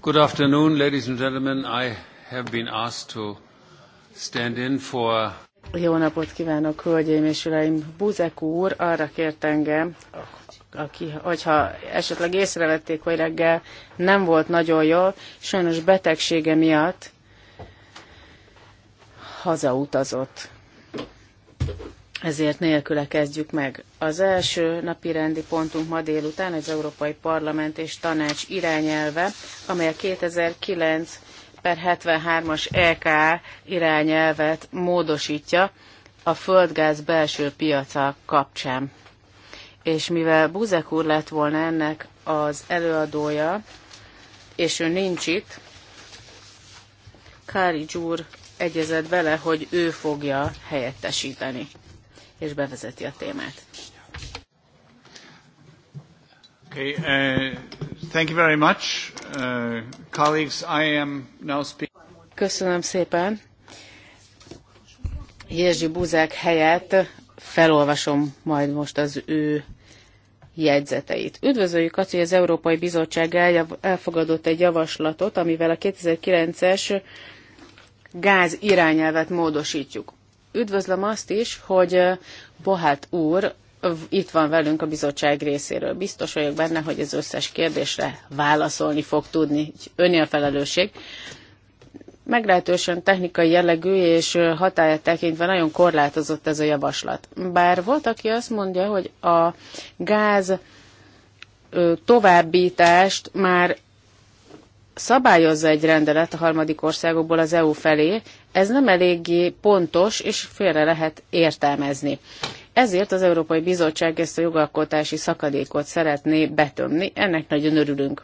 Good afternoon, ladies and gentlemen. I have been asked to stand in for... Jó napot kívánok, hölgyeim és uraim! Buzek úr arra kért engem, aki, hogyha esetleg észrevették, hogy reggel nem volt nagyon jól, sajnos betegsége miatt hazautazott ezért nélküle kezdjük meg. Az első napi rendi pontunk ma délután az Európai Parlament és Tanács irányelve, amely a 2009 per 73-as EK irányelvet módosítja a földgáz belső piaca kapcsán. És mivel Buzek úr lett volna ennek az előadója, és ő nincs itt, Kári Gyúr egyezett vele, hogy ő fogja helyettesíteni és bevezeti a témát. Okay, uh, thank you very much. Uh, colleagues, I am now speaking. Köszönöm szépen. Jerzy Buzák helyett felolvasom majd most az ő jegyzeteit. Üdvözöljük azt, hogy az Európai Bizottság elfogadott egy javaslatot, amivel a 2009-es gáz irányelvet módosítjuk. Üdvözlöm azt is, hogy Bohát úr itt van velünk a bizottság részéről. Biztos vagyok benne, hogy az összes kérdésre válaszolni fog tudni, önél felelősség. Meglehetősen technikai jellegű és hatáját tekintve nagyon korlátozott ez a javaslat. Bár volt, aki azt mondja, hogy a gáz továbbítást már szabályozza egy rendelet a harmadik országokból az EU felé, ez nem eléggé pontos, és félre lehet értelmezni. Ezért az Európai Bizottság ezt a jogalkotási szakadékot szeretné betömni, ennek nagyon örülünk.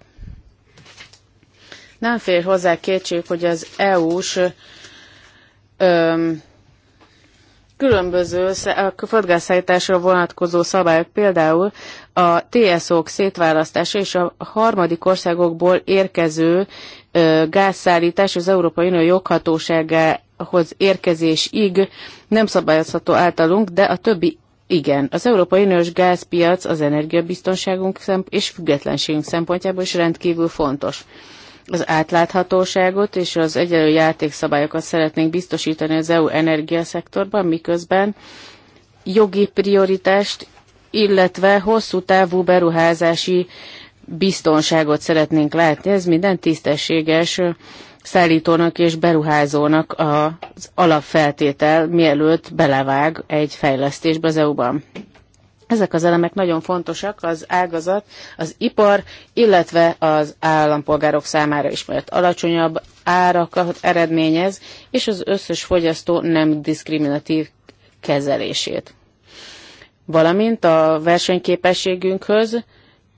Nem fér hozzá kétség, hogy az EU-s különböző földgázszállításra vonatkozó szabályok, például a TSO-k szétválasztása és a harmadik országokból érkező gázszállítás az Európai Unió joghatósága hoz érkezésig nem szabályozható általunk, de a többi igen. Az Európai Uniós gázpiac az energiabiztonságunk és függetlenségünk szempontjából is rendkívül fontos. Az átláthatóságot és az egyenlő játékszabályokat szeretnénk biztosítani az EU energiaszektorban, miközben jogi prioritást, illetve hosszú távú beruházási biztonságot szeretnénk látni. Ez minden tisztességes szállítónak és beruházónak az alapfeltétel, mielőtt belevág egy fejlesztésbe az EU-ban. Ezek az elemek nagyon fontosak az ágazat, az ipar, illetve az állampolgárok számára is, mert alacsonyabb árakat eredményez, és az összes fogyasztó nem diszkriminatív kezelését. Valamint a versenyképességünkhöz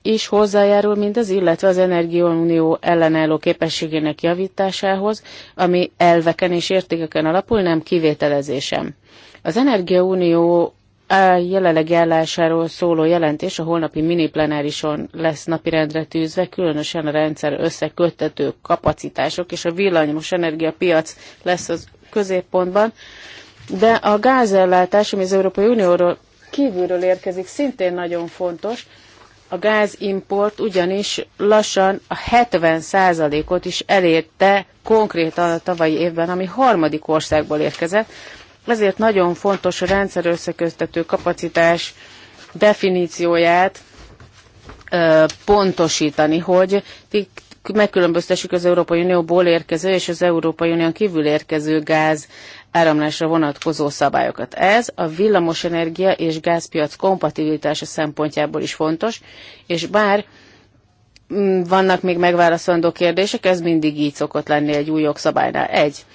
is hozzájárul az illetve az Energiaunió ellenálló képességének javításához, ami elveken és értékeken alapul, nem kivételezésem. Az Energiaunió jelenlegi állásáról szóló jelentés a holnapi miniplenárison lesz napirendre tűzve, különösen a rendszer összeköttető kapacitások és a villanyos energiapiac lesz az középpontban, de a gázellátás, ami az Európai Unióról kívülről érkezik, szintén nagyon fontos, a gázimport ugyanis lassan a 70%-ot is elérte konkrétan a tavalyi évben, ami harmadik országból érkezett. Ezért nagyon fontos a rendszer összeköttető kapacitás definícióját ö, pontosítani, hogy megkülönböztessük az Európai Unióból érkező és az Európai Unión kívül érkező gáz áramlásra vonatkozó szabályokat. Ez a villamosenergia és gázpiac kompatibilitása szempontjából is fontos, és bár mm, vannak még megválaszolandó kérdések, ez mindig így szokott lenni egy új jogszabálynál. Egy.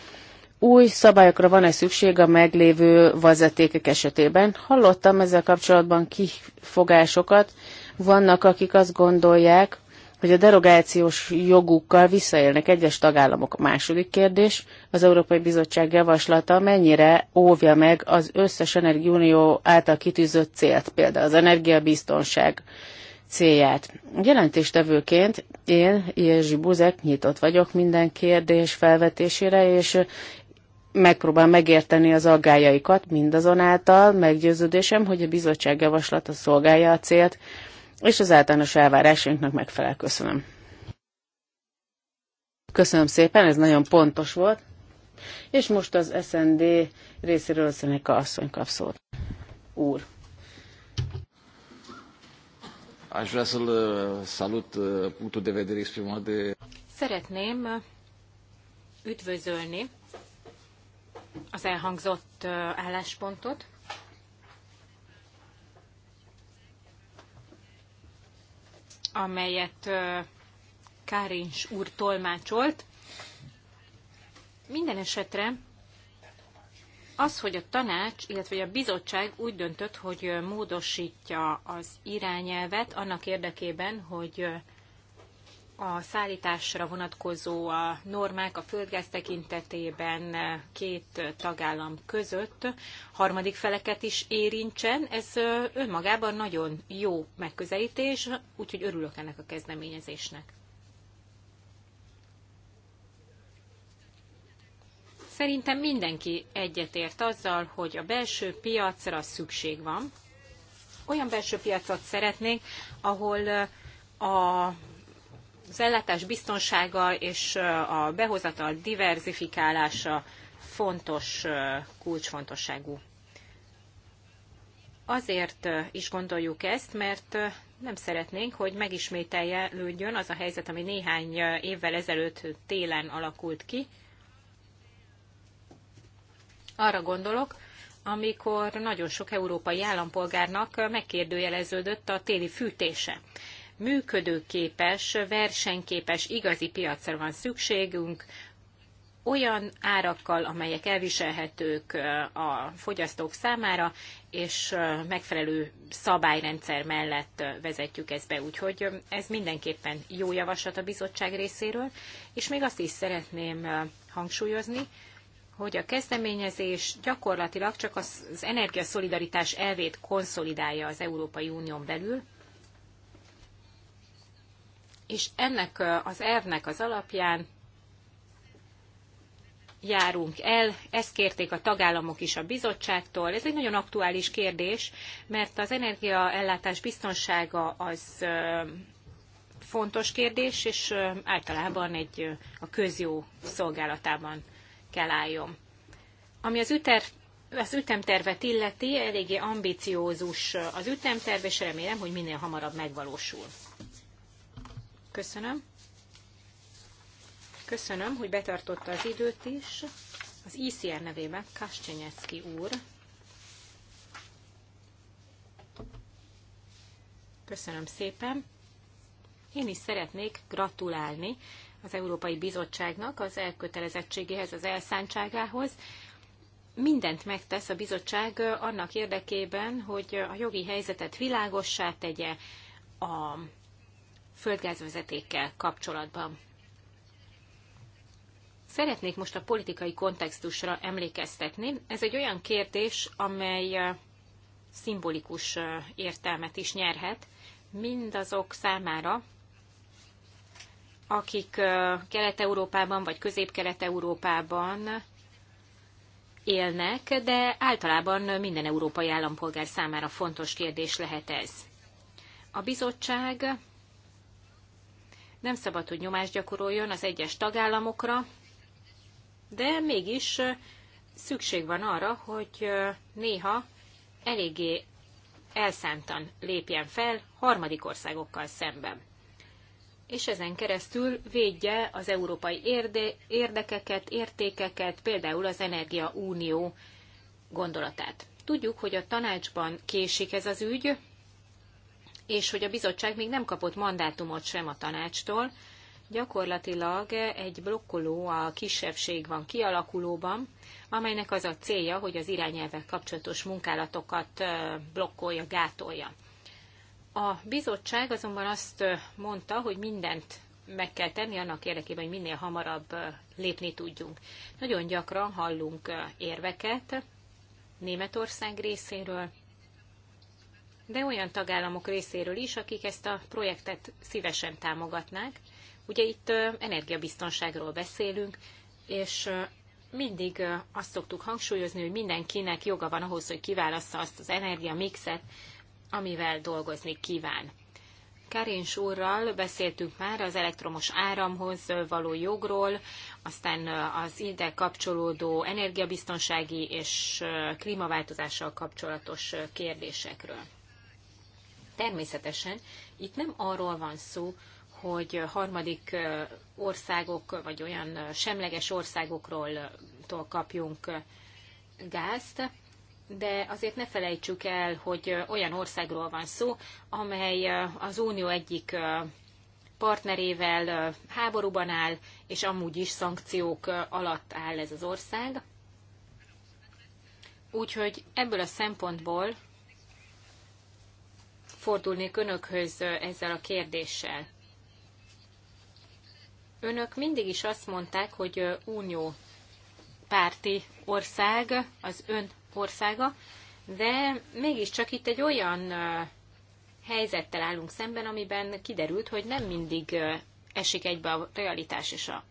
Új szabályokra van-e szükség a meglévő vezetékek esetében? Hallottam ezzel kapcsolatban kifogásokat. Vannak, akik azt gondolják, hogy a derogációs jogukkal visszaélnek egyes tagállamok. A második kérdés, az Európai Bizottság javaslata mennyire óvja meg az összes Energiunió által kitűzött célt, például az energiabiztonság célját. Jelentéstevőként én, Jerzy Buzek, nyitott vagyok minden kérdés felvetésére, és megpróbál megérteni az aggájaikat, mindazonáltal meggyőződésem, hogy a bizottság javaslata szolgálja a célt, és az általános elvárásainknak megfelel. Köszönöm. Köszönöm szépen, ez nagyon pontos volt. És most az SND részéről a Szeneka asszony kap szót. Úr. Aș vrea să-l uh, salut uh, punctul de vedere exprimat de... Szeretném uh, üdvözölni az elhangzott álláspontot. amelyet Kárincs úr tolmácsolt. Minden esetre az, hogy a tanács, illetve a bizottság úgy döntött, hogy módosítja az irányelvet annak érdekében, hogy a szállításra vonatkozó a normák a földgáz tekintetében két tagállam között harmadik feleket is érintsen. Ez önmagában nagyon jó megközelítés, úgyhogy örülök ennek a kezdeményezésnek. Szerintem mindenki egyetért azzal, hogy a belső piacra szükség van. Olyan belső piacot szeretnénk, ahol a az ellátás biztonsága és a behozatal diverzifikálása fontos, kulcsfontosságú. Azért is gondoljuk ezt, mert nem szeretnénk, hogy megismételjelődjön az a helyzet, ami néhány évvel ezelőtt télen alakult ki. Arra gondolok, amikor nagyon sok európai állampolgárnak megkérdőjeleződött a téli fűtése működőképes, versenyképes, igazi piacra van szükségünk, olyan árakkal, amelyek elviselhetők a fogyasztók számára, és megfelelő szabályrendszer mellett vezetjük ezt be. Úgyhogy ez mindenképpen jó javaslat a bizottság részéről, és még azt is szeretném hangsúlyozni, hogy a kezdeményezés gyakorlatilag csak az energiaszolidaritás elvét konszolidálja az Európai Unión belül, és ennek az elvnek az alapján járunk el. Ezt kérték a tagállamok is a bizottságtól. Ez egy nagyon aktuális kérdés, mert az energiaellátás biztonsága az fontos kérdés, és általában egy a közjó szolgálatában kell álljon. Ami az, üter, az ütemtervet illeti, eléggé ambiciózus az ütemterv, és remélem, hogy minél hamarabb megvalósul. Köszönöm. Köszönöm, hogy betartotta az időt is. Az ICR nevében Kascsenyecki úr. Köszönöm szépen. Én is szeretnék gratulálni az Európai Bizottságnak az elkötelezettségéhez, az elszántságához. Mindent megtesz a bizottság annak érdekében, hogy a jogi helyzetet világossá tegye, a földgázvezetékkel kapcsolatban. Szeretnék most a politikai kontextusra emlékeztetni. Ez egy olyan kérdés, amely szimbolikus értelmet is nyerhet mindazok számára, akik Kelet-Európában vagy Közép-Kelet-Európában élnek, de általában minden európai állampolgár számára fontos kérdés lehet ez. A bizottság nem szabad, hogy nyomást gyakoroljon az egyes tagállamokra, de mégis szükség van arra, hogy néha eléggé elszántan lépjen fel harmadik országokkal szemben. És ezen keresztül védje az európai érde- érdekeket, értékeket, például az Energia Unió gondolatát. Tudjuk, hogy a tanácsban késik ez az ügy, és hogy a bizottság még nem kapott mandátumot sem a tanácstól. Gyakorlatilag egy blokkoló a kisebbség van kialakulóban, amelynek az a célja, hogy az irányelvek kapcsolatos munkálatokat blokkolja, gátolja. A bizottság azonban azt mondta, hogy mindent meg kell tenni annak érdekében, hogy minél hamarabb lépni tudjunk. Nagyon gyakran hallunk érveket Németország részéről, de olyan tagállamok részéről is, akik ezt a projektet szívesen támogatnák. Ugye itt energiabiztonságról beszélünk, és mindig azt szoktuk hangsúlyozni, hogy mindenkinek joga van ahhoz, hogy kiválassza azt az energiamixet, amivel dolgozni kíván. Karins úrral beszéltünk már az elektromos áramhoz való jogról, aztán az ide kapcsolódó energiabiztonsági és klímaváltozással kapcsolatos kérdésekről. Természetesen itt nem arról van szó, hogy harmadik országok, vagy olyan semleges országokról kapjunk gázt, de azért ne felejtsük el, hogy olyan országról van szó, amely az Unió egyik partnerével háborúban áll, és amúgy is szankciók alatt áll ez az ország. Úgyhogy ebből a szempontból fordulnék önökhöz ezzel a kérdéssel. Önök mindig is azt mondták, hogy unió párti ország, az ön országa, de mégiscsak itt egy olyan helyzettel állunk szemben, amiben kiderült, hogy nem mindig esik egybe a realitás és a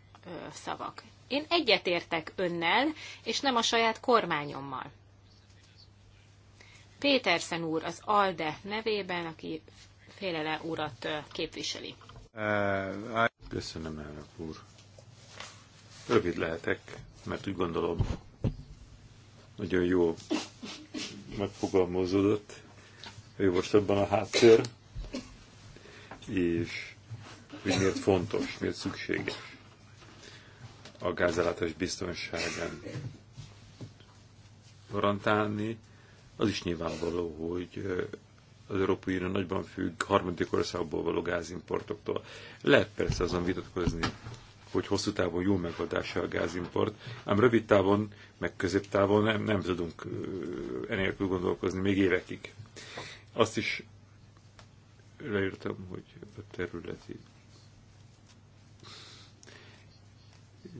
szavak. Én egyetértek önnel, és nem a saját kormányommal. Péterszen úr az ALDE nevében, aki Félele urat képviseli. Köszönöm, elnök úr. Rövid lehetek, mert úgy gondolom, nagyon jó megfogalmazódott. Ő most ebben a háttér, és hogy miért fontos, miért szükséges a gázellátás biztonságán garantálni, az is nyilvánvaló, hogy az Európai Unió nagyban függ harmadik országból való gázimportoktól. Lehet persze azon vitatkozni, hogy hosszú távon jó megoldása gázimport, ám rövid távon, meg középtávon nem, nem tudunk enélkül gondolkozni, még évekig. Azt is leírtam, hogy a területi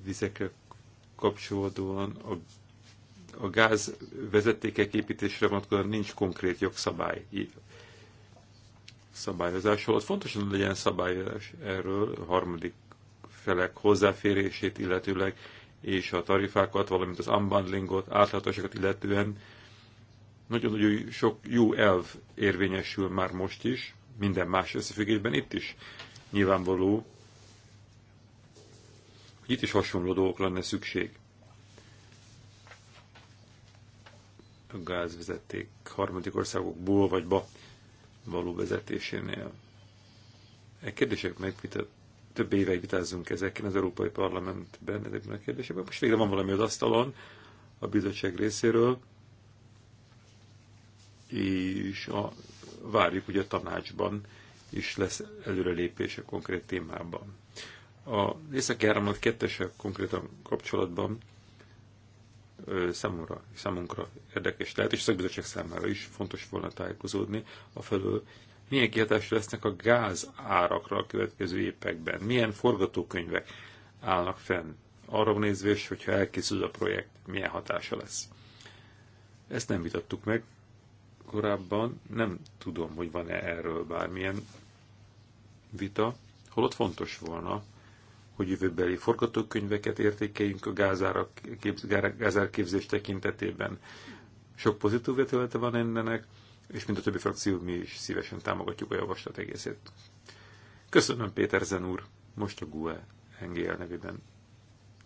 vizekkel kapcsolódóan a a gáz vezetékek építésre vonatkozóan nincs konkrét jogszabály szabályozás, holott fontos, hogy legyen szabályozás erről a harmadik felek hozzáférését illetőleg, és a tarifákat, valamint az unbundlingot, átláthatóságot illetően nagyon-nagyon sok jó elv érvényesül már most is, minden más összefüggésben itt is nyilvánvaló, hogy itt is hasonló dolgok lenne szükség gázvezeték harmadik országokból vagy ba való vezetésénél. E kérdések meg, több éve vitázunk ezeken az Európai Parlamentben, ezekben a kérdésekben. Most végre van valami az asztalon a bizottság részéről, és a, várjuk, hogy a tanácsban is lesz előrelépés a konkrét témában. A északi áramlat kettese konkrétan kapcsolatban számomra, számunkra érdekes lehet, és a szakbizottság számára is fontos volna tájékozódni a felől, milyen kihatásra lesznek a gáz árakra a következő években, milyen forgatókönyvek állnak fenn, arra és hogyha elkészül a projekt, milyen hatása lesz. Ezt nem vitattuk meg korábban, nem tudom, hogy van-e erről bármilyen vita, holott fontos volna, hogy jövőbeli forgatókönyveket értékeljünk a gázára, képz, gázárképzés tekintetében. Sok pozitív vetülete van ennek, és mind a többi frakció mi is szívesen támogatjuk a javaslat egészét. Köszönöm Péterzen úr, most a GUE NGL nevében.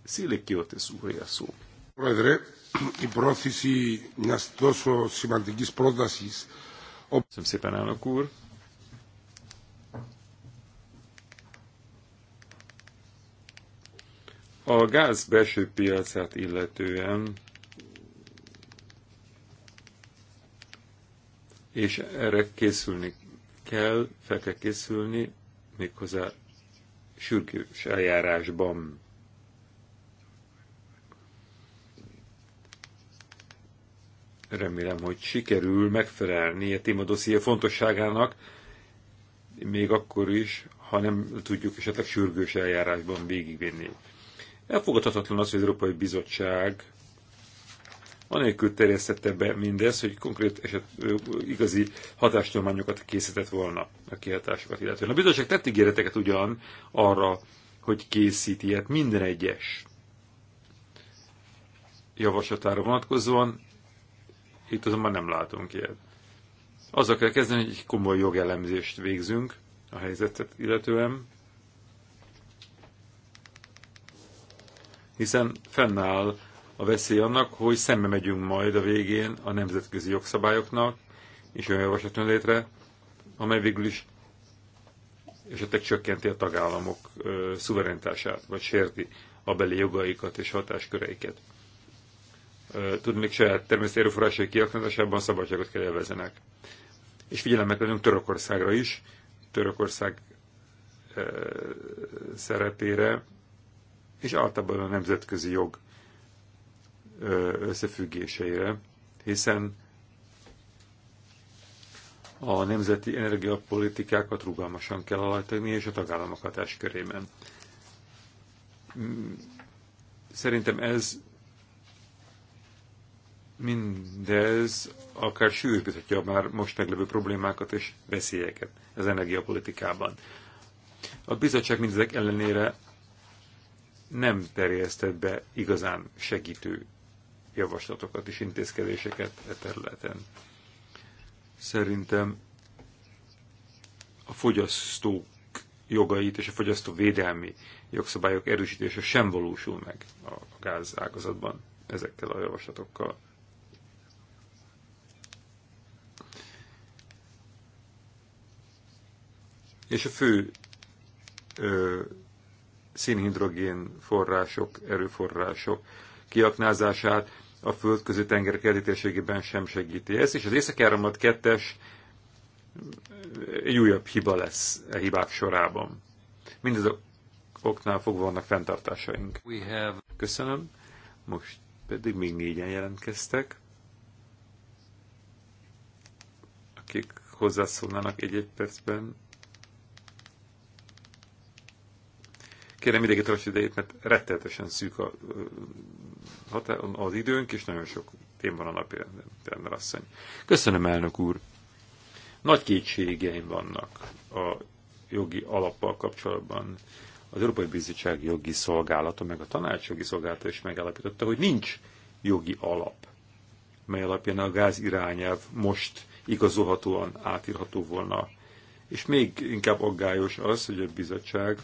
Szili Kiotis úr a szó. Πρόεδρε, η πρόθεση μιας τόσο σημαντικής πρότασης... Köszönöm szépen, elnök úr. A gáz belső piacát illetően és erre készülni kell, fel kell készülni, méghozzá sürgős eljárásban. Remélem, hogy sikerül megfelelni a témadosszia fontosságának, még akkor is, ha nem tudjuk esetleg sürgős eljárásban végigvinni. Elfogadhatatlan az, hogy az Európai Bizottság anélkül terjesztette be mindez, hogy konkrét eset, igazi hatástolmányokat készített volna a kihatásokat illetően. A bizottság tett ígéreteket ugyan arra, hogy készít ilyet minden egyes javaslatára vonatkozóan, itt azonban nem látunk ilyet. Azzal kell kezdeni, hogy egy komoly jogelemzést végzünk a helyzetet illetően, hiszen fennáll a veszély annak, hogy szembe megyünk majd a végén a nemzetközi jogszabályoknak, és olyan javaslat jön létre, amely végül is esetleg csökkenti a tagállamok ö, szuverenitását, vagy sérti a beli jogaikat és hatásköreiket. Tudnék saját természeti erőforrásai kiaknázásában szabadságot kell élvezenek. És figyelemmel vagyunk Törökországra is, Törökország ö, szerepére, és általában a nemzetközi jog összefüggéseire, hiszen a nemzeti energiapolitikákat rugalmasan kell alajtani, és a tagállamok hatáskörében. Mm, szerintem ez mindez akár a már most meglevő problémákat és veszélyeket az energiapolitikában. A bizottság mindezek ellenére nem terjesztett be igazán segítő javaslatokat és intézkedéseket e területen. Szerintem a fogyasztók jogait és a fogyasztó védelmi jogszabályok erősítése sem valósul meg a gáz ágazatban ezekkel a javaslatokkal. És a fő ö, szénhidrogén források, erőforrások kiaknázását a földközi tenger kerítéségében sem segíti. Ez és az Észak-Áramlat 2 egy újabb hiba lesz a e hibák sorában. Mindez oknál fogva vannak fenntartásaink. Have... Köszönöm. Most pedig még négyen jelentkeztek, akik hozzászólnának egy-egy percben Kérem mindenki tartsa idejét, mert rettenetesen szűk a, az időnk, és nagyon sok téma van a napi rendben, asszony. Köszönöm, elnök úr. Nagy kétségeim vannak a jogi alappal kapcsolatban. Az Európai Bizottság jogi szolgálata, meg a tanács jogi szolgálata is megállapította, hogy nincs jogi alap, mely alapján a gáz irányelv most igazolhatóan átírható volna. És még inkább aggályos az, hogy a bizottság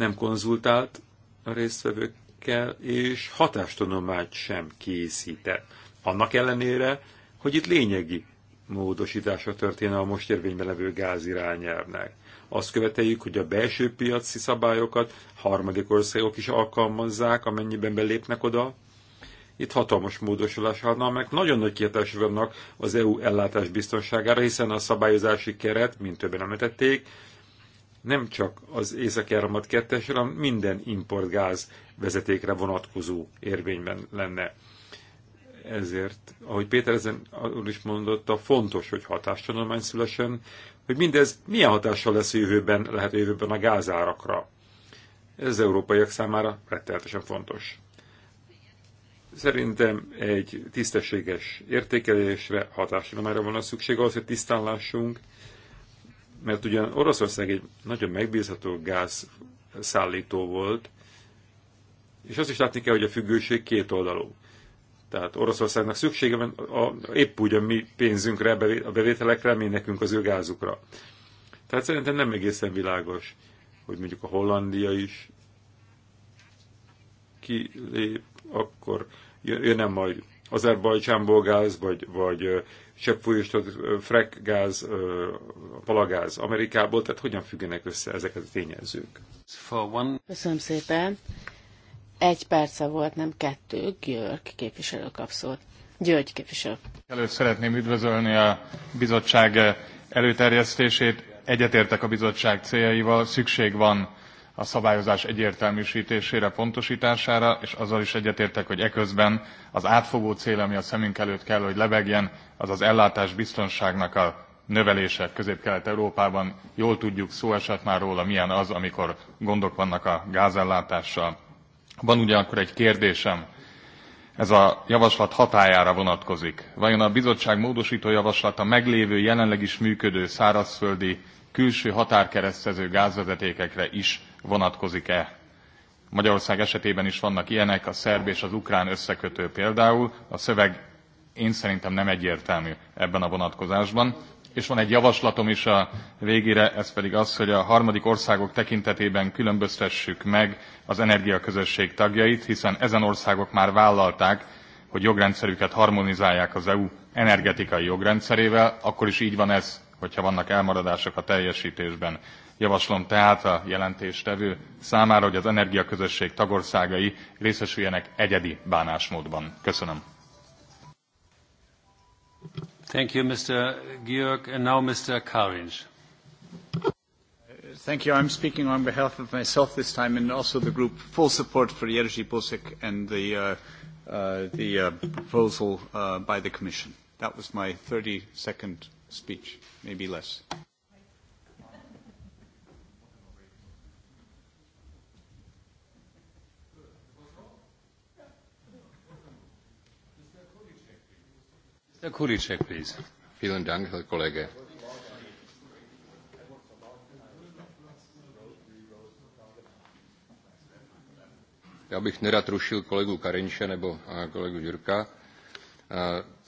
nem konzultált a résztvevőkkel, és hatástanulmányt sem készített. Annak ellenére, hogy itt lényegi módosítása történne a most érvényben levő gázirányelvnek. Azt követeljük, hogy a belső piaci szabályokat harmadik országok is alkalmazzák, amennyiben belépnek oda. Itt hatalmas módosulás adna, meg nagyon nagy kihatás vannak az EU ellátás biztonságára, hiszen a szabályozási keret, mint többen említették, nem csak az északi áramlat 2 hanem minden importgáz vezetékre vonatkozó érvényben lenne. Ezért, ahogy Péter ezen is mondotta, fontos, hogy hatástanulmány szülesen, hogy mindez milyen hatással lesz a jövőben, lehet a jövőben a gázárakra. Ez az európaiak számára rettenetesen fontos. Szerintem egy tisztességes értékelésre, hatástanulmányra van a szükség ahhoz, hogy tisztán lássunk, mert ugyan Oroszország egy nagyon megbízható gáz szállító volt, és azt is látni kell, hogy a függőség két oldalú. Tehát Oroszországnak szüksége van a, a, épp úgy a mi pénzünkre, a bevételekre, mi nekünk az ő gázukra. Tehát szerintem nem egészen világos, hogy mondjuk a Hollandia is kilép, akkor jönne majd Azerbajcsánból gáz, vagy, vagy seppfolyósított frekgáz, palagáz Amerikából, tehát hogyan függenek össze ezek a tényezők? Köszönöm szépen. Egy perce volt, nem kettő, György képviselő kapszót. György képviselő. Először szeretném üdvözölni a bizottság előterjesztését. Egyetértek a bizottság céljaival, szükség van a szabályozás egyértelműsítésére, pontosítására, és azzal is egyetértek, hogy eközben az átfogó cél, ami a szemünk előtt kell, hogy lebegjen, az az ellátás biztonságnak a növelése Közép-Kelet-Európában. Jól tudjuk, szó esett már róla, milyen az, amikor gondok vannak a gázellátással. Van ugyanakkor egy kérdésem, ez a javaslat hatájára vonatkozik. Vajon a bizottság módosító javaslata meglévő, jelenleg is működő szárazföldi külső határkeresztező gázvezetékekre is vonatkozik-e. Magyarország esetében is vannak ilyenek, a szerb és az ukrán összekötő például. A szöveg én szerintem nem egyértelmű ebben a vonatkozásban. És van egy javaslatom is a végére, ez pedig az, hogy a harmadik országok tekintetében különböztessük meg az energiaközösség tagjait, hiszen ezen országok már vállalták, hogy jogrendszerüket harmonizálják az EU energetikai jogrendszerével, akkor is így van ez, hogyha vannak elmaradások a teljesítésben. Javaslom tehát a jelentéstevő számára, hogy az energiaközösség tagországai részesüljenek egyedi bánásmódban. Köszönöm. Thank you, Mr. Georg. And now Mr. Karinj. Thank you. I'm speaking on behalf of myself this time and also the group. Full support for Jerzy Buzek and the, uh, uh, the uh, proposal uh, by the Commission. That was my speech, maybe less. Vielen Dank, Herr Kollege. Já bych nerad rušil kolegu Karinče nebo kolegu Jurka.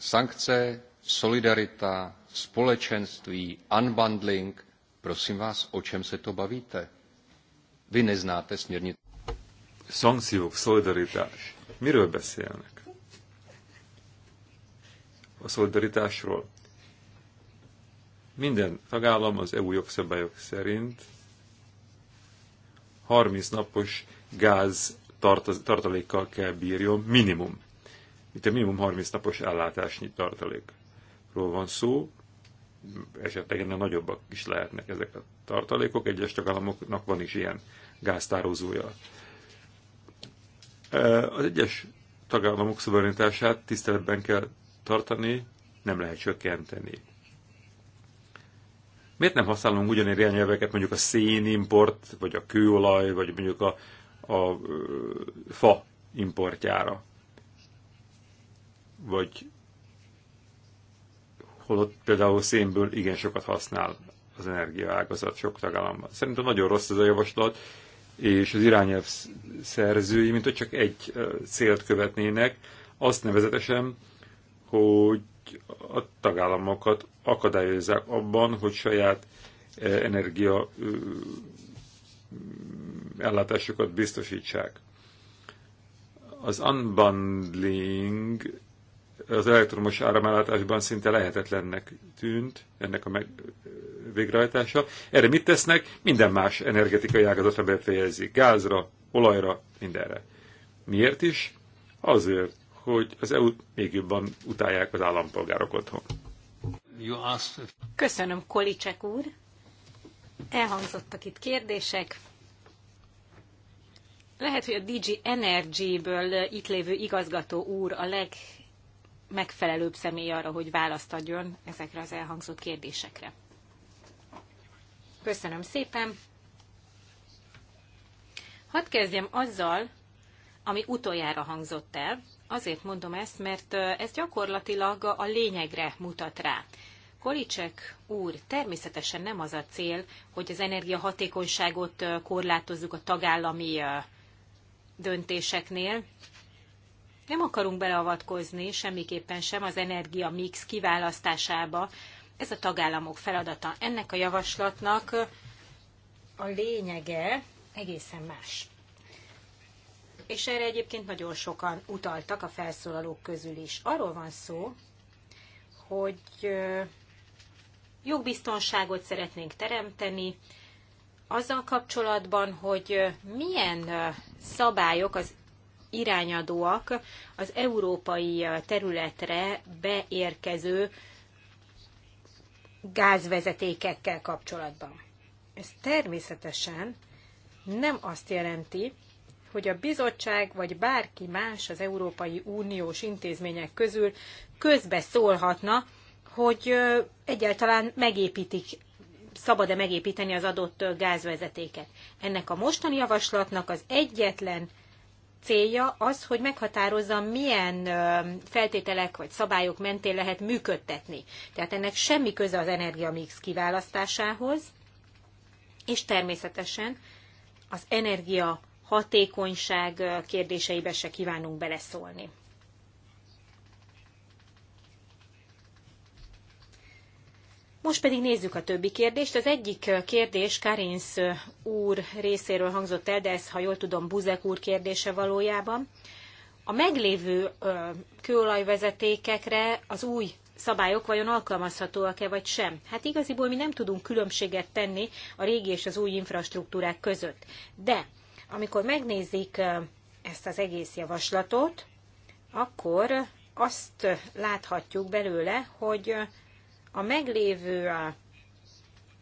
Sankce, solidarita, společenství, unbundling. Prosím vás, o čem se to bavíte? Vy neznáte směrnici. Sankciók, solidarita, Miről beszélnek? a szolidaritásról. Minden tagállam az EU jogszabályok szerint 30 napos gáz tartalékkal kell bírjon, minimum. Itt a minimum 30 napos ellátásnyi tartalékról van szó, esetleg ennél nagyobbak is lehetnek ezek a tartalékok, egyes tagállamoknak van is ilyen gáztározója. Az egyes tagállamok szuverenitását tiszteletben kell tartani, nem lehet csökkenteni. Miért nem használunk ugyanilyen irányelveket mondjuk a szénimport, vagy a kőolaj, vagy mondjuk a, a, a fa importjára? Vagy holott például szénből igen sokat használ az energiaágazat sok tagállamban. Szerintem nagyon rossz ez a javaslat, és az irányelv szerzői, mint hogy csak egy célt követnének, azt nevezetesen, hogy a tagállamokat akadályozzák abban, hogy saját e, energia ellátásokat biztosítsák. Az unbundling az elektromos áramellátásban szinte lehetetlennek tűnt ennek a meg, végrehajtása. Erre mit tesznek? Minden más energetikai ágazatra befejezik. Gázra, olajra, mindenre. Miért is? Azért, hogy az EU még jobban utálják az állampolgárok otthon. Köszönöm, Kolicek úr. Elhangzottak itt kérdések. Lehet, hogy a DG Energy-ből eh, itt lévő igazgató úr a legmegfelelőbb személy arra, hogy választ adjon ezekre az elhangzott kérdésekre. Köszönöm szépen. Hadd kezdjem azzal, ami utoljára hangzott el, Azért mondom ezt, mert ez gyakorlatilag a lényegre mutat rá. Kolicsek úr, természetesen nem az a cél, hogy az energiahatékonyságot korlátozzuk a tagállami döntéseknél. Nem akarunk beleavatkozni semmiképpen sem az energia mix kiválasztásába. Ez a tagállamok feladata. Ennek a javaslatnak a lényege egészen más és erre egyébként nagyon sokan utaltak a felszólalók közül is. Arról van szó, hogy jogbiztonságot szeretnénk teremteni, azzal kapcsolatban, hogy milyen szabályok az irányadóak az európai területre beérkező gázvezetékekkel kapcsolatban. Ez természetesen nem azt jelenti, hogy a bizottság vagy bárki más az Európai Uniós intézmények közül közbe szólhatna, hogy egyáltalán megépítik szabad-e megépíteni az adott gázvezetéket. Ennek a mostani javaslatnak az egyetlen célja az, hogy meghatározza, milyen feltételek vagy szabályok mentén lehet működtetni. Tehát ennek semmi köze az energiamix kiválasztásához, és természetesen az energia hatékonyság kérdéseibe se kívánunk beleszólni. Most pedig nézzük a többi kérdést. Az egyik kérdés Karinsz úr részéről hangzott el, de ez, ha jól tudom, Buzek úr kérdése valójában. A meglévő kőolajvezetékekre az új szabályok vajon alkalmazhatóak-e vagy sem? Hát igaziból mi nem tudunk különbséget tenni a régi és az új infrastruktúrák között. De amikor megnézik ezt az egész javaslatot, akkor azt láthatjuk belőle, hogy a meglévő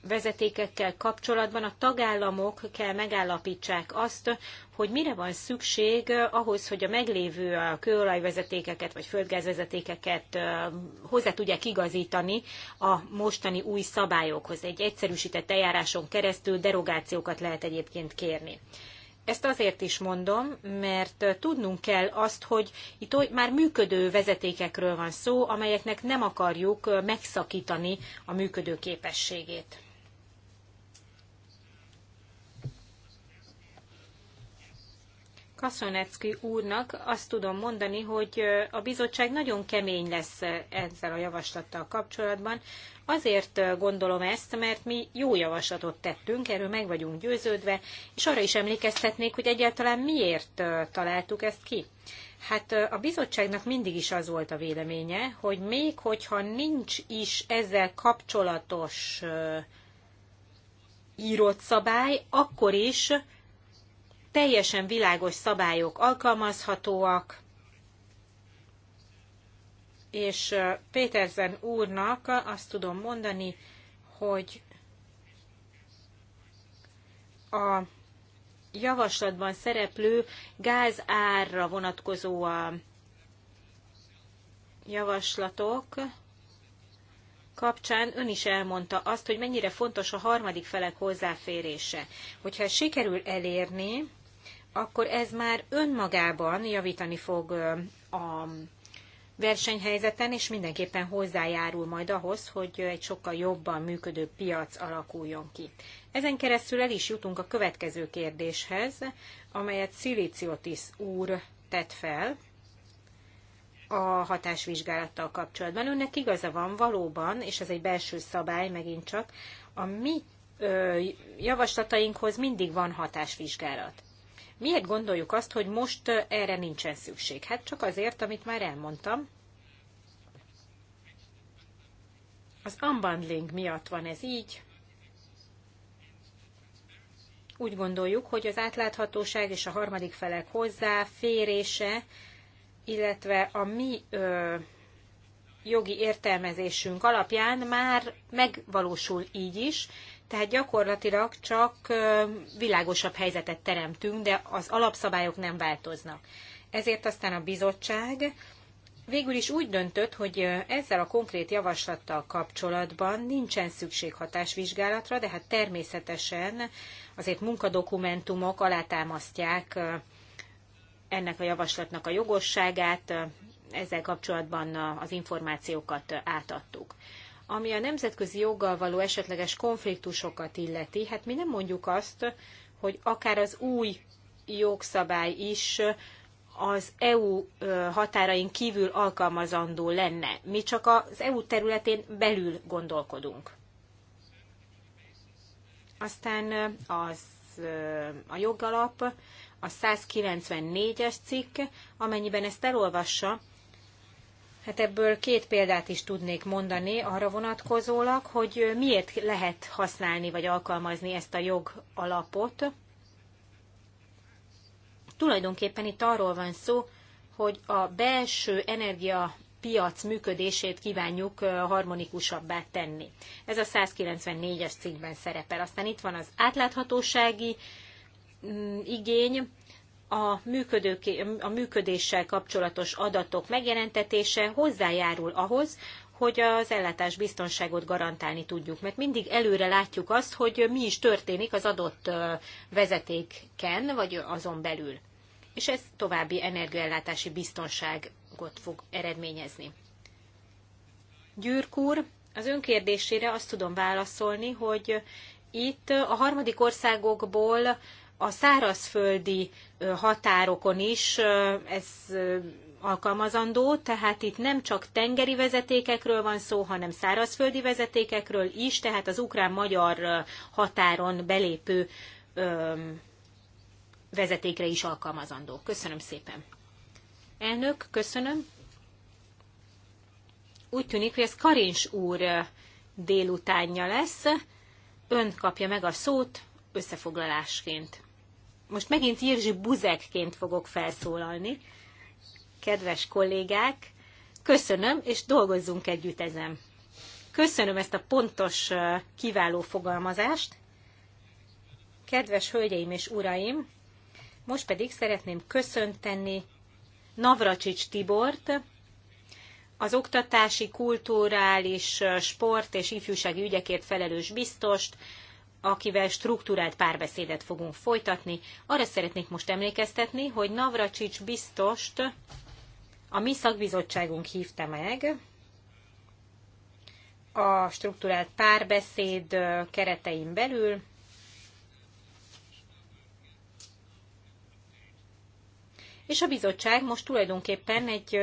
vezetékekkel kapcsolatban a tagállamok kell megállapítsák azt, hogy mire van szükség ahhoz, hogy a meglévő kőolajvezetékeket vagy földgázvezetékeket hozzá tudják igazítani a mostani új szabályokhoz. Egy egyszerűsített eljáráson keresztül derogációkat lehet egyébként kérni. Ezt azért is mondom, mert tudnunk kell azt, hogy itt már működő vezetékekről van szó, amelyeknek nem akarjuk megszakítani a működő képességét. Kaszonecki úrnak azt tudom mondani, hogy a bizottság nagyon kemény lesz ezzel a javaslattal kapcsolatban. Azért gondolom ezt, mert mi jó javaslatot tettünk, erről meg vagyunk győződve, és arra is emlékeztetnék, hogy egyáltalán miért találtuk ezt ki. Hát a bizottságnak mindig is az volt a véleménye, hogy még hogyha nincs is ezzel kapcsolatos írott szabály, akkor is teljesen világos szabályok alkalmazhatóak, és Péterzen úrnak azt tudom mondani, hogy a javaslatban szereplő gázárra vonatkozó a javaslatok kapcsán ön is elmondta azt, hogy mennyire fontos a harmadik felek hozzáférése. Hogyha sikerül elérni, akkor ez már önmagában javítani fog a versenyhelyzeten, és mindenképpen hozzájárul majd ahhoz, hogy egy sokkal jobban működő piac alakuljon ki. Ezen keresztül el is jutunk a következő kérdéshez, amelyet Szilíciotis úr tett fel a hatásvizsgálattal kapcsolatban. Önnek igaza van valóban, és ez egy belső szabály megint csak, a mi ö, javaslatainkhoz mindig van hatásvizsgálat. Miért gondoljuk azt, hogy most erre nincsen szükség? Hát csak azért, amit már elmondtam. Az unbundling miatt van ez így. Úgy gondoljuk, hogy az átláthatóság és a harmadik felek hozzáférése, illetve a mi ö, jogi értelmezésünk alapján már megvalósul így is, tehát gyakorlatilag csak világosabb helyzetet teremtünk, de az alapszabályok nem változnak. Ezért aztán a bizottság végül is úgy döntött, hogy ezzel a konkrét javaslattal kapcsolatban nincsen szükség hatásvizsgálatra, de hát természetesen azért munkadokumentumok alátámasztják ennek a javaslatnak a jogosságát, ezzel kapcsolatban az információkat átadtuk. Ami a nemzetközi joggal való esetleges konfliktusokat illeti, hát mi nem mondjuk azt, hogy akár az új jogszabály is az EU határain kívül alkalmazandó lenne. Mi csak az EU területén belül gondolkodunk. Aztán az, a jogalap, a 194-es cikk, amennyiben ezt elolvassa, Hát ebből két példát is tudnék mondani arra vonatkozólag, hogy miért lehet használni vagy alkalmazni ezt a jogalapot. Tulajdonképpen itt arról van szó, hogy a belső energia piac működését kívánjuk harmonikusabbá tenni. Ez a 194-es cikkben szerepel. Aztán itt van az átláthatósági mm, igény, a, működőké, a működéssel kapcsolatos adatok megjelentetése hozzájárul ahhoz, hogy az ellátás biztonságot garantálni tudjuk. Mert mindig előre látjuk azt, hogy mi is történik az adott vezetéken, vagy azon belül. És ez további energiaellátási biztonságot fog eredményezni. Gyűrk úr, az önkérdésére azt tudom válaszolni, hogy itt a harmadik országokból a szárazföldi határokon is ez alkalmazandó, tehát itt nem csak tengeri vezetékekről van szó, hanem szárazföldi vezetékekről is, tehát az ukrán-magyar határon belépő vezetékre is alkalmazandó. Köszönöm szépen. Elnök, köszönöm. Úgy tűnik, hogy ez Karincs úr délutánja lesz. Ön kapja meg a szót összefoglalásként. Most megint Jirzsi Buzekként fogok felszólalni. Kedves kollégák, köszönöm, és dolgozzunk együtt ezen. Köszönöm ezt a pontos, kiváló fogalmazást. Kedves hölgyeim és uraim, most pedig szeretném köszönteni Navracsics Tibort, az oktatási, kulturális, sport és ifjúsági ügyekért felelős biztost, akivel struktúrált párbeszédet fogunk folytatni. Arra szeretnék most emlékeztetni, hogy Navracsics biztost a mi szakbizottságunk hívta meg a struktúrált párbeszéd keretein belül, és a bizottság most tulajdonképpen egy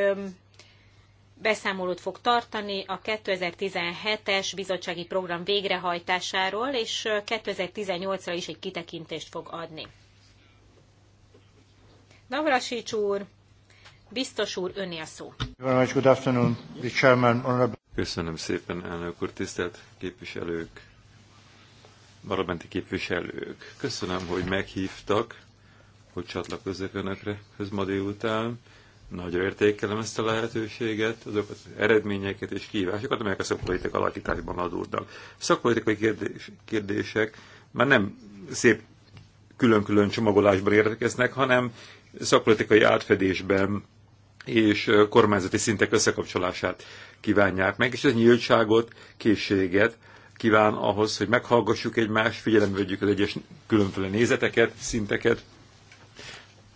beszámolót fog tartani a 2017-es bizottsági program végrehajtásáról, és 2018-ra is egy kitekintést fog adni. Navrasics úr, biztos úr, öné a szó. Köszönöm szépen, elnök úr, tisztelt képviselők, parlamenti képviselők. Köszönöm, hogy meghívtak, hogy csatlakozzak önökre ez ma délután Nagyra értékelem ezt a lehetőséget, azokat az eredményeket és kívásokat, amelyek a szakpolitikai alakításban adódnak. Szakpolitikai kérdés, kérdések már nem szép külön-külön csomagolásban érkeznek, hanem szakpolitikai átfedésben és kormányzati szintek összekapcsolását kívánják meg, és ez nyíltságot, készséget kíván ahhoz, hogy meghallgassuk egymást, figyelembe vegyük az egyes különféle nézeteket, szinteket,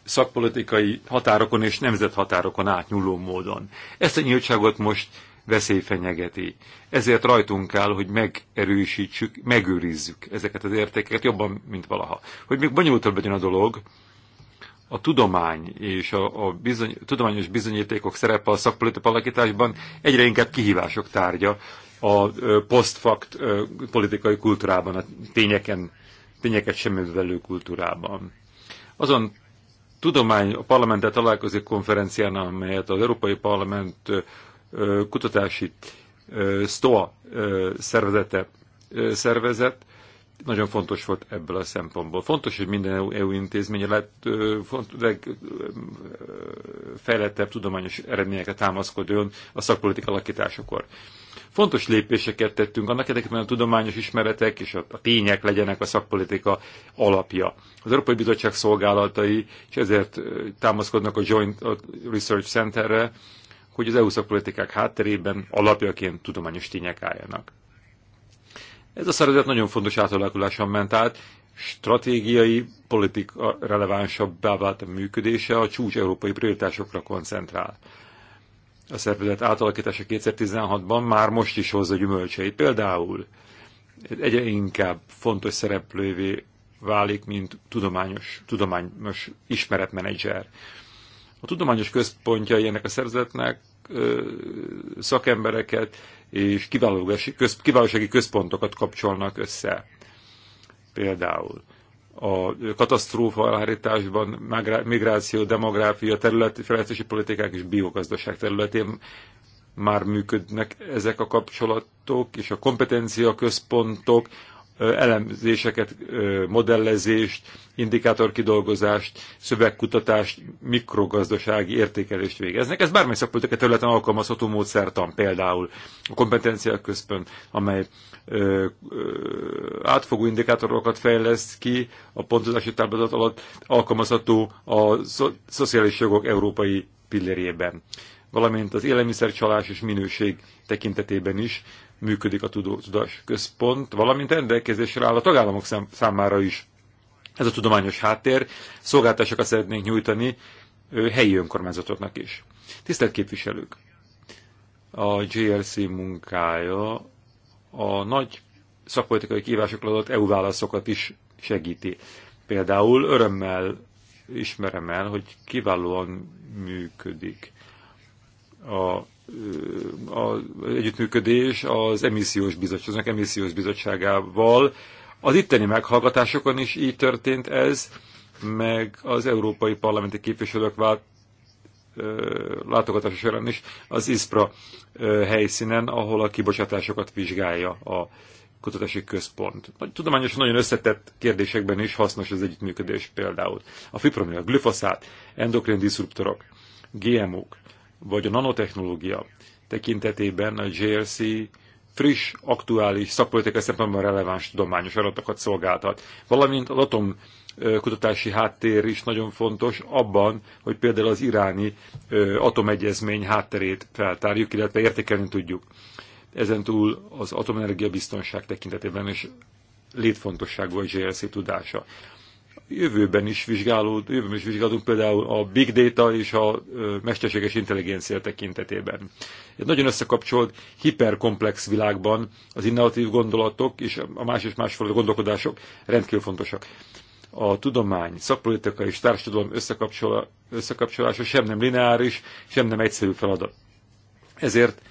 szakpolitikai határokon és nemzethatárokon átnyúló módon. Ezt a nyíltságot most veszély fenyegeti. Ezért rajtunk áll, hogy megerősítsük, megőrizzük ezeket az értékeket jobban, mint valaha. Hogy még bonyolultabb legyen a dolog, a tudomány és a, a bizony, tudományos bizonyítékok szerepe a szakpolitikai alakításban egyre inkább kihívások tárgya a posztfakt politikai kultúrában, a tényeken, tényeket semmivelő kultúrában. Azon tudomány a parlamentet találkozik konferencián, amelyet az Európai Parlament kutatási STOA szervezete szervezett, nagyon fontos volt ebből a szempontból. Fontos, hogy minden EU intézménye lett legfejlettebb tudományos eredményeket támaszkodjon a szakpolitika alakításakor. Fontos lépéseket tettünk annak érdekében, a tudományos ismeretek és a tények legyenek a szakpolitika alapja. Az Európai Bizottság szolgálatai, és ezért támaszkodnak a Joint Research Centerre, hogy az EU szakpolitikák hátterében alapjaként tudományos tények álljanak. Ez a szervezet nagyon fontos átalakuláson ment át, stratégiai, politika relevánsabbá vált a működése, a csúcs európai prioritásokra koncentrál a szervezet átalakítása 2016-ban már most is hozza gyümölcseit. Például egyre inkább fontos szereplővé válik, mint tudományos, tudományos ismeretmenedzser. A tudományos központjai ennek a szervezetnek szakembereket és kiválósági központokat kapcsolnak össze. Például a katasztrófa elhárításban, migráció, demográfia, területi fejlesztési politikák és biogazdaság területén már működnek ezek a kapcsolatok, és a kompetencia központok, elemzéseket, modellezést, indikátorkidolgozást, szövegkutatást, mikrogazdasági értékelést végeznek. Ez bármely szakpolitikai területen alkalmazható módszertan, például a kompetenciák központ, amely ö, ö, átfogó indikátorokat fejleszt ki a pontozási táblázat alatt alkalmazható a szo szociális jogok európai pillérjében valamint az élelmiszercsalás és minőség tekintetében is működik a tudós központ, valamint rendelkezésre áll a tagállamok számára is. Ez a tudományos háttér, szolgáltásokat szeretnénk nyújtani helyi önkormányzatoknak is. Tisztelt képviselők! A GLC munkája a nagy szakpolitikai kívásokra adott EU válaszokat is segíti. Például örömmel ismerem el, hogy kiválóan működik a az együttműködés az emissziós bizottságnak, emissziós bizottságával. Az itteni meghallgatásokon is így történt ez, meg az európai parlamenti képviselők vált látogatása során is az ISPRA helyszínen, ahol a kibocsátásokat vizsgálja a kutatási központ. Tudományosan nagyon összetett kérdésekben is hasznos az együttműködés például. A fipromil, a glifoszát, endokrin diszruptorok, GMO-k, vagy a nanotechnológia tekintetében a JRC friss, aktuális, szakpolitikai szempontból releváns tudományos adatokat szolgáltat. Valamint az atom kutatási háttér is nagyon fontos abban, hogy például az iráni atomegyezmény hátterét feltárjuk, illetve értékelni tudjuk. Ezen túl az atomenergia biztonság tekintetében is létfontosságú a JRC tudása jövőben is vizsgálód, jövőben is vizsgálódunk például a big data és a mesterséges intelligencia tekintetében. Egy nagyon összekapcsolt, hiperkomplex világban az innovatív gondolatok és a más és másfajta gondolkodások rendkívül fontosak. A tudomány, szakpolitika és társadalom összekapcsolása sem nem lineáris, sem nem egyszerű feladat. Ezért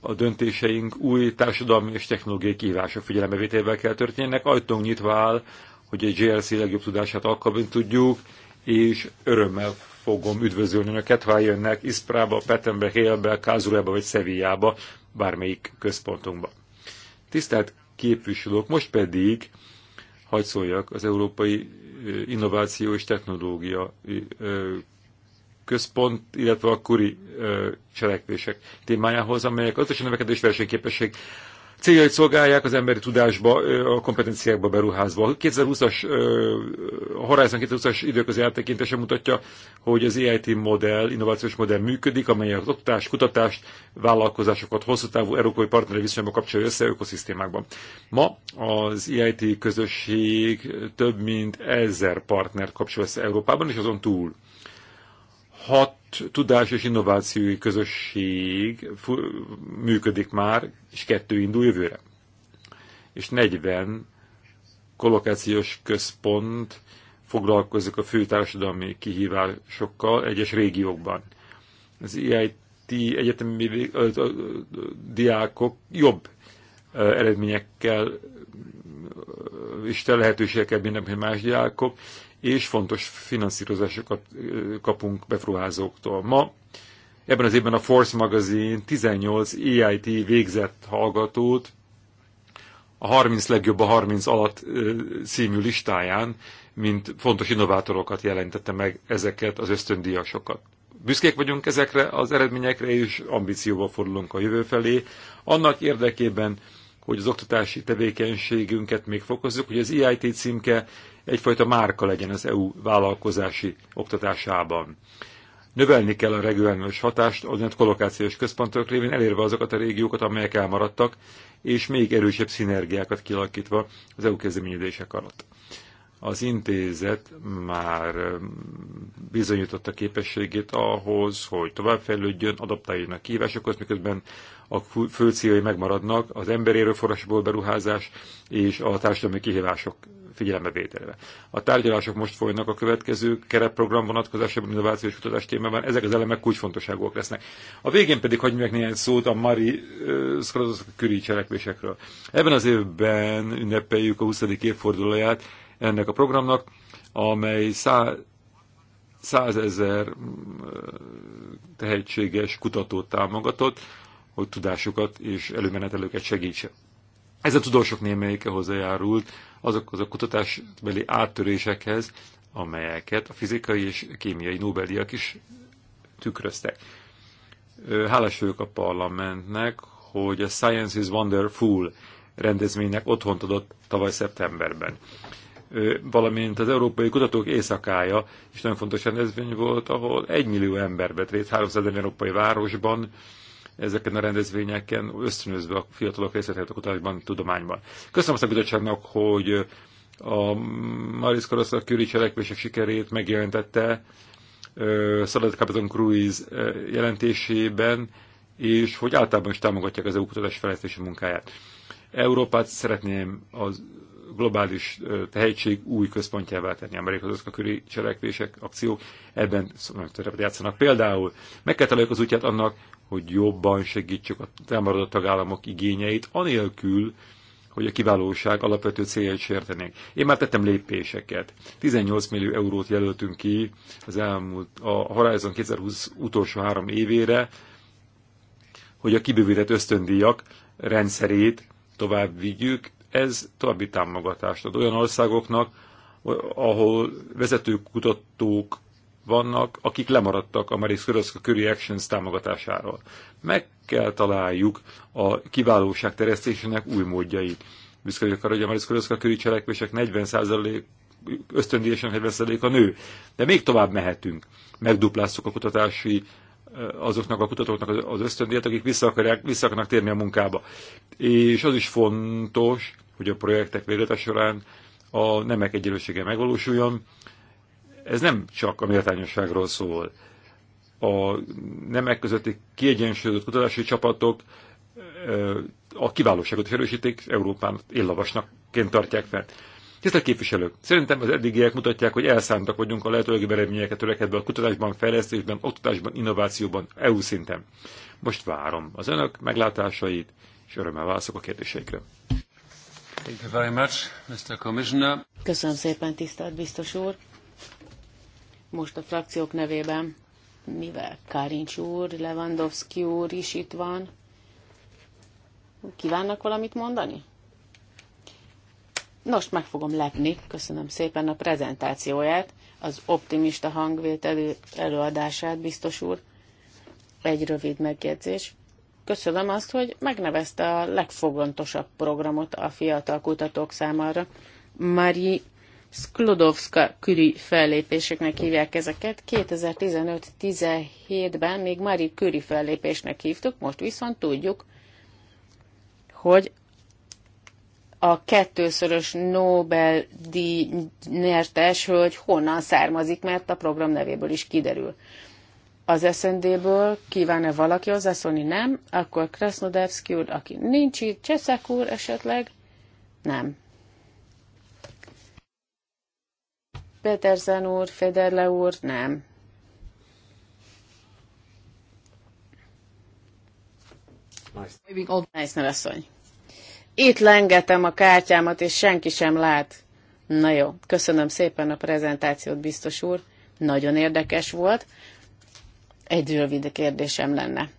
a döntéseink új társadalmi és technológiai kihívások figyelembevételével kell történjenek, ajtónk nyitva áll hogy a GLC legjobb tudását alkalmazni tudjuk, és örömmel fogom üdvözölni önöket, ha jönnek Iszprába, Petembe, Hélbe, Kázulába vagy Szevijába, bármelyik központunkba. Tisztelt képviselők, most pedig hagyd szóljak az Európai Innováció és Technológia Központ, illetve a kuri cselekvések témájához, amelyek a növekedés versenyképesség céljait szolgálják az emberi tudásba, a kompetenciákba beruházva. A 2020-as, a Horizon 2020-as időközi eltekintése mutatja, hogy az EIT modell, innovációs modell működik, amely az oktatást, kutatást, vállalkozásokat hosszú távú európai partneri viszonyban kapcsolja össze ökoszisztémákban. Ma az EIT közösség több mint ezer partnert kapcsol össze Európában és azon túl. Hat tudás és innovációi közösség működik már, és kettő indul jövőre. És 40 kolokációs központ foglalkozik a fő társadalmi kihívásokkal egyes régiókban. Az IIT egyetemi diákok jobb eredményekkel és lehetőségekkel bírnak, mint más diákok, és fontos finanszírozásokat kapunk befruházóktól. Ma ebben az évben a Force magazin 18 EIT végzett hallgatót a 30 legjobb a 30 alatt című listáján, mint fontos innovátorokat jelentette meg ezeket az ösztöndíjasokat. Büszkék vagyunk ezekre az eredményekre, és ambícióval fordulunk a jövő felé. Annak érdekében, hogy az oktatási tevékenységünket még fokozzuk, hogy az EIT címke egyfajta márka legyen az EU vállalkozási oktatásában. Növelni kell a regionális hatást a kolokációs központok révén, elérve azokat a régiókat, amelyek elmaradtak, és még erősebb szinergiákat kialakítva az EU kezdeményezések alatt. Az intézet már um, bizonyította képességét ahhoz, hogy továbbfejlődjön, adaptáljon a kihívásokhoz, miközben a fő céljai megmaradnak, az emberi erőforrásból beruházás és a társadalmi kihívások figyelembe vételve. A tárgyalások most folynak a következő keretprogram vonatkozásában, innovációs kutatás témában, ezek az elemek kulcsfontosságúak lesznek. A végén pedig hagyj meg néhány szót a Mari uh, cselekvésekről. Ebben az évben ünnepeljük a 20. évfordulóját ennek a programnak, amely szá százezer tehetséges kutatót támogatott, hogy tudásukat és előmenetelőket segítse. Ez a tudósok némelyike hozzájárult azokhoz a kutatásbeli áttörésekhez, amelyeket a fizikai és kémiai Nobeliak is tükröztek. Hálás vagyok a parlamentnek, hogy a Science is Wonderful rendezvénynek otthont adott tavaly szeptemberben. Valamint az Európai Kutatók Éjszakája is nagyon fontos rendezvény volt, ahol egy millió ember vett részt 300 európai városban, ezeken a rendezvényeken, ösztönözve a fiatalok részletet a kutatásban, tudományban. Köszönöm a bizottságnak, hogy a Maris Karoszak Curie cselekvések sikerét megjelentette Szadat Captain Cruise jelentésében, és hogy általában is támogatják az EU kutatás fejlesztési munkáját. Európát szeretném az globális tehetség új központjává tenni amerikai a köri cselekvések, akciók, ebben szóval játszanak. Például meg kell találjuk az útját annak, hogy jobban segítsük a elmaradott tagállamok igényeit, anélkül, hogy a kiválóság alapvető céljait sértenék. Én már tettem lépéseket. 18 millió eurót jelöltünk ki az elmúlt, a Horizon 2020 utolsó három évére, hogy a kibővített ösztöndíjak rendszerét tovább vigyük. Ez további támogatást ad olyan országoknak, ahol vezető kutatók vannak, akik lemaradtak a Marie Skorowska Curie Actions támogatásáról. Meg kell találjuk a kiválóság terjesztésének új módjait. Büszke vagyok arra, hogy a Marie Skorowska Curry cselekvések 40% ösztöndíjesen 40% a nő. De még tovább mehetünk. Megdupláztuk a kutatási eh, azoknak a kutatóknak az ösztöndíjat, akik vissza, akarják, vissza akarnak térni a munkába. És az is fontos, hogy a projektek végrehajtása során a nemek egyenlősége megvalósuljon, ez nem csak a méltányosságról szól. A nemek közötti kiegyensúlyozott kutatási csapatok a kiválóságot is erősítik, Európán illavasnakként tartják fel. Tisztelt képviselők, szerintem az eddigiek mutatják, hogy elszántak vagyunk a lehető legjobb eredményeket törekedve a kutatásban, fejlesztésben, oktatásban, innovációban, EU szinten. Most várom az önök meglátásait, és örömmel válaszok a kérdéseikre. Thank you very much, Mr. Commissioner. Köszönöm szépen, tisztelt biztos úr most a frakciók nevében, mivel Kárincs úr, Lewandowski úr is itt van. Kívánnak valamit mondani? Nos, meg fogom lepni, köszönöm szépen a prezentációját, az optimista hangvételű előadását, biztos úr. Egy rövid megjegyzés. Köszönöm azt, hogy megnevezte a legfogontosabb programot a fiatal kutatók számára. Marie Sklodowska Curie fellépéseknek hívják ezeket. 2015-17-ben még Marie Curie fellépésnek hívtuk, most viszont tudjuk, hogy a kettőszörös Nobel-díj nyertes hogy honnan származik, mert a program nevéből is kiderül. Az SND-ből kíván-e valaki hozzászólni? Nem. Akkor Krasnodevsky úr, aki nincs itt, Cseszek úr esetleg? Nem. Petersen úr, Federle úr, nem. nice asszony. Itt lengetem a kártyámat, és senki sem lát. Na jó, köszönöm szépen a prezentációt, biztos úr. Nagyon érdekes volt. Egy rövid kérdésem lenne.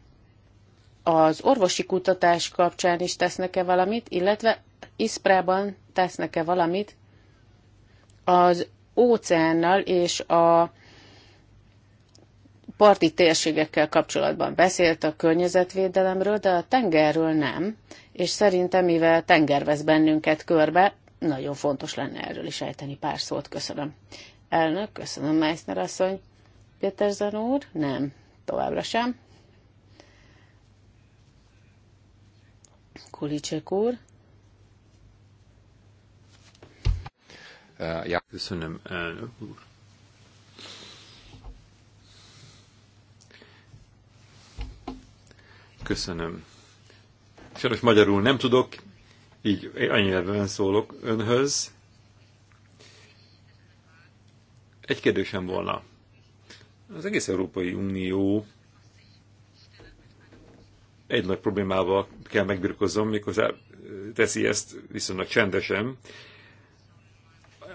Az orvosi kutatás kapcsán is tesznek-e valamit, illetve ISPRában tesznek-e valamit az óceánnal és a parti térségekkel kapcsolatban beszélt a környezetvédelemről, de a tengerről nem, és szerintem, mivel tenger vesz bennünket körbe, nagyon fontos lenne erről is ejteni pár szót. Köszönöm. Elnök, köszönöm, Meissner asszony. Péter úr? Nem, továbbra sem. Kulicsek úr? Uh, Köszönöm, elnök úr. Köszönöm. Sajnos magyarul nem tudok, így annyi nyelven szólok önhöz. Egy kérdésem volna. Az egész Európai Unió egy nagy problémával kell megbirkozom, mikor teszi ezt viszonylag csendesen,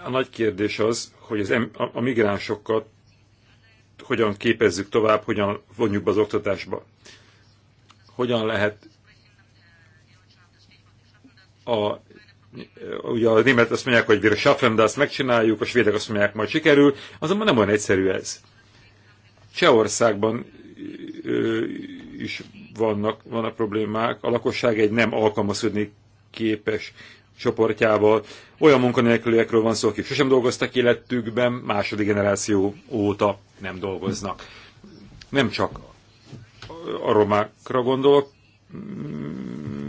a nagy kérdés az, hogy az, a, a migránsokat hogyan képezzük tovább, hogyan vonjuk be az oktatásba. Hogyan lehet a, ugye a német azt mondják, hogy wir schaffen, de azt megcsináljuk, a svédek azt mondják, majd sikerül, azonban nem olyan egyszerű ez. Csehországban is vannak, vannak problémák, a lakosság egy nem alkalmazkodni képes csoportjával. Olyan munkanélküliekről van szó, akik sosem dolgoztak életükben, második generáció óta nem dolgoznak. Nem csak a romákra gondolok,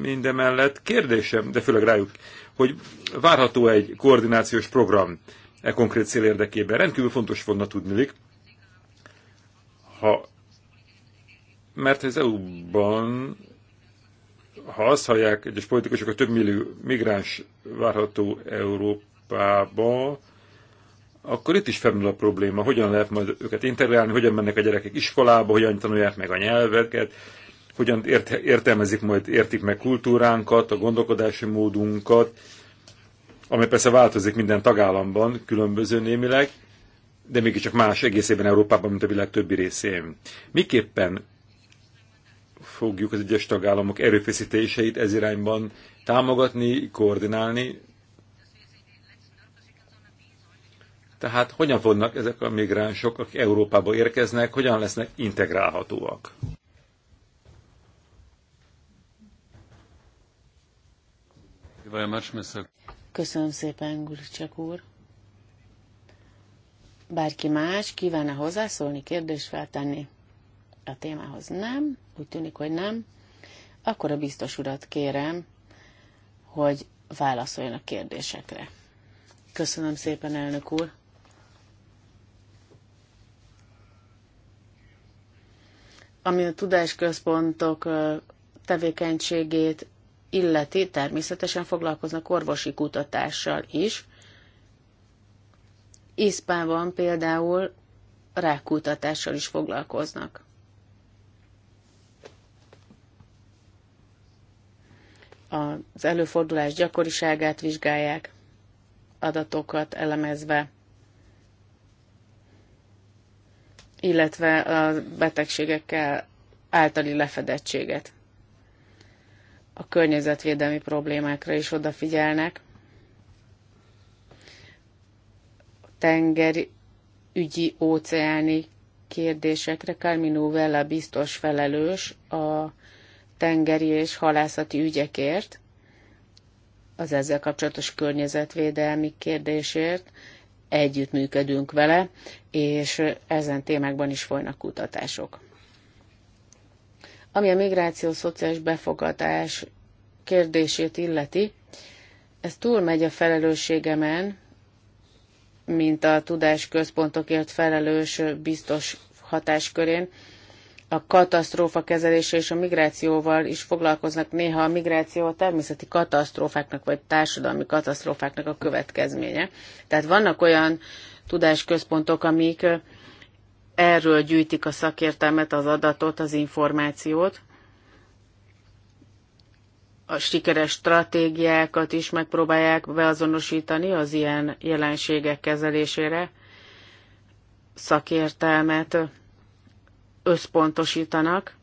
mindemellett kérdésem, de főleg rájuk, hogy várható egy koordinációs program e konkrét cél érdekében. Rendkívül fontos volna tudni, ha mert az EU-ban ha azt hallják egyes politikusok, a több millió migráns várható Európába, akkor itt is felmerül a probléma, hogyan lehet majd őket integrálni, hogyan mennek a gyerekek iskolába, hogyan tanulják meg a nyelveket, hogyan ért, értelmezik majd, értik meg kultúránkat, a gondolkodási módunkat, ami persze változik minden tagállamban, különböző némileg, de mégiscsak más egészében Európában, mint a világ többi részén. Miképpen fogjuk az egyes tagállamok erőfeszítéseit ez irányban támogatni, koordinálni. Tehát hogyan fognak ezek a migránsok, akik Európába érkeznek, hogyan lesznek integrálhatóak? Köszönöm szépen, Gurcsak úr. Bárki más kívánna hozzászólni, kérdést feltenni? a témához nem, úgy tűnik, hogy nem, akkor a biztos urat kérem, hogy válaszoljon a kérdésekre. Köszönöm szépen, elnök úr! Ami a tudásközpontok tevékenységét illeti, természetesen foglalkoznak orvosi kutatással is. Iszpában például rákutatással is foglalkoznak. az előfordulás gyakoriságát vizsgálják, adatokat elemezve, illetve a betegségekkel általi lefedettséget. A környezetvédelmi problémákra is odafigyelnek. A tengeri ügyi óceáni kérdésekre Carmino Vella biztos felelős a tengeri és halászati ügyekért, az ezzel kapcsolatos környezetvédelmi kérdésért, együttműködünk vele, és ezen témákban is folynak kutatások. Ami a migráció szociális befogadás kérdését illeti, ez túlmegy a felelősségemen, mint a tudásközpontokért felelős biztos hatáskörén, a katasztrófa kezelése és a migrációval is foglalkoznak néha a migráció a természeti katasztrófáknak vagy társadalmi katasztrófáknak a következménye. Tehát vannak olyan tudásközpontok, amik erről gyűjtik a szakértelmet, az adatot, az információt. A sikeres stratégiákat is megpróbálják beazonosítani az ilyen jelenségek kezelésére, szakértelmet, összpontosítanak,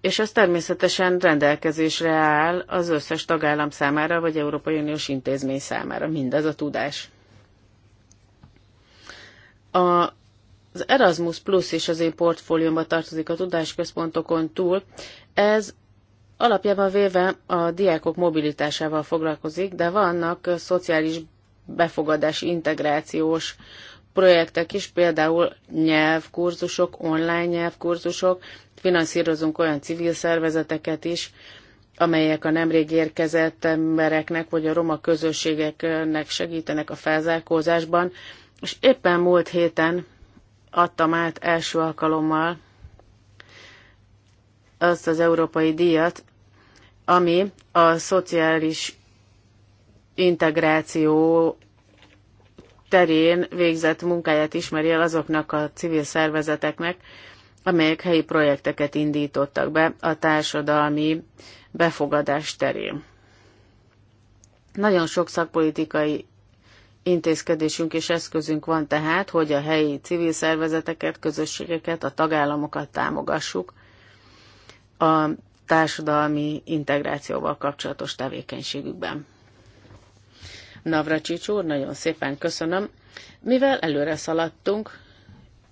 és ez természetesen rendelkezésre áll az összes tagállam számára, vagy Európai Uniós intézmény számára, mindez a tudás. A, az Erasmus Plus is az én portfóliómba tartozik a tudásközpontokon túl. Ez alapjában véve a diákok mobilitásával foglalkozik, de vannak szociális befogadás integrációs projektek is, például nyelvkurzusok, online nyelvkurzusok, finanszírozunk olyan civil szervezeteket is, amelyek a nemrég érkezett embereknek vagy a roma közösségeknek segítenek a felzárkózásban, és éppen múlt héten adtam át első alkalommal azt az európai díjat, ami a szociális integráció terén végzett munkáját ismeri el azoknak a civil szervezeteknek, amelyek helyi projekteket indítottak be a társadalmi befogadás terén. Nagyon sok szakpolitikai intézkedésünk és eszközünk van tehát, hogy a helyi civil szervezeteket, közösségeket, a tagállamokat támogassuk a társadalmi integrációval kapcsolatos tevékenységükben. Navracsics úr, nagyon szépen köszönöm. Mivel előre szaladtunk,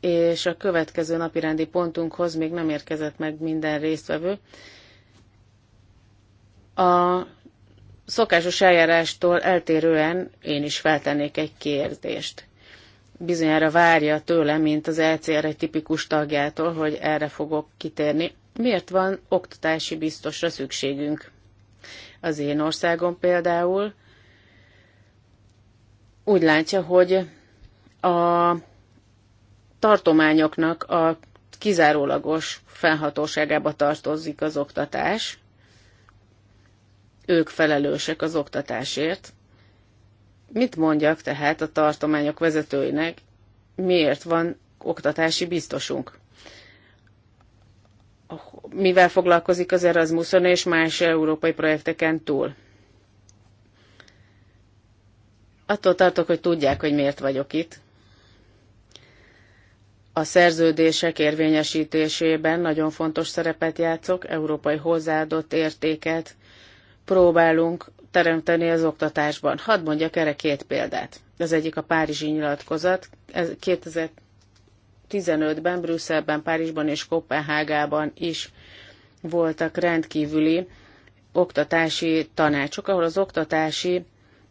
és a következő napirendi pontunkhoz még nem érkezett meg minden résztvevő, a szokásos eljárástól eltérően én is feltennék egy kérdést. Bizonyára várja tőlem, mint az LCR e egy tipikus tagjától, hogy erre fogok kitérni. Miért van oktatási biztosra szükségünk? Az én országom például úgy látja, hogy a tartományoknak a kizárólagos felhatóságába tartozik az oktatás, ők felelősek az oktatásért. Mit mondjak tehát a tartományok vezetőinek, miért van oktatási biztosunk? Mivel foglalkozik az Erasmuson és más európai projekteken túl? Attól tartok, hogy tudják, hogy miért vagyok itt. A szerződések érvényesítésében nagyon fontos szerepet játszok, európai hozzáadott értéket próbálunk teremteni az oktatásban. Hadd mondjak erre két példát. Az egyik a Párizsi nyilatkozat. 2015-ben Brüsszelben, Párizsban és Kopenhágában is voltak rendkívüli oktatási tanácsok, ahol az oktatási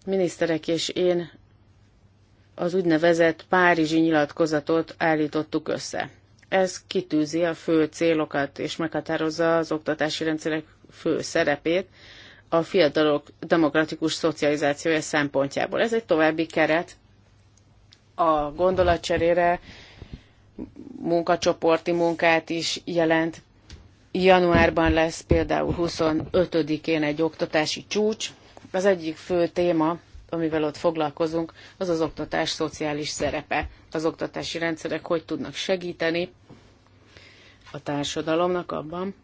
miniszterek és én az úgynevezett Párizsi nyilatkozatot állítottuk össze. Ez kitűzi a fő célokat és meghatározza az oktatási rendszerek fő szerepét a fiatalok demokratikus szocializációja szempontjából. Ez egy további keret a gondolatcserére, munkacsoporti munkát is jelent. Januárban lesz például 25-én egy oktatási csúcs, az egyik fő téma, amivel ott foglalkozunk, az az oktatás szociális szerepe. Az oktatási rendszerek hogy tudnak segíteni a társadalomnak abban,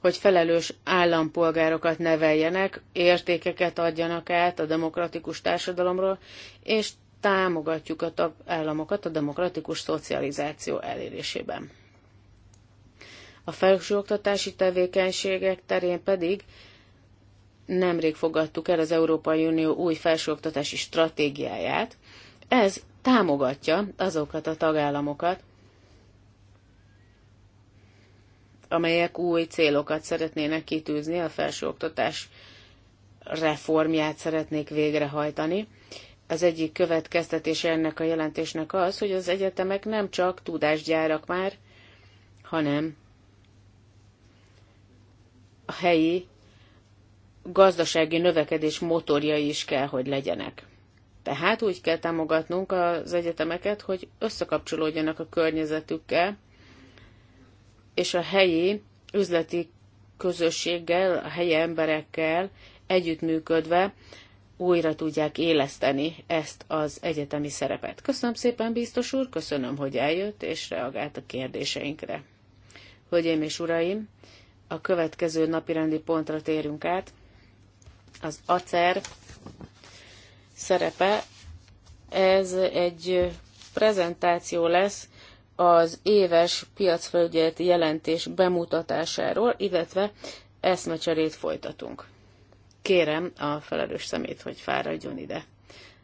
hogy felelős állampolgárokat neveljenek, értékeket adjanak át a demokratikus társadalomról, és támogatjuk a államokat a demokratikus szocializáció elérésében. A felsőoktatási tevékenységek terén pedig nemrég fogadtuk el az Európai Unió új felsőoktatási stratégiáját. Ez támogatja azokat a tagállamokat, amelyek új célokat szeretnének kitűzni, a felsőoktatás reformját szeretnék végrehajtani. Az egyik következtetése ennek a jelentésnek az, hogy az egyetemek nem csak tudásgyárak már, hanem a helyi gazdasági növekedés motorjai is kell, hogy legyenek. Tehát úgy kell támogatnunk az egyetemeket, hogy összekapcsolódjanak a környezetükkel, és a helyi üzleti közösséggel, a helyi emberekkel együttműködve újra tudják éleszteni ezt az egyetemi szerepet. Köszönöm szépen, biztos úr, köszönöm, hogy eljött és reagált a kérdéseinkre. Hölgyeim és uraim, a következő napirendi pontra térjünk át. Az acer szerepe, ez egy prezentáció lesz az éves piacfelügyeleti jelentés bemutatásáról, illetve eszmecserét folytatunk. Kérem a felelős szemét, hogy fáradjon ide.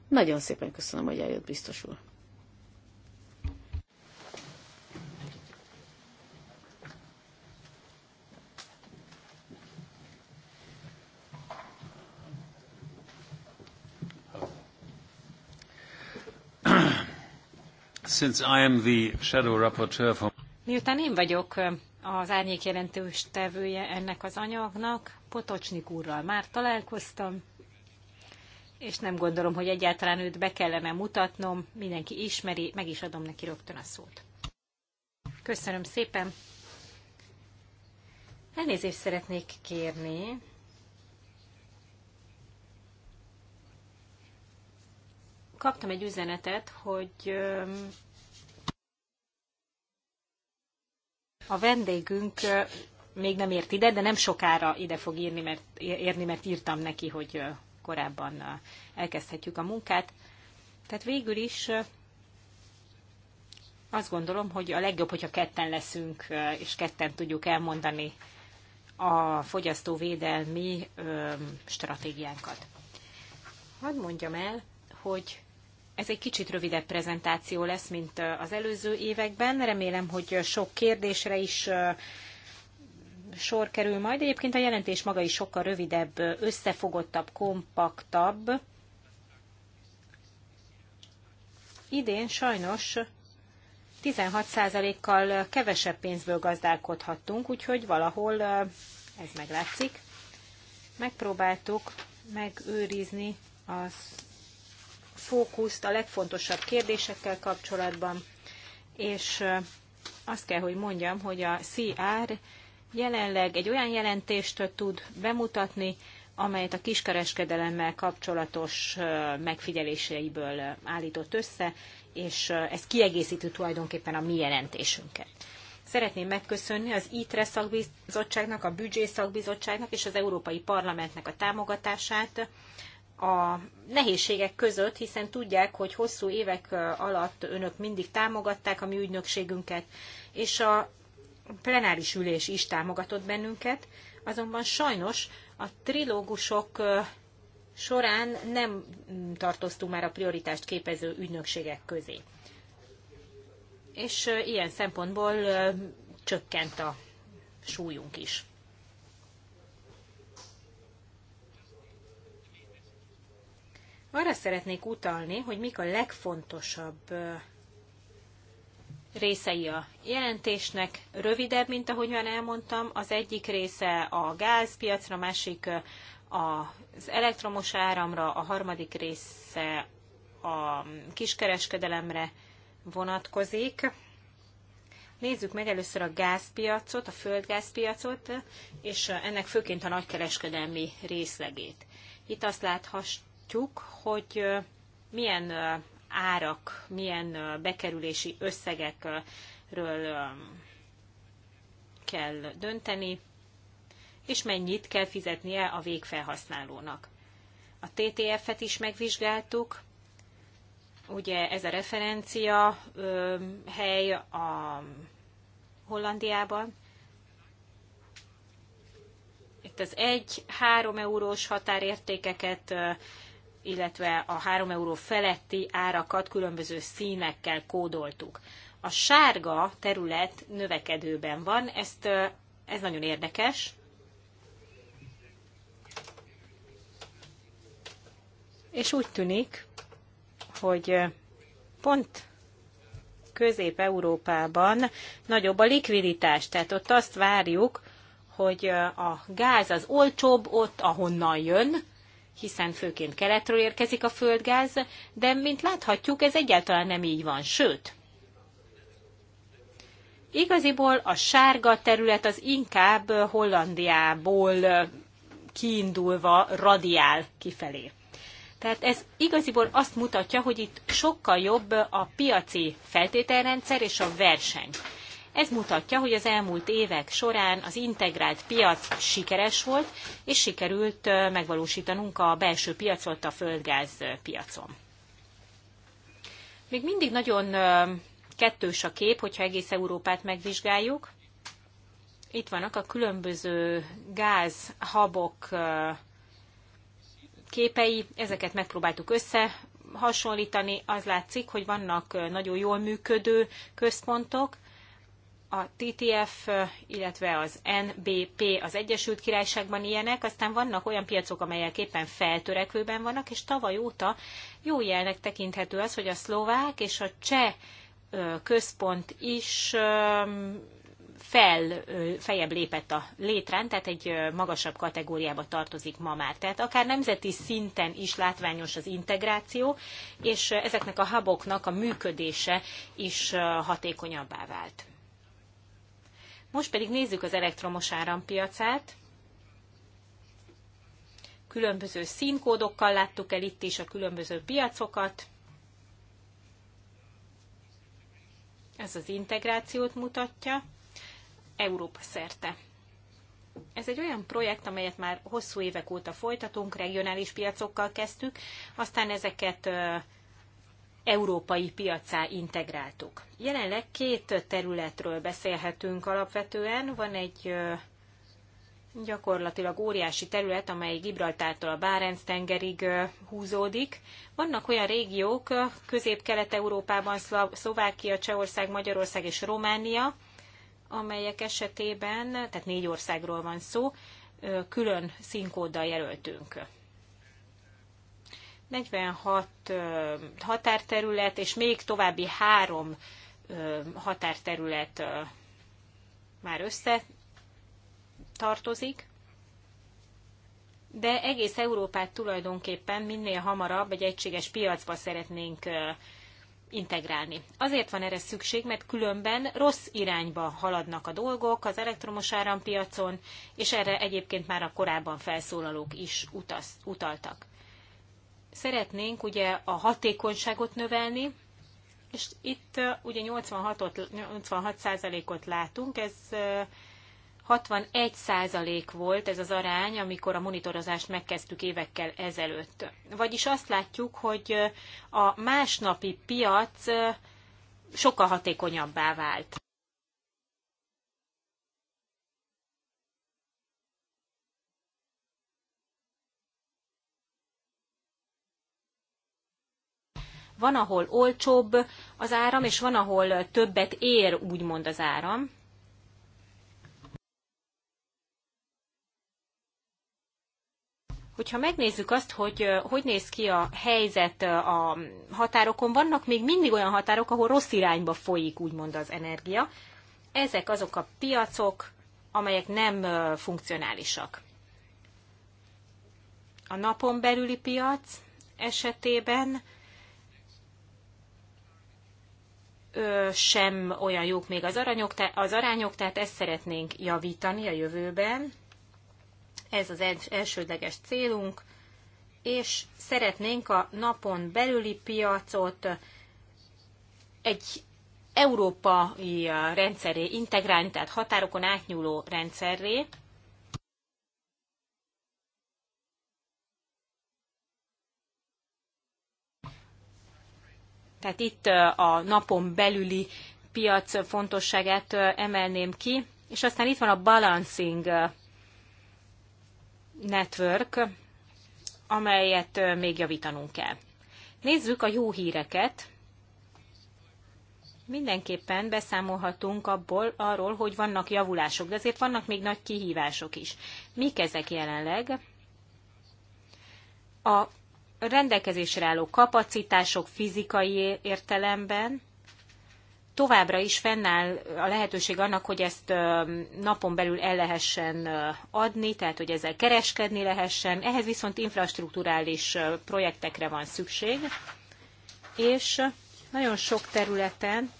Nagyon szépen köszönöm, hogy eljött biztosul. Since I am the shadow rapporteur for... Miután én vagyok az árnyék jelentős tevője ennek az anyagnak, Potocsnik úrral már találkoztam, és nem gondolom, hogy egyáltalán őt be kellene mutatnom, mindenki ismeri, meg is adom neki rögtön a szót. Köszönöm szépen! Elnézést szeretnék kérni. Kaptam egy üzenetet, hogy A vendégünk még nem ért ide, de nem sokára ide fog írni, mert, érni, mert írtam neki, hogy korábban elkezdhetjük a munkát. Tehát végül is azt gondolom, hogy a legjobb, hogyha ketten leszünk, és ketten tudjuk elmondani a fogyasztóvédelmi stratégiánkat. Hadd mondjam el, hogy ez egy kicsit rövidebb prezentáció lesz, mint az előző években. Remélem, hogy sok kérdésre is sor kerül majd. Egyébként a jelentés maga is sokkal rövidebb, összefogottabb, kompaktabb. Idén sajnos 16%-kal kevesebb pénzből gazdálkodhattunk, úgyhogy valahol ez meglátszik. Megpróbáltuk megőrizni az fókuszt a legfontosabb kérdésekkel kapcsolatban, és azt kell, hogy mondjam, hogy a CR jelenleg egy olyan jelentést tud bemutatni, amelyet a kiskereskedelemmel kapcsolatos megfigyeléseiből állított össze, és ez kiegészíti tulajdonképpen a mi jelentésünket. Szeretném megköszönni az ITRE szakbizottságnak, a Büdzsé szakbizottságnak és az Európai Parlamentnek a támogatását a nehézségek között, hiszen tudják, hogy hosszú évek alatt önök mindig támogatták a mi ügynökségünket, és a plenáris ülés is támogatott bennünket, azonban sajnos a trilógusok során nem tartoztunk már a prioritást képező ügynökségek közé. És ilyen szempontból csökkent a súlyunk is. Arra szeretnék utalni, hogy mik a legfontosabb részei a jelentésnek. Rövidebb, mint ahogy már elmondtam, az egyik része a gázpiacra, a másik az elektromos áramra, a harmadik része a kiskereskedelemre vonatkozik. Nézzük meg először a gázpiacot, a földgázpiacot, és ennek főként a nagykereskedelmi részlegét. Itt azt láthatjuk, látjuk, hogy milyen árak, milyen bekerülési összegekről kell dönteni, és mennyit kell fizetnie a végfelhasználónak. A TTF-et is megvizsgáltuk, ugye ez a referencia ö, hely a Hollandiában. Itt az 1-3 eurós határértékeket ö, illetve a 3 euró feletti árakat különböző színekkel kódoltuk. A sárga terület növekedőben van, ezt, ez nagyon érdekes. És úgy tűnik, hogy pont Közép-Európában nagyobb a likviditás, tehát ott azt várjuk, hogy a gáz az olcsóbb ott, ahonnan jön, hiszen főként keletről érkezik a földgáz, de mint láthatjuk, ez egyáltalán nem így van, sőt. Igaziból a sárga terület az inkább Hollandiából kiindulva radiál kifelé. Tehát ez igaziból azt mutatja, hogy itt sokkal jobb a piaci feltételrendszer és a verseny. Ez mutatja, hogy az elmúlt évek során az integrált piac sikeres volt, és sikerült megvalósítanunk a belső piacot a földgáz piacon. Még mindig nagyon kettős a kép, hogyha egész Európát megvizsgáljuk. Itt vannak a különböző gázhabok képei, ezeket megpróbáltuk összehasonlítani. Az látszik, hogy vannak nagyon jól működő központok, a TTF, illetve az NBP az Egyesült Királyságban ilyenek, aztán vannak olyan piacok, amelyek éppen feltörekvőben vannak, és tavaly óta jó jelnek tekinthető az, hogy a szlovák és a cseh központ is fel, feljebb lépett a létrán, tehát egy magasabb kategóriába tartozik ma már. Tehát akár nemzeti szinten is látványos az integráció, és ezeknek a haboknak a működése is hatékonyabbá vált. Most pedig nézzük az elektromos árampiacát. Különböző színkódokkal láttuk el itt is a különböző piacokat. Ez az integrációt mutatja Európa szerte. Ez egy olyan projekt, amelyet már hosszú évek óta folytatunk, regionális piacokkal kezdtük, aztán ezeket európai piacá integráltuk. Jelenleg két területről beszélhetünk alapvetően. Van egy gyakorlatilag óriási terület, amely Gibraltártól a Bárenc tengerig húzódik. Vannak olyan régiók Közép-Kelet-Európában, Szlovákia, Csehország, Magyarország és Románia, amelyek esetében, tehát négy országról van szó, külön színkóddal jelöltünk. 46 határterület, és még további három határterület már össze tartozik, de egész Európát tulajdonképpen minél hamarabb egy egységes piacba szeretnénk integrálni. Azért van erre szükség, mert különben rossz irányba haladnak a dolgok az elektromos árampiacon, és erre egyébként már a korábban felszólalók is utaz, utaltak. Szeretnénk ugye a hatékonyságot növelni, és itt uh, ugye 86-ot, látunk, ez 61 uh, volt ez az arány, amikor a monitorozást megkezdtük évekkel ezelőtt. Vagyis azt látjuk, hogy uh, a másnapi piac sokkal hatékonyabbá vált. Van, ahol olcsóbb az áram, és van, ahol többet ér, úgymond az áram. Hogyha megnézzük azt, hogy hogy néz ki a helyzet a határokon, vannak még mindig olyan határok, ahol rossz irányba folyik, úgymond az energia. Ezek azok a piacok, amelyek nem funkcionálisak. A napon belüli piac esetében sem olyan jók még az, aranyok, az arányok, tehát ezt szeretnénk javítani a jövőben. Ez az elsődleges célunk, és szeretnénk a napon belüli piacot egy európai rendszeré integrálni, tehát határokon átnyúló rendszerré, Tehát itt a napon belüli piac fontosságát emelném ki, és aztán itt van a balancing network, amelyet még javítanunk kell. Nézzük a jó híreket. Mindenképpen beszámolhatunk abból, arról, hogy vannak javulások, de azért vannak még nagy kihívások is. Mik ezek jelenleg? A rendelkezésre álló kapacitások fizikai értelemben továbbra is fennáll a lehetőség annak, hogy ezt napon belül el lehessen adni, tehát hogy ezzel kereskedni lehessen. Ehhez viszont infrastruktúrális projektekre van szükség, és nagyon sok területen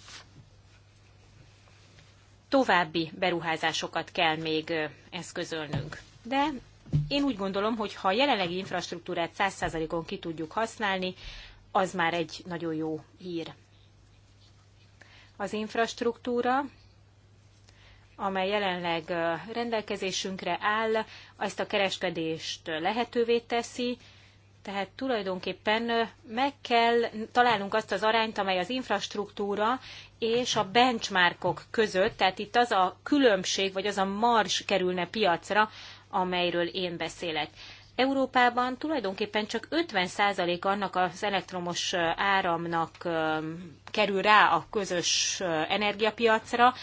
további beruházásokat kell még eszközölnünk. De én úgy gondolom, hogy ha a jelenlegi infrastruktúrát 100%-on ki tudjuk használni, az már egy nagyon jó hír. Az infrastruktúra, amely jelenleg rendelkezésünkre áll, ezt a kereskedést lehetővé teszi, tehát tulajdonképpen meg kell találnunk azt az arányt, amely az infrastruktúra és a benchmarkok között, tehát itt az a különbség, vagy az a mars kerülne piacra, amelyről én beszélek. Európában tulajdonképpen csak 50% annak az elektromos áramnak kerül rá a közös energiapiacra,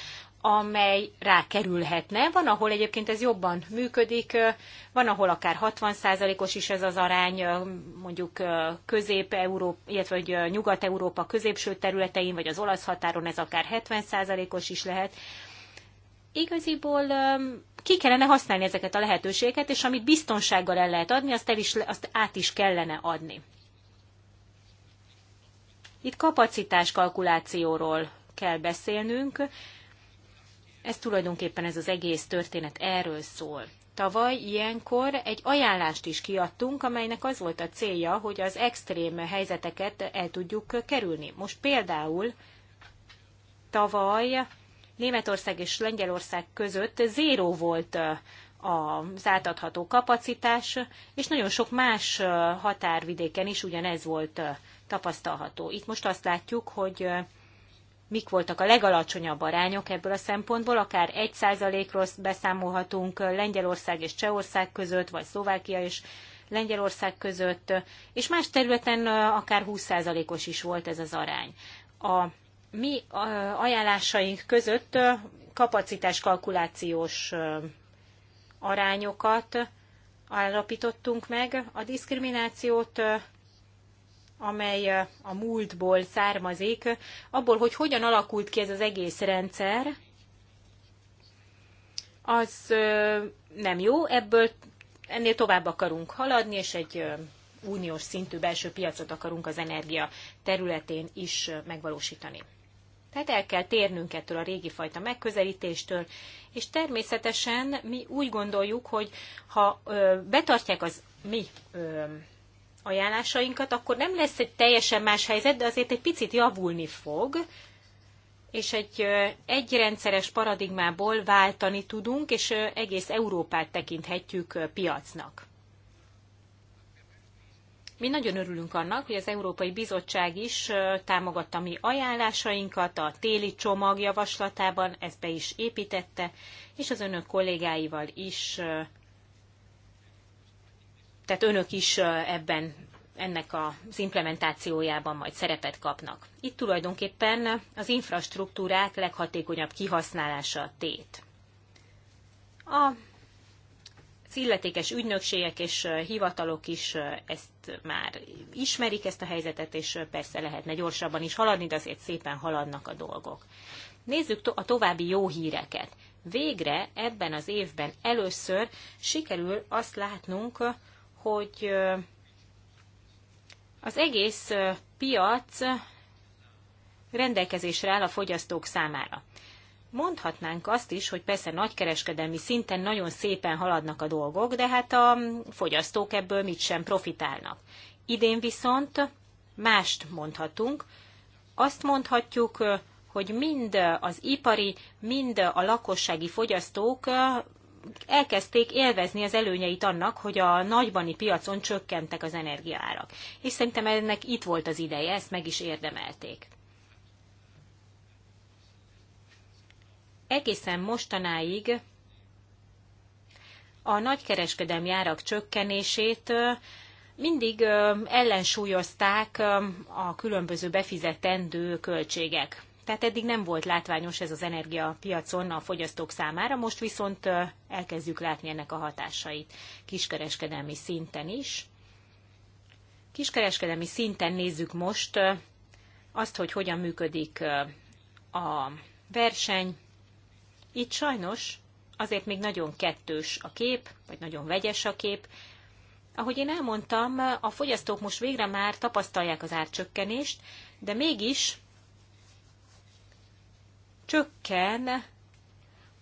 amely rákerülhetne. Van, ahol egyébként ez jobban működik, van, ahol akár 60%-os is ez az arány, mondjuk Közép-Európa, illetve hogy Nyugat-Európa középső területein, vagy az olasz határon ez akár 70%-os is lehet. Igaziból ki kellene használni ezeket a lehetőségeket, és amit biztonsággal el lehet adni, azt, el is, azt át is kellene adni. Itt kapacitás kalkulációról kell beszélnünk. Ez tulajdonképpen ez az egész történet erről szól. Tavaly ilyenkor egy ajánlást is kiadtunk, amelynek az volt a célja, hogy az extrém helyzeteket el tudjuk kerülni. Most például tavaly Németország és Lengyelország között zéró volt az átadható kapacitás, és nagyon sok más határvidéken is ugyanez volt tapasztalható. Itt most azt látjuk, hogy mik voltak a legalacsonyabb arányok ebből a szempontból, akár 1%-ról beszámolhatunk Lengyelország és Csehország között, vagy Szlovákia és Lengyelország között, és más területen akár 20%-os is volt ez az arány. A mi ajánlásaink között kapacitáskalkulációs arányokat állapítottunk meg. A diszkriminációt, amely a múltból származik, abból, hogy hogyan alakult ki ez az egész rendszer, az nem jó, ebből ennél tovább akarunk haladni, és egy uniós szintű belső piacot akarunk az energia területén is megvalósítani. Tehát el kell térnünk ettől a régi fajta megközelítéstől, és természetesen mi úgy gondoljuk, hogy ha ö, betartják az mi ö, ajánlásainkat, akkor nem lesz egy teljesen más helyzet, de azért egy picit javulni fog, és egy egyrendszeres paradigmából váltani tudunk, és egész Európát tekinthetjük piacnak. Mi nagyon örülünk annak, hogy az Európai Bizottság is támogatta mi ajánlásainkat a téli csomag javaslatában, ezt be is építette, és az önök kollégáival is, tehát önök is ebben ennek az implementációjában majd szerepet kapnak. Itt tulajdonképpen az infrastruktúrák leghatékonyabb kihasználása a tét. A az illetékes ügynökségek és hivatalok is ezt már ismerik, ezt a helyzetet, és persze lehetne gyorsabban is haladni, de azért szépen haladnak a dolgok. Nézzük a további jó híreket. Végre ebben az évben először sikerül azt látnunk, hogy az egész piac rendelkezésre áll a fogyasztók számára. Mondhatnánk azt is, hogy persze nagykereskedelmi szinten nagyon szépen haladnak a dolgok, de hát a fogyasztók ebből mit sem profitálnak. Idén viszont mást mondhatunk. Azt mondhatjuk, hogy mind az ipari, mind a lakossági fogyasztók elkezdték élvezni az előnyeit annak, hogy a nagybani piacon csökkentek az energiaárak. És szerintem ennek itt volt az ideje, ezt meg is érdemelték. egészen mostanáig a nagykereskedelmi árak csökkenését mindig ellensúlyozták a különböző befizetendő költségek. Tehát eddig nem volt látványos ez az energiapiacon a fogyasztók számára, most viszont elkezdjük látni ennek a hatásait kiskereskedelmi szinten is. Kiskereskedelmi szinten nézzük most azt, hogy hogyan működik a verseny, itt sajnos azért még nagyon kettős a kép, vagy nagyon vegyes a kép. Ahogy én elmondtam, a fogyasztók most végre már tapasztalják az árcsökkenést, de mégis csökken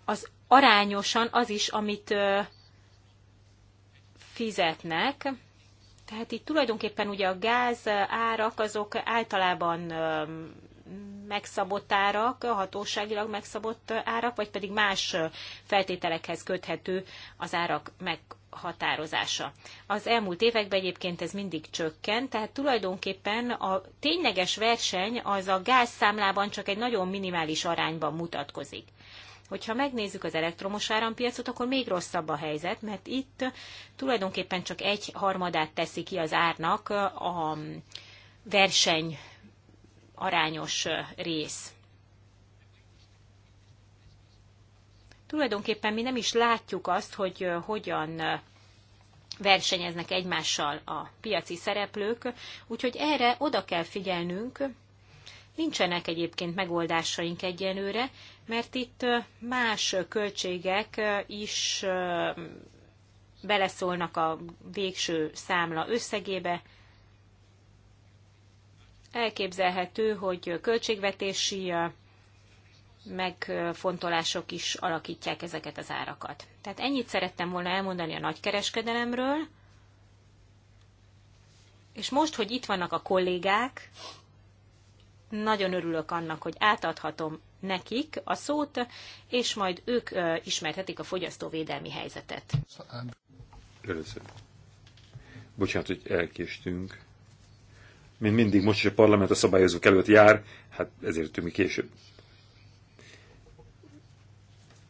az arányosan az is, amit fizetnek. Tehát itt tulajdonképpen ugye a gáz árak azok általában megszabott árak, hatóságilag megszabott árak, vagy pedig más feltételekhez köthető az árak meghatározása. Az elmúlt években egyébként ez mindig csökkent, tehát tulajdonképpen a tényleges verseny az a gázszámlában csak egy nagyon minimális arányban mutatkozik. Hogyha megnézzük az elektromos árampiacot, akkor még rosszabb a helyzet, mert itt tulajdonképpen csak egy harmadát teszi ki az árnak a verseny arányos rész. Tulajdonképpen mi nem is látjuk azt, hogy hogyan versenyeznek egymással a piaci szereplők, úgyhogy erre oda kell figyelnünk. Nincsenek egyébként megoldásaink egyenőre, mert itt más költségek is beleszólnak a végső számla összegébe, elképzelhető, hogy költségvetési megfontolások is alakítják ezeket az árakat. Tehát ennyit szerettem volna elmondani a nagykereskedelemről, és most, hogy itt vannak a kollégák, nagyon örülök annak, hogy átadhatom nekik a szót, és majd ők ismerhetik a fogyasztóvédelmi helyzetet. Először. Bocsánat, hogy elkéstünk mint mindig most is a parlament a szabályozók előtt jár, hát ezért tűnik később.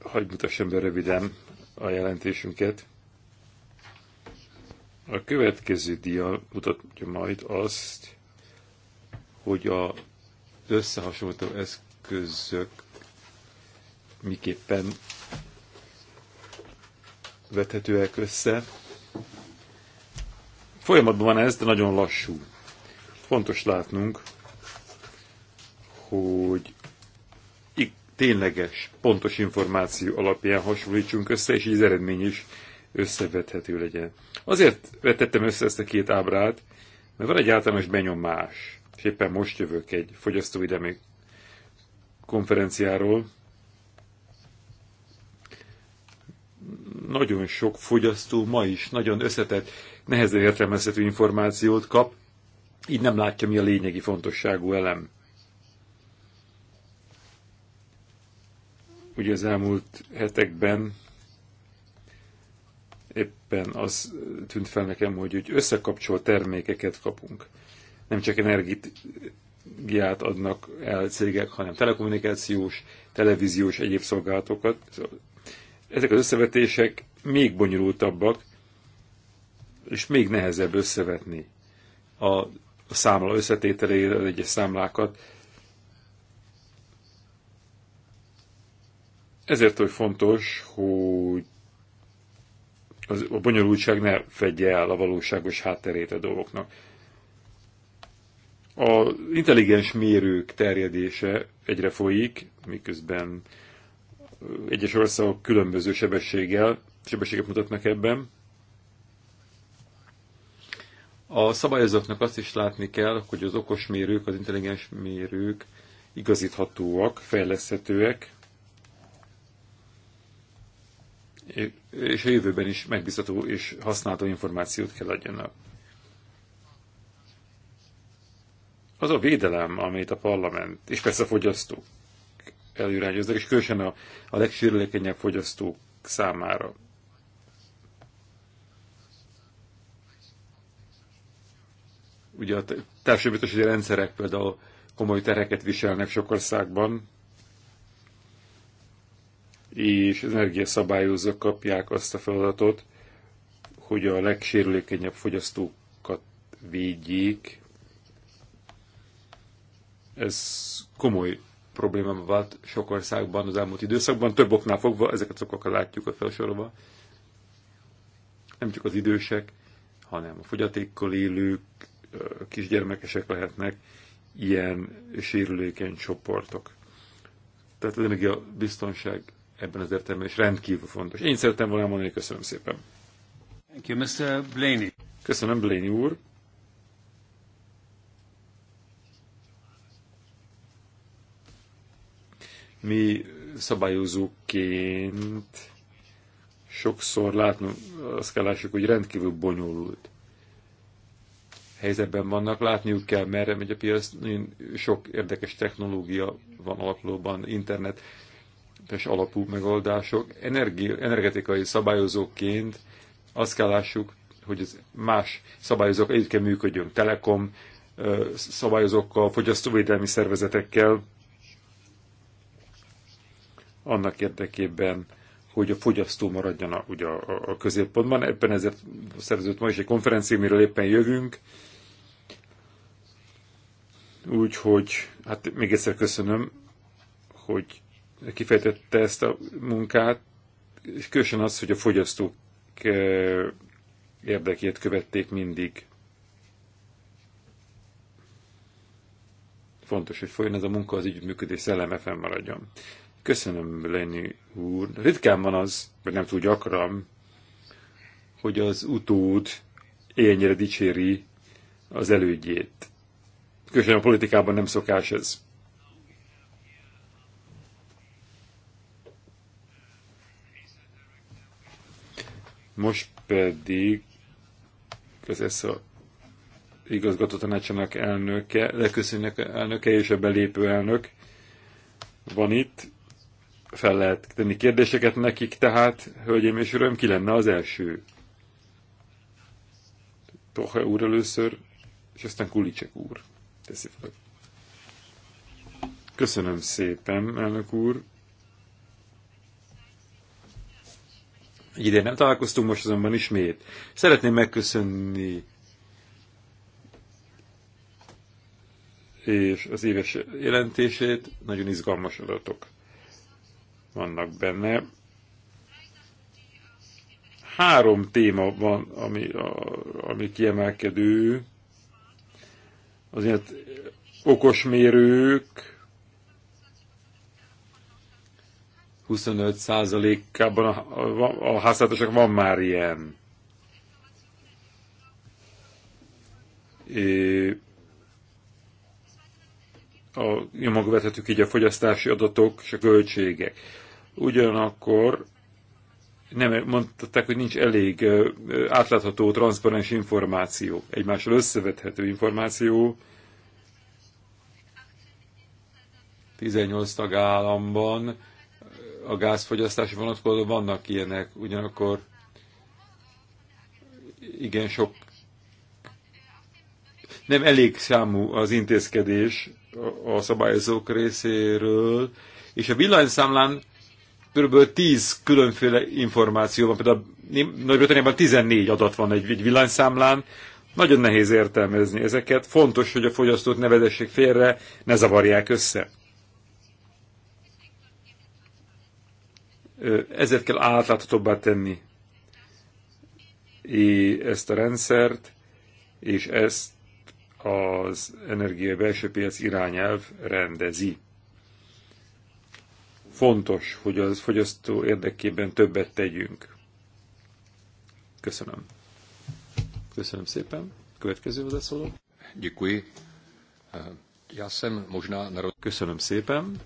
Hagy mutassam be röviden a jelentésünket. A következő dia mutatja majd azt, hogy a összehasonlító eszközök miképpen vethetőek össze. Folyamatban van ez, de nagyon lassú. Fontos látnunk, hogy tényleges, pontos információ alapján hasonlítsunk össze, és így az eredmény is összevethető legyen. Azért vetettem össze ezt a két ábrát, mert van egy általános benyomás, és éppen most jövök egy fogyasztóidemi konferenciáról. Nagyon sok fogyasztó ma is nagyon összetett, nehezen értelmezhető információt kap, így nem látja, mi a lényegi fontosságú elem. Ugye az elmúlt hetekben éppen az tűnt fel nekem, hogy, hogy összekapcsolt termékeket kapunk. Nem csak energiát adnak el cégek, hanem telekommunikációs, televíziós, egyéb szolgálatokat. Szóval ezek az összevetések még bonyolultabbak, és még nehezebb összevetni a a számla összetételére egyes számlákat. Ezért, hogy fontos, hogy az, a bonyolultság ne fedje el a valóságos hátterét a dolgoknak. Az intelligens mérők terjedése egyre folyik, miközben egyes országok különböző sebességgel, sebességet mutatnak ebben. A szabályozóknak azt is látni kell, hogy az okos mérők, az intelligens mérők igazíthatóak, fejleszthetőek, és a jövőben is megbízható és használható információt kell adjanak. Az a védelem, amit a parlament, és persze a fogyasztók előirányoznak, és különösen a, a legsérülékenyebb fogyasztók számára Ugye a társadalmi rendszerek például komoly tereket viselnek sok országban, és az energiaszabályozók kapják azt a feladatot, hogy a legsérülékenyebb fogyasztókat védjék. Ez komoly probléma vált sok országban az elmúlt időszakban, több oknál fogva, ezeket az okokat látjuk a felsorolva. Nem csak az idősek, hanem a fogyatékkal élők, kisgyermekesek lehetnek ilyen sérülékeny csoportok. Tehát az biztonság ebben az értelemben is rendkívül fontos. Én szerettem volna mondani, köszönöm szépen. Thank you, Mr. Blaney. Köszönöm, Blaney úr. Mi szabályozóként sokszor látnunk, azt kell lássuk, hogy rendkívül bonyolult helyzetben vannak, látniuk kell, merre megy a piac, nagyon sok érdekes technológia van alakulóban, internet és alapú megoldások. Energi, energetikai szabályozóként azt kell lássuk, hogy az más szabályozók együtt kell működjön, telekom szabályozókkal, fogyasztóvédelmi szervezetekkel, annak érdekében, hogy a fogyasztó maradjon a, ugye a, a középpontban. Ebben ezért szerződött ma is egy konferencia, amiről éppen jövünk, Úgyhogy, hát még egyszer köszönöm, hogy kifejtette ezt a munkát, és különösen az, hogy a fogyasztók eh, érdekét követték mindig. Fontos, hogy folyjon ez a munka, az ügyműködés szelleme fennmaradjon. Köszönöm, Lenny úr. Ritkán van az, vagy nem túl gyakran, hogy az utód ennyire dicséri az elődjét. Különösen a politikában nem szokás ez. Most pedig az ESZA igazgató tanácsának elnöke, leköszönnek elnöke és a belépő elnök van itt. Fel lehet tenni kérdéseket nekik, tehát, hölgyeim és uraim, ki lenne az első? Tohe úr először, és aztán Kulicsek úr teszi fel. Köszönöm szépen, elnök úr. Egy ideje nem találkoztunk, most azonban ismét. Szeretném megköszönni és az éves jelentését, nagyon izgalmas adatok vannak benne. Három téma van, ami, a, ami kiemelkedő. Azért eh, okos mérők 25%-ában a, a, a háztartások van már ilyen. É, a nyomokvethetők így a fogyasztási adatok és a költségek. Ugyanakkor nem mondták, hogy nincs elég átlátható, transzparens információ, egymással összevethető információ. 18 tagállamban a gázfogyasztási vonatkozóban vannak ilyenek, ugyanakkor igen sok nem elég számú az intézkedés a szabályozók részéről, és a villanyszámlán kb. 10 különféle információ van, például Nagy-Britanniában 14 adat van egy, villanyszámlán, nagyon nehéz értelmezni ezeket. Fontos, hogy a fogyasztót ne félre, ne zavarják össze. Ezért kell átláthatóbbá tenni ezt a rendszert, és ezt az energia belső piac irányelv rendezi. Fontos, hogy az fogyasztó érdekében többet tegyünk. Köszönöm. Köszönöm szépen. Következő hozzászóló. Děkuji. Já jsem možná narod... Köszönöm szépen.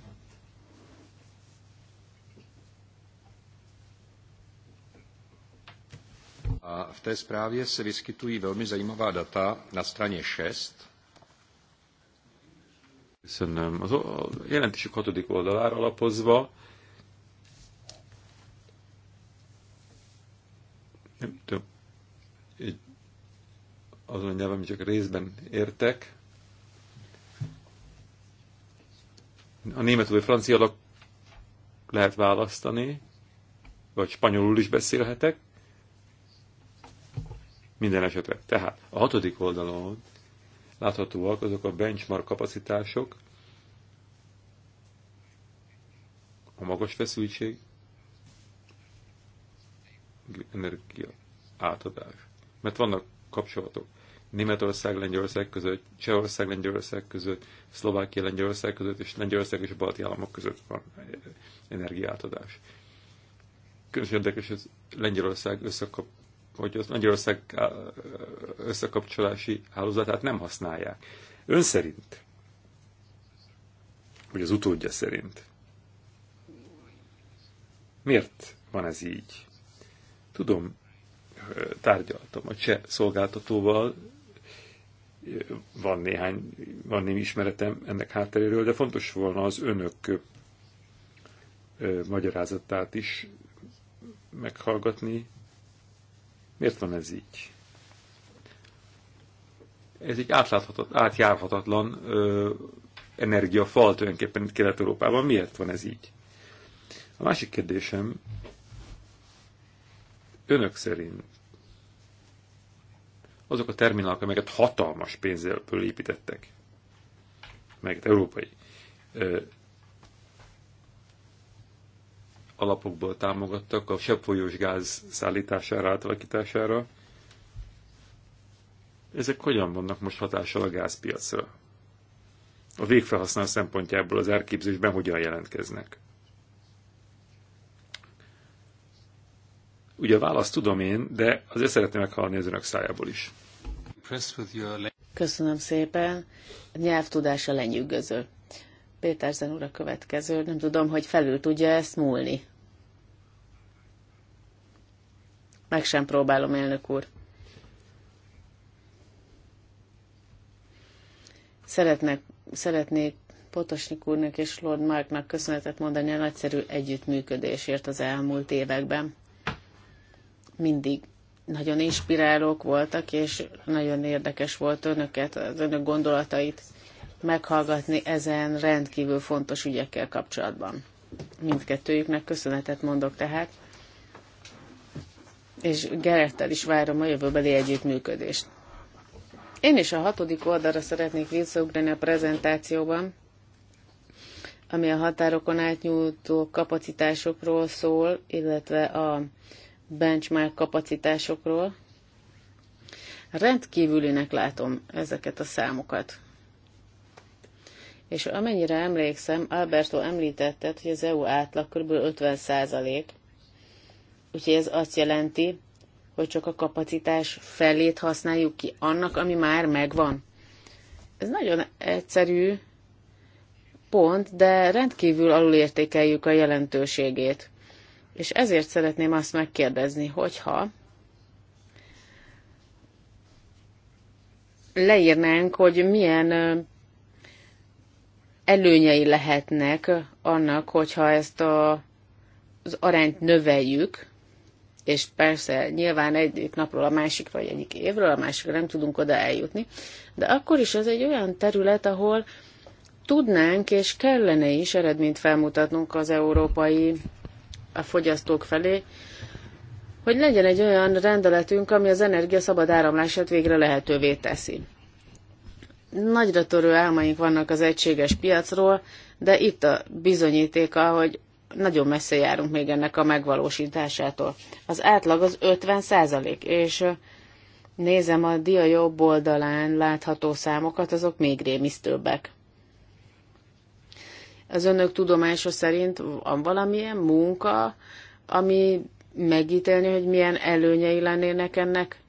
A v té zprávě se vyskytují velmi zajímavá data na straně 6 Köszönöm. Az a jelentésük hatodik oldalára alapozva nem tudom, egy, azon nyelven, amit csak részben értek. A német vagy francia alak lehet választani, vagy spanyolul is beszélhetek. Minden esetre. Tehát a hatodik oldalon láthatóak azok a benchmark kapacitások, a magas feszültség, energia átadás. Mert vannak kapcsolatok. Németország, Lengyelország között, Csehország, Lengyelország között, Szlovákia, Lengyelország között, és Lengyelország és a balti államok között van energiátadás. Különösen érdekes, hogy Lengyelország összekap, hogy az Magyarország összekapcsolási hálózatát nem használják. Ön szerint, vagy az utódja szerint, miért van ez így? Tudom, tárgyaltam a cseh szolgáltatóval, van néhány, van némi ismeretem ennek hátteréről, de fontos volna az önök magyarázatát is meghallgatni, Miért van ez így? Ez egy átláthatat, átjárhatatlan ö, energiafal tulajdonképpen itt Kelet-Európában. Miért van ez így? A másik kérdésem, önök szerint azok a terminálok, amelyeket hatalmas pénzből építettek, meg európai alapokból támogattak a sebfolyós gáz szállítására, átalakítására. Ezek hogyan vannak most hatással a gázpiacra? A végfelhasználó szempontjából az árképzésben hogyan jelentkeznek? Ugye a választ tudom én, de azért szeretném meghallani az önök szájából is. Köszönöm szépen. Nyelvtudása lenyűgöző. Péterzen úr a következő. Nem tudom, hogy felül tudja ezt múlni. Meg sem próbálom, elnök úr. Szeretnek, szeretnék Potosnik úrnak és Lord Marknak köszönetet mondani a nagyszerű együttműködésért az elmúlt években. Mindig nagyon inspirálók voltak, és nagyon érdekes volt önöket, az önök gondolatait meghallgatni ezen rendkívül fontos ügyekkel kapcsolatban. Mindkettőjüknek köszönetet mondok tehát, és Gerettel is várom a jövőbeli együttműködést. Én is a hatodik oldalra szeretnék visszaugrani a prezentációban, ami a határokon átnyújtó kapacitásokról szól, illetve a benchmark kapacitásokról. Rendkívülinek látom ezeket a számokat és amennyire emlékszem, Alberto említetted, hogy az EU átlag kb. 50 százalék, úgyhogy ez azt jelenti, hogy csak a kapacitás felét használjuk ki annak, ami már megvan. Ez nagyon egyszerű pont, de rendkívül alulértékeljük a jelentőségét. És ezért szeretném azt megkérdezni, hogyha leírnánk, hogy milyen előnyei lehetnek annak, hogyha ezt a, az arányt növeljük, és persze nyilván egyik napról a másikra, vagy egyik évről a másikra nem tudunk oda eljutni, de akkor is ez egy olyan terület, ahol tudnánk és kellene is eredményt felmutatnunk az európai a fogyasztók felé, hogy legyen egy olyan rendeletünk, ami az energia szabad áramlását végre lehetővé teszi. Nagyra törő álmaink vannak az egységes piacról, de itt a bizonyítéka, hogy nagyon messze járunk még ennek a megvalósításától. Az átlag az 50 százalék, és nézem a dia jobb oldalán látható számokat, azok még rémisztőbbek. Az önök tudomása szerint van valamilyen munka, ami megítélni, hogy milyen előnyei lennének ennek?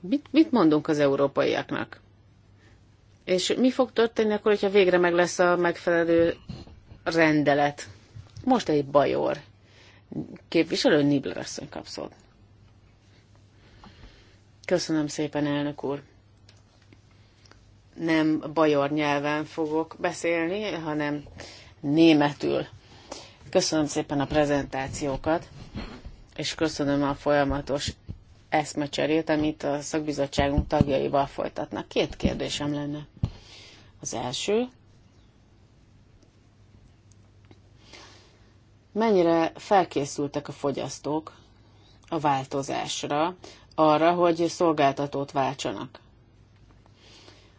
Mit, mit mondunk az európaiaknak? És mi fog történni akkor, hogyha végre meg lesz a megfelelő rendelet? Most egy bajor képviselő Nibler asszony kapszol. Köszönöm szépen, elnök úr. Nem bajor nyelven fogok beszélni, hanem németül. Köszönöm szépen a prezentációkat, és köszönöm a folyamatos eszmecserét, amit a szakbizottságunk tagjaival folytatnak. Két kérdésem lenne. Az első, mennyire felkészültek a fogyasztók a változásra, arra, hogy szolgáltatót váltsanak.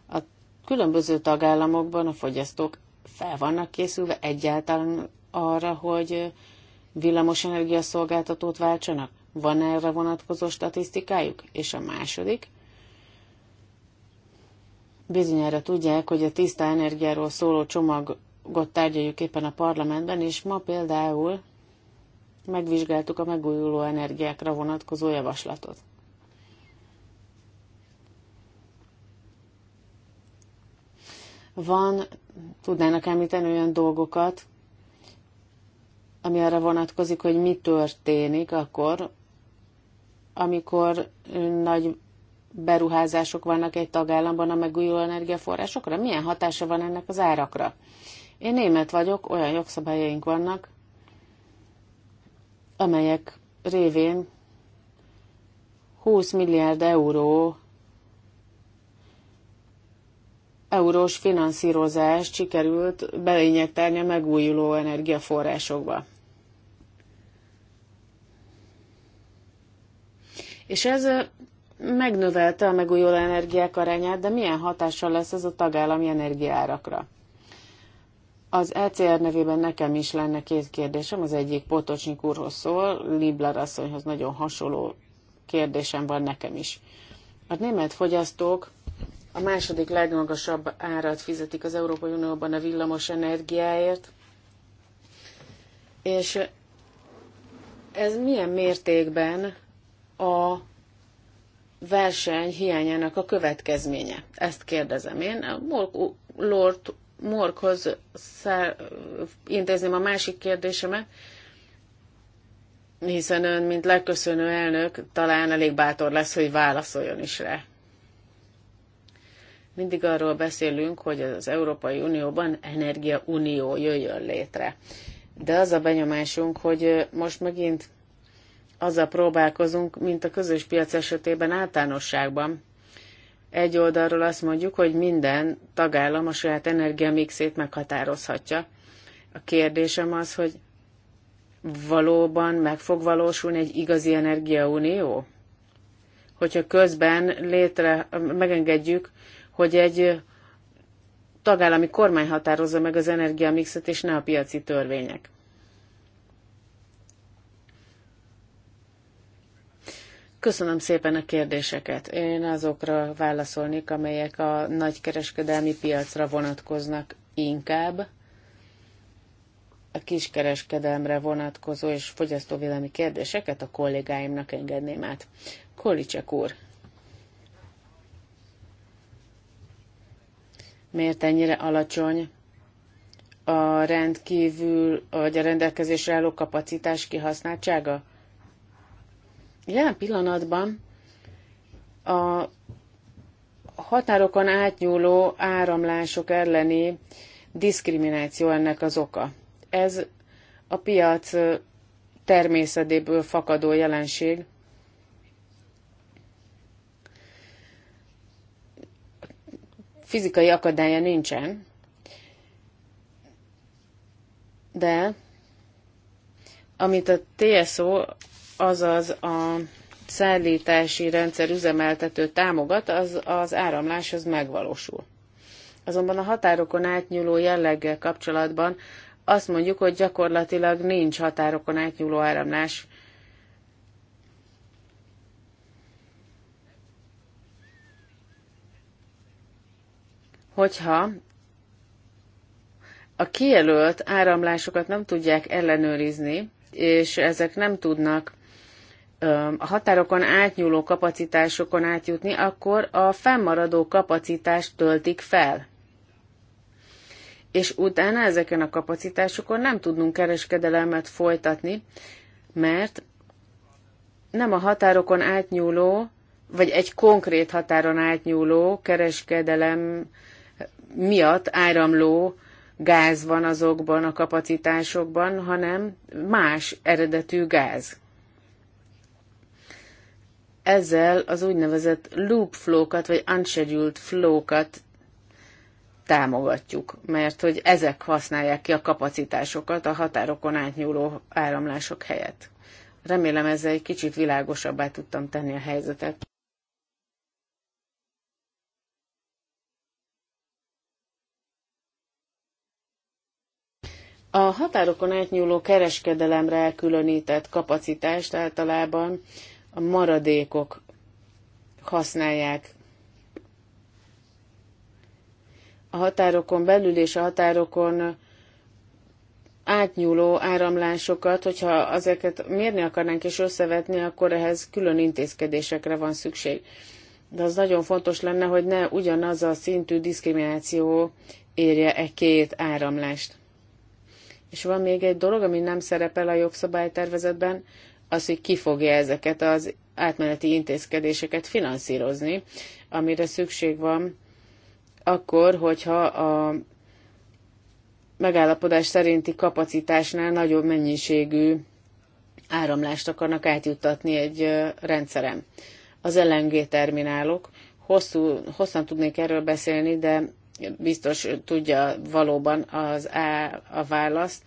A különböző tagállamokban a fogyasztók fel vannak készülve egyáltalán arra, hogy villamosenergia szolgáltatót váltsanak? Van erre vonatkozó statisztikájuk? És a második, Bizonyára tudják, hogy a tiszta energiáról szóló csomagot tárgyaljuk éppen a parlamentben, és ma például megvizsgáltuk a megújuló energiákra vonatkozó javaslatot. Van, tudnának említeni olyan dolgokat, ami arra vonatkozik, hogy mi történik akkor, amikor nagy beruházások vannak egy tagállamban a megújuló energiaforrásokra? Milyen hatása van ennek az árakra? Én német vagyok, olyan jogszabályaink vannak, amelyek révén 20 milliárd euró eurós finanszírozást sikerült belényegtárni a megújuló energiaforrásokba. És ez megnövelte a megújuló energiák arányát, de milyen hatással lesz ez a tagállami energiárakra? Az ECR nevében nekem is lenne két kérdésem, az egyik Potocsnik úrhoz szól, Libler asszonyhoz nagyon hasonló kérdésem van nekem is. A német fogyasztók a második legmagasabb árat fizetik az Európai Unióban a villamos energiáért, és ez milyen mértékben a verseny hiányának a következménye? Ezt kérdezem én. A Mork, Lord Morkhoz szár, intézném a másik kérdésemet, hiszen ön, mint leköszönő elnök, talán elég bátor lesz, hogy válaszoljon is rá. Mindig arról beszélünk, hogy az Európai Unióban energiaunió jöjjön létre. De az a benyomásunk, hogy most megint azzal próbálkozunk, mint a közös piac esetében általánosságban. Egy oldalról azt mondjuk, hogy minden tagállam a saját energiamixét meghatározhatja. A kérdésem az, hogy valóban meg fog valósulni egy igazi energiaunió? Hogyha közben létre, megengedjük, hogy egy tagállami kormány határozza meg az energiamixet, és ne a piaci törvények. Köszönöm szépen a kérdéseket. Én azokra válaszolnék, amelyek a nagykereskedelmi piacra vonatkoznak inkább. A kiskereskedelmre vonatkozó és fogyasztóvédelmi kérdéseket a kollégáimnak engedném át. Kolicsek úr, miért ennyire alacsony a rendkívül, vagy a rendelkezésre álló kapacitás kihasználtsága? Jelen pillanatban a határokon átnyúló áramlások elleni diszkrimináció ennek az oka. Ez a piac természetéből fakadó jelenség. Fizikai akadálya nincsen, de amit a TSO azaz a szállítási rendszer üzemeltető támogat, az az áramláshoz megvalósul. Azonban a határokon átnyúló jelleggel kapcsolatban azt mondjuk, hogy gyakorlatilag nincs határokon átnyúló áramlás. Hogyha a kijelölt áramlásokat nem tudják ellenőrizni, és ezek nem tudnak a határokon átnyúló kapacitásokon átjutni, akkor a fennmaradó kapacitást töltik fel. És utána ezeken a kapacitásokon nem tudnunk kereskedelmet folytatni, mert nem a határokon átnyúló, vagy egy konkrét határon átnyúló kereskedelem miatt áramló gáz van azokban a kapacitásokban, hanem más eredetű gáz ezzel az úgynevezett loop flow-kat, vagy unscheduled flow-kat támogatjuk, mert hogy ezek használják ki a kapacitásokat a határokon átnyúló áramlások helyett. Remélem ezzel egy kicsit világosabbá tudtam tenni a helyzetet. A határokon átnyúló kereskedelemre elkülönített kapacitást általában a maradékok használják. A határokon belül és a határokon átnyúló áramlásokat, hogyha ezeket mérni akarnánk és összevetni, akkor ehhez külön intézkedésekre van szükség. De az nagyon fontos lenne, hogy ne ugyanaz a szintű diszkrimináció érje e két áramlást. És van még egy dolog, ami nem szerepel a jogszabálytervezetben, az, hogy ki fogja ezeket az átmeneti intézkedéseket finanszírozni, amire szükség van akkor, hogyha a megállapodás szerinti kapacitásnál nagyobb mennyiségű áramlást akarnak átjuttatni egy rendszerem. Az LNG terminálok, hosszú, hosszan tudnék erről beszélni, de biztos tudja valóban az A, a választ.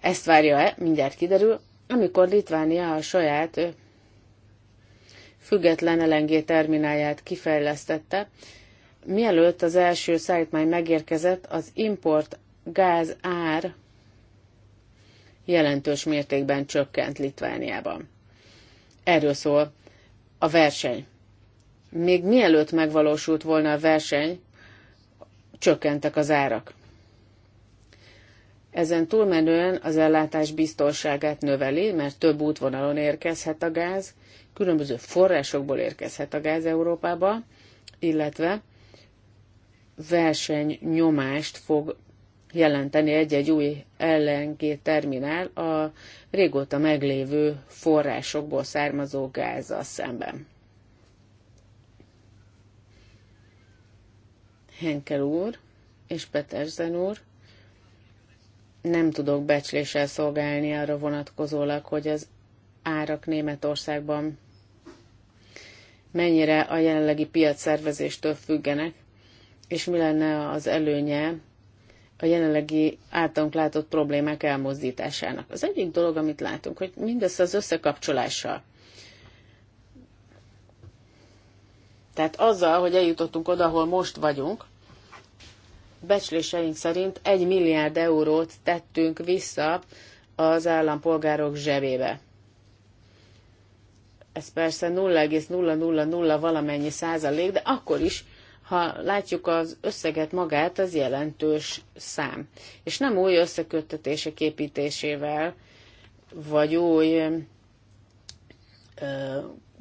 Ezt várja-e? Mindjárt kiderül. Amikor Litvánia a saját független LNG termináját kifejlesztette, mielőtt az első szállítmány megérkezett, az import gáz ár jelentős mértékben csökkent Litvániában. Erről szól a verseny. Még mielőtt megvalósult volna a verseny, csökkentek az árak. Ezen túlmenően az ellátás biztonságát növeli, mert több útvonalon érkezhet a gáz, különböző forrásokból érkezhet a gáz Európába, illetve versenynyomást fog jelenteni egy-egy új LNG terminál a régóta meglévő forrásokból származó gázzal szemben. Henkel úr és Petersen úr nem tudok becsléssel szolgálni arra vonatkozólag, hogy az árak Németországban mennyire a jelenlegi piacszervezéstől függenek, és mi lenne az előnye a jelenlegi általunk látott problémák elmozdításának. Az egyik dolog, amit látunk, hogy mindössze az összekapcsolással. Tehát azzal, hogy eljutottunk oda, ahol most vagyunk, becsléseink szerint egy milliárd eurót tettünk vissza az állampolgárok zsebébe. Ez persze 0,000 valamennyi százalék, de akkor is, ha látjuk az összeget magát, az jelentős szám. És nem új összeköttetések építésével, vagy új ö,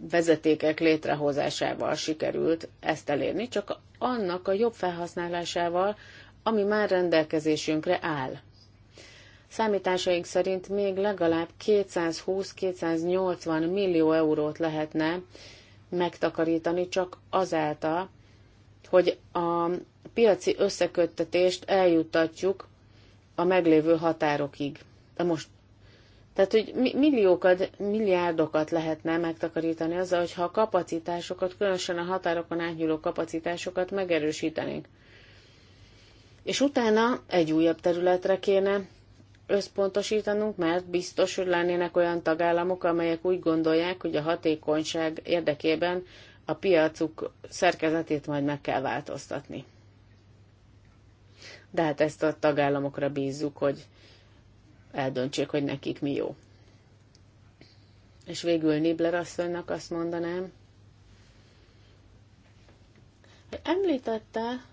vezetékek létrehozásával sikerült ezt elérni, csak annak a jobb felhasználásával, ami már rendelkezésünkre áll. Számításaink szerint még legalább 220-280 millió eurót lehetne megtakarítani csak azáltal, hogy a piaci összeköttetést eljuttatjuk a meglévő határokig, a most tehát, hogy milliókat, milliárdokat lehetne megtakarítani azzal, hogyha a kapacitásokat, különösen a határokon átnyúló kapacitásokat megerősítenénk. És utána egy újabb területre kéne összpontosítanunk, mert biztos, hogy lennének olyan tagállamok, amelyek úgy gondolják, hogy a hatékonyság érdekében a piacuk szerkezetét majd meg kell változtatni. De hát ezt a tagállamokra bízzuk, hogy eldöntsék, hogy nekik mi jó. És végül Nibler asszonynak azt mondanám, hogy említette,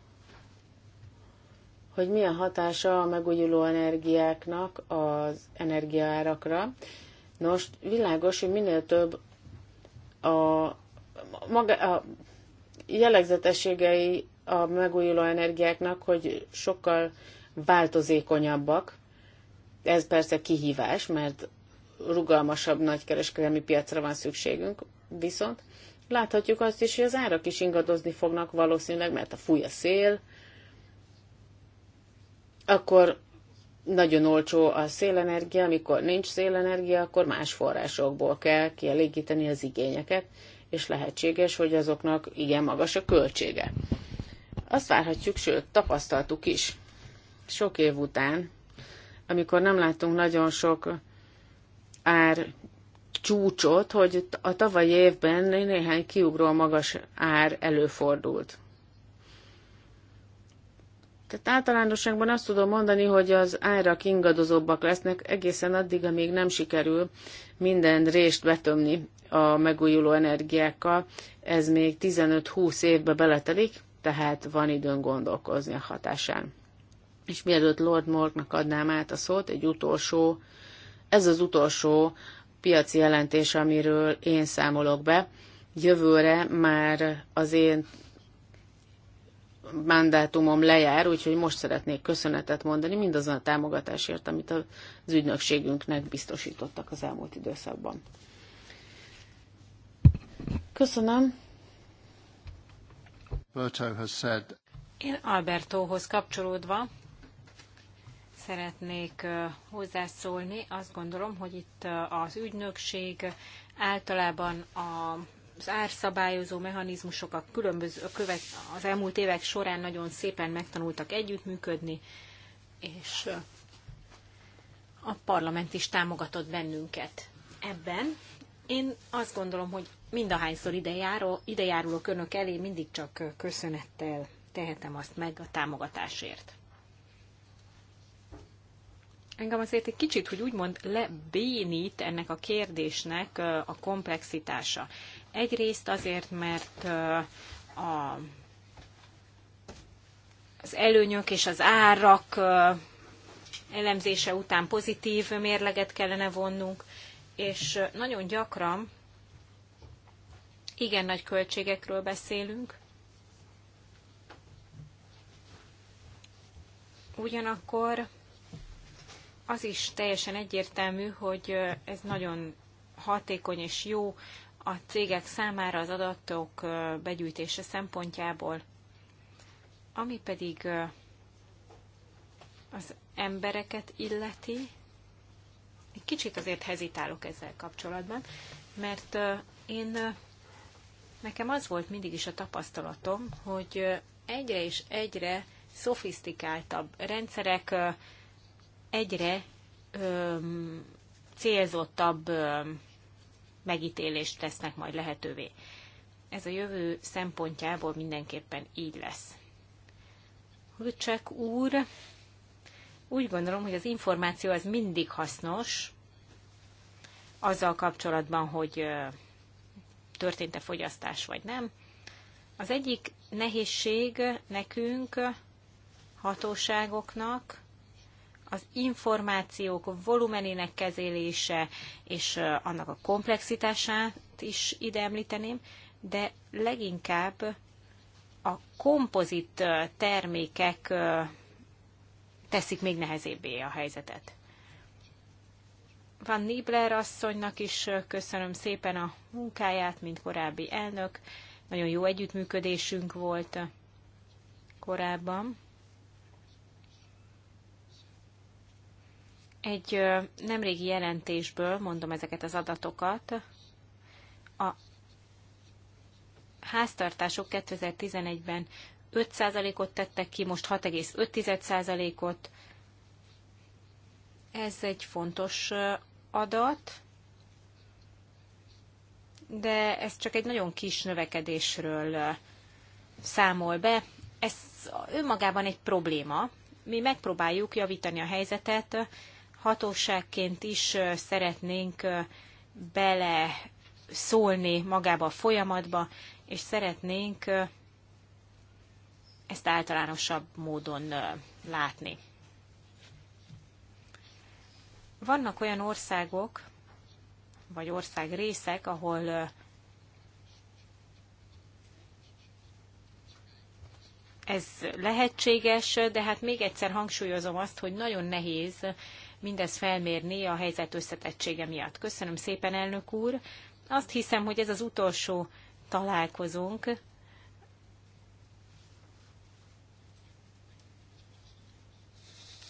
hogy milyen hatása a megújuló energiáknak az energiaárakra. Nos, világos, hogy minél több a, maga, a jellegzetességei a megújuló energiáknak, hogy sokkal változékonyabbak, ez persze kihívás, mert rugalmasabb nagykereskedelmi piacra van szükségünk, viszont láthatjuk azt is, hogy az árak is ingadozni fognak valószínűleg, mert a fúj a szél, akkor nagyon olcsó a szélenergia, amikor nincs szélenergia, akkor más forrásokból kell kielégíteni az igényeket, és lehetséges, hogy azoknak igen magas a költsége. Azt várhatjuk, sőt, tapasztaltuk is. Sok év után amikor nem láttunk nagyon sok ár csúcsot, hogy a tavalyi évben néhány kiugró magas ár előfordult. Tehát általánosságban azt tudom mondani, hogy az árak ingadozóbbak lesznek egészen addig, amíg nem sikerül minden rést betömni a megújuló energiákkal. Ez még 15-20 évbe beletelik, tehát van időn gondolkozni a hatásán. És mielőtt Lord Morknak adnám át a szót, egy utolsó, ez az utolsó piaci jelentés, amiről én számolok be. Jövőre már az én mandátumom lejár, úgyhogy most szeretnék köszönetet mondani mindazon a támogatásért, amit az ügynökségünknek biztosítottak az elmúlt időszakban. Köszönöm. Én Albertohoz kapcsolódva szeretnék hozzászólni. Azt gondolom, hogy itt az ügynökség általában a az árszabályozó mechanizmusok a különböző, a követ, az elmúlt évek során nagyon szépen megtanultak együttműködni, és a parlament is támogatott bennünket ebben. Én azt gondolom, hogy mindahányszor idejárulok önök elé, mindig csak köszönettel tehetem azt meg a támogatásért engem azért egy kicsit, hogy úgymond lebénít ennek a kérdésnek a komplexitása. Egyrészt azért, mert a, az előnyök és az árak elemzése után pozitív mérleget kellene vonnunk, és nagyon gyakran igen nagy költségekről beszélünk, ugyanakkor az is teljesen egyértelmű, hogy ez nagyon hatékony és jó a cégek számára az adatok begyűjtése szempontjából. Ami pedig az embereket illeti, egy kicsit azért hezitálok ezzel kapcsolatban, mert én nekem az volt mindig is a tapasztalatom, hogy egyre és egyre szofisztikáltabb rendszerek egyre öm, célzottabb öm, megítélést tesznek majd lehetővé. Ez a jövő szempontjából mindenképpen így lesz. Hücsek úr, úgy gondolom, hogy az információ az mindig hasznos, azzal kapcsolatban, hogy történt-e fogyasztás vagy nem. Az egyik nehézség nekünk, hatóságoknak az információk volumenének kezelése és annak a komplexitását is ide említeném, de leginkább a kompozit termékek teszik még nehezébbé a helyzetet. Van Nibler asszonynak is köszönöm szépen a munkáját, mint korábbi elnök. Nagyon jó együttműködésünk volt korábban. Egy nemrégi jelentésből mondom ezeket az adatokat. A háztartások 2011-ben 5%-ot tettek ki, most 6,5%-ot. Ez egy fontos adat, de ez csak egy nagyon kis növekedésről számol be. Ez önmagában egy probléma. Mi megpróbáljuk javítani a helyzetet, hatóságként is szeretnénk bele szólni magába a folyamatba, és szeretnénk ezt általánosabb módon látni. Vannak olyan országok, vagy országrészek, ahol ez lehetséges, de hát még egyszer hangsúlyozom azt, hogy nagyon nehéz mindez felmérni a helyzet összetettsége miatt. Köszönöm szépen, elnök úr. Azt hiszem, hogy ez az utolsó találkozunk.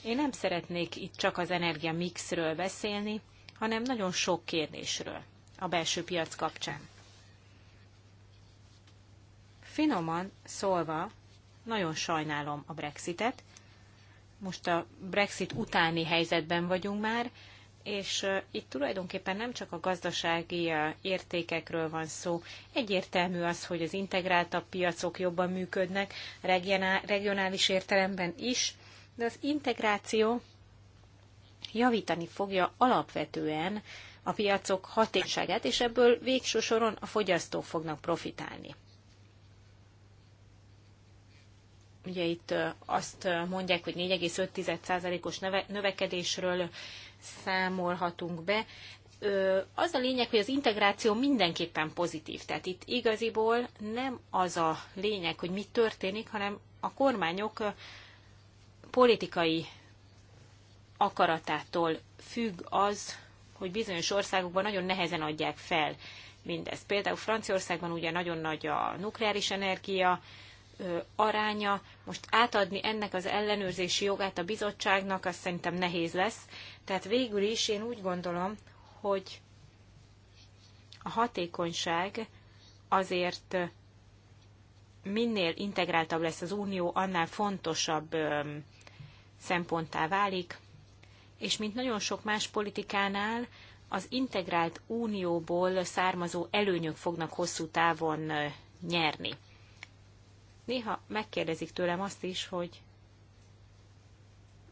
Én nem szeretnék itt csak az energia mixről beszélni, hanem nagyon sok kérdésről a belső piac kapcsán. Finoman szólva, nagyon sajnálom a Brexitet, most a Brexit utáni helyzetben vagyunk már, és itt tulajdonképpen nem csak a gazdasági értékekről van szó. Egyértelmű az, hogy az integráltabb piacok jobban működnek, regionális értelemben is, de az integráció javítani fogja alapvetően a piacok hatékonyságát, és ebből végső soron a fogyasztók fognak profitálni. Ugye itt azt mondják, hogy 4,5%-os növekedésről számolhatunk be. Az a lényeg, hogy az integráció mindenképpen pozitív. Tehát itt igaziból nem az a lényeg, hogy mi történik, hanem a kormányok politikai akaratától függ az, hogy bizonyos országokban nagyon nehezen adják fel mindezt. Például Franciaországban ugye nagyon nagy a nukleáris energia, aránya. Most átadni ennek az ellenőrzési jogát a bizottságnak, azt szerintem nehéz lesz. Tehát végül is én úgy gondolom, hogy a hatékonyság azért minél integráltabb lesz az unió, annál fontosabb szemponttá válik. És mint nagyon sok más politikánál, az integrált unióból származó előnyök fognak hosszú távon nyerni. Néha megkérdezik tőlem azt is, hogy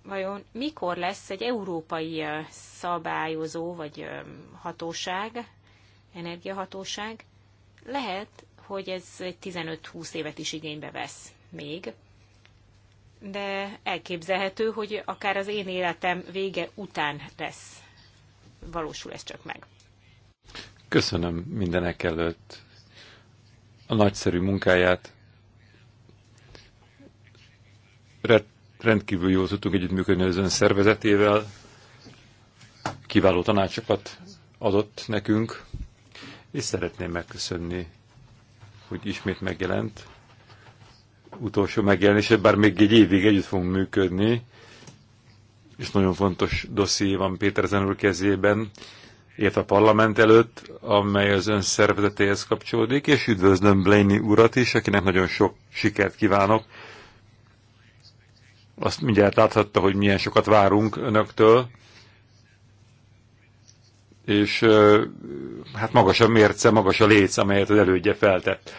vajon mikor lesz egy európai szabályozó vagy hatóság, energiahatóság. Lehet, hogy ez egy 15-20 évet is igénybe vesz még, de elképzelhető, hogy akár az én életem vége után lesz. Valósul ez csak meg. Köszönöm mindenek előtt a nagyszerű munkáját, rendkívül jól tudtunk együttműködni az ön szervezetével, kiváló tanácsokat adott nekünk, és szeretném megköszönni, hogy ismét megjelent. Utolsó megjelenése, bár még egy évig együtt fogunk működni, és nagyon fontos dosszié van Péter Zenúr kezében, ért a parlament előtt, amely az ön szervezetéhez kapcsolódik, és üdvözlöm Blaney urat is, akinek nagyon sok sikert kívánok azt mindjárt láthatta, hogy milyen sokat várunk önöktől, és hát magas a mérce, magas a léc, amelyet az elődje feltett.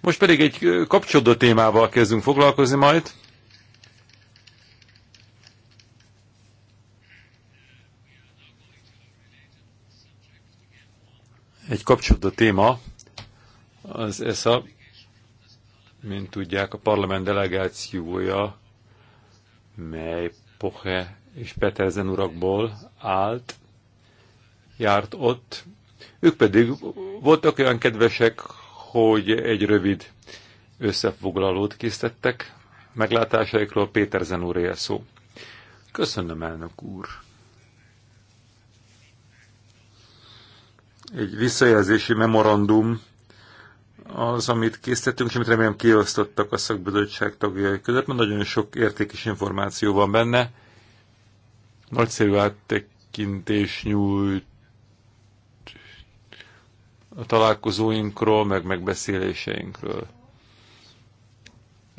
Most pedig egy kapcsolódó témával kezdünk foglalkozni majd. Egy kapcsolódó téma az ESA, mint tudják, a parlament delegációja mely Poche és Petersen urakból állt, járt ott. Ők pedig voltak olyan kedvesek, hogy egy rövid összefoglalót készítettek. Meglátásaikról Péterzen úr szó. Köszönöm, elnök úr! Egy visszajelzési memorandum az, amit készítettünk, és amit remélem kiosztottak a szakbizottság tagjai között, mert nagyon sok értékes információ van benne. Nagyszerű áttekintés nyújt a találkozóinkról, meg megbeszéléseinkről.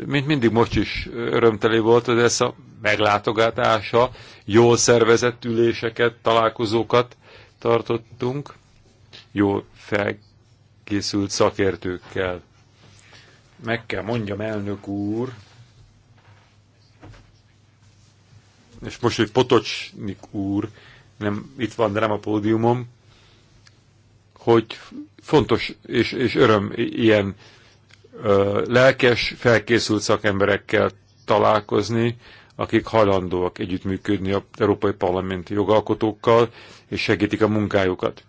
Mint mindig most is örömteli volt az ez a meglátogatása, jól szervezett üléseket, találkozókat tartottunk, jól fel felkészült szakértőkkel. Meg kell mondjam, elnök úr, és most, hogy Potocsnik úr nem itt van, de nem a pódiumom, hogy fontos és, és öröm ilyen ö, lelkes, felkészült szakemberekkel találkozni, akik hajlandóak együttműködni a Európai Parlamenti jogalkotókkal, és segítik a munkájukat.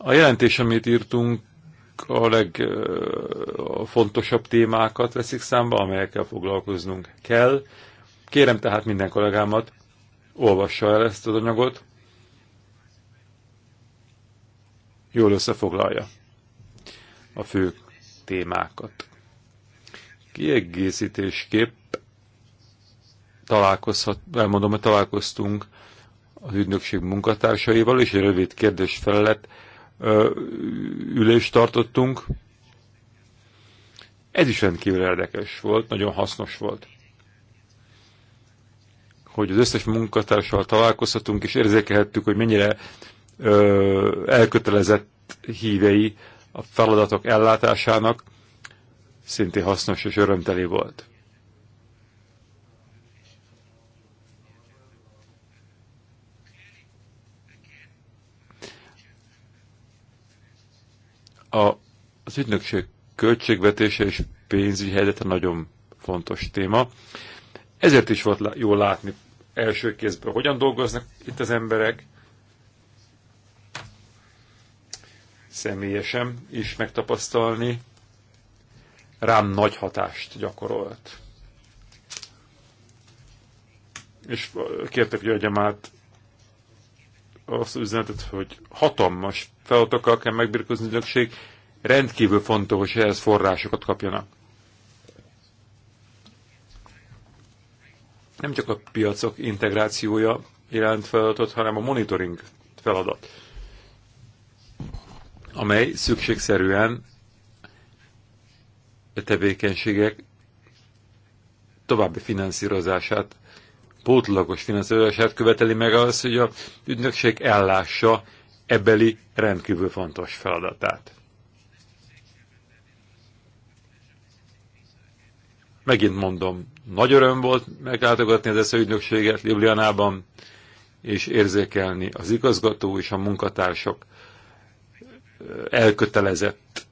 A jelentés, amit írtunk, a legfontosabb témákat veszik számba, amelyekkel foglalkoznunk kell. Kérem tehát minden kollégámat, olvassa el ezt az anyagot, jól összefoglalja a fő témákat. Kiegészítésképp találkozhat, elmondom, hogy találkoztunk az ügynökség munkatársaival, és egy rövid kérdés felett ülést tartottunk. Ez is rendkívül érdekes volt, nagyon hasznos volt. Hogy az összes munkatársal találkozhatunk, és érzékelhettük, hogy mennyire ö, elkötelezett hívei a feladatok ellátásának, szintén hasznos és örömteli volt. A, az ügynökség költségvetése és pénzügyi helyzete nagyon fontos téma. Ezért is volt jól látni első kézből, hogyan dolgoznak itt az emberek. Személyesen is megtapasztalni. Rám nagy hatást gyakorolt. És kértek, hogy adjam át azt az üzenetet, hogy hatalmas feladatokkal kell megbirkózni az ügynökség, rendkívül fontos, hogy ehhez forrásokat kapjanak. Nem csak a piacok integrációja iránt feladatot, hanem a monitoring feladat, amely szükségszerűen a tevékenységek további finanszírozását pótlagos finanszírozását követeli meg az, hogy a ügynökség ellássa ebeli rendkívül fontos feladatát. Megint mondom, nagy öröm volt meglátogatni az eszeügynökséget Ljubljanában, és érzékelni az igazgató és a munkatársak elkötelezett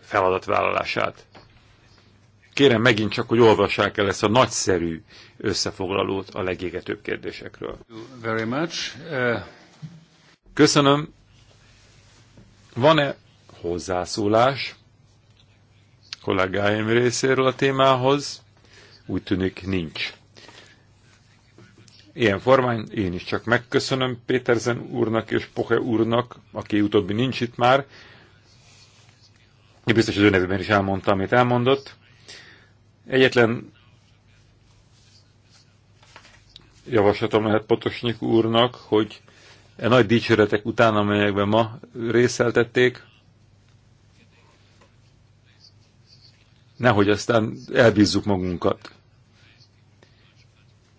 feladatvállalását. Kérem megint csak, hogy olvassák el ezt a nagyszerű összefoglalót a legégetőbb kérdésekről. Very much. Uh... Köszönöm. Van-e hozzászólás kollégáim részéről a témához? Úgy tűnik nincs. Ilyen formán én is csak megköszönöm Péterzen úrnak és Poche úrnak, aki utóbbi nincs itt már. Én biztos az ő nevében is elmondta, amit elmondott. Egyetlen javaslatom lehet Potosnyik úrnak, hogy e nagy dicséretek után, amelyekben ma részeltették, nehogy aztán elbízzuk magunkat.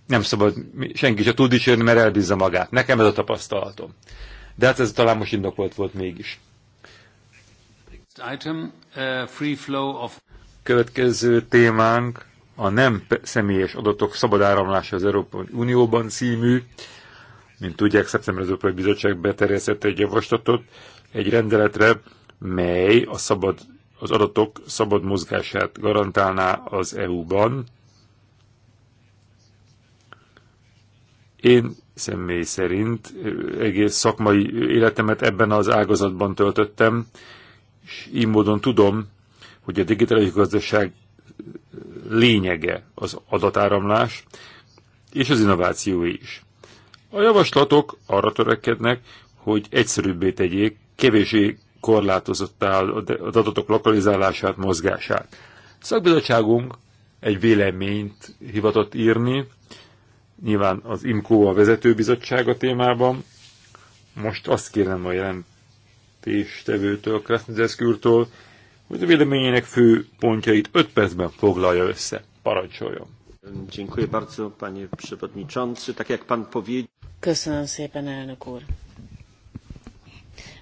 Nem szabad senki se tud dicsérni, mert elbízza magát. Nekem ez a tapasztalatom. De hát ez talán most indokolt volt mégis. Item, uh, free flow of... Következő témánk a nem személyes adatok szabad áramlása az Európai Unióban című. Mint tudják, szeptember az Európai Bizottság beterjesztette egy javaslatot egy rendeletre, mely a szabad, az adatok szabad mozgását garantálná az EU-ban. Én személy szerint egész szakmai életemet ebben az ágazatban töltöttem, és így módon tudom, hogy a digitális gazdaság lényege az adatáramlás és az innováció is. A javaslatok arra törekednek, hogy egyszerűbbé tegyék, kevésé korlátozottá az adatok lokalizálását, mozgását. szakbizottságunk egy véleményt hivatott írni, nyilván az IMCO a vezetőbizottság a témában. Most azt kérem a jelentéstevőtől, Krasznodeszkűrtől, hogy a véleményének fő pontjait 5 percben foglalja össze. Parancsoljon! Köszönöm szépen, elnök úr!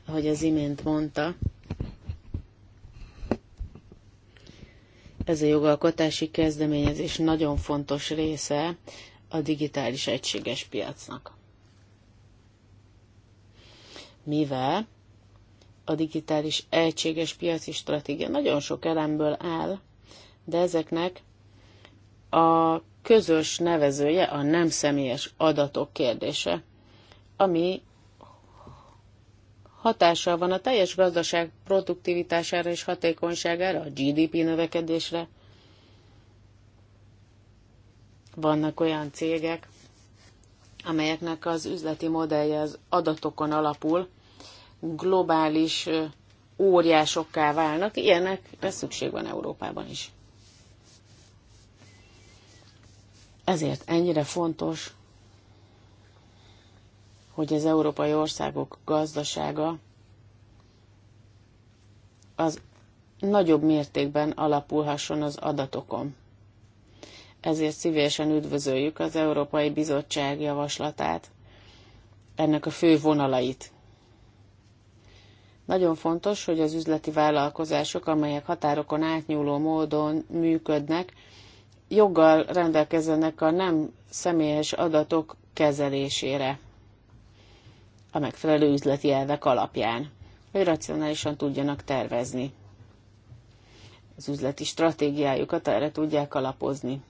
Ahogy az imént mondta, ez a jogalkotási kezdeményezés nagyon fontos része a digitális egységes piacnak. Mivel a digitális egységes piaci stratégia nagyon sok elemből áll, de ezeknek a közös nevezője a nem személyes adatok kérdése, ami hatással van a teljes gazdaság produktivitására és hatékonyságára, a GDP növekedésre. Vannak olyan cégek, amelyeknek az üzleti modellje az adatokon alapul, globális óriásokká válnak. Ilyenek ez szükség van Európában is. Ezért ennyire fontos, hogy az európai országok gazdasága az nagyobb mértékben alapulhasson az adatokon. Ezért szívesen üdvözöljük az Európai Bizottság javaslatát, ennek a fő vonalait. Nagyon fontos, hogy az üzleti vállalkozások, amelyek határokon átnyúló módon működnek, joggal rendelkezzenek a nem személyes adatok kezelésére a megfelelő üzleti elvek alapján, hogy racionálisan tudjanak tervezni. Az üzleti stratégiájukat erre tudják alapozni.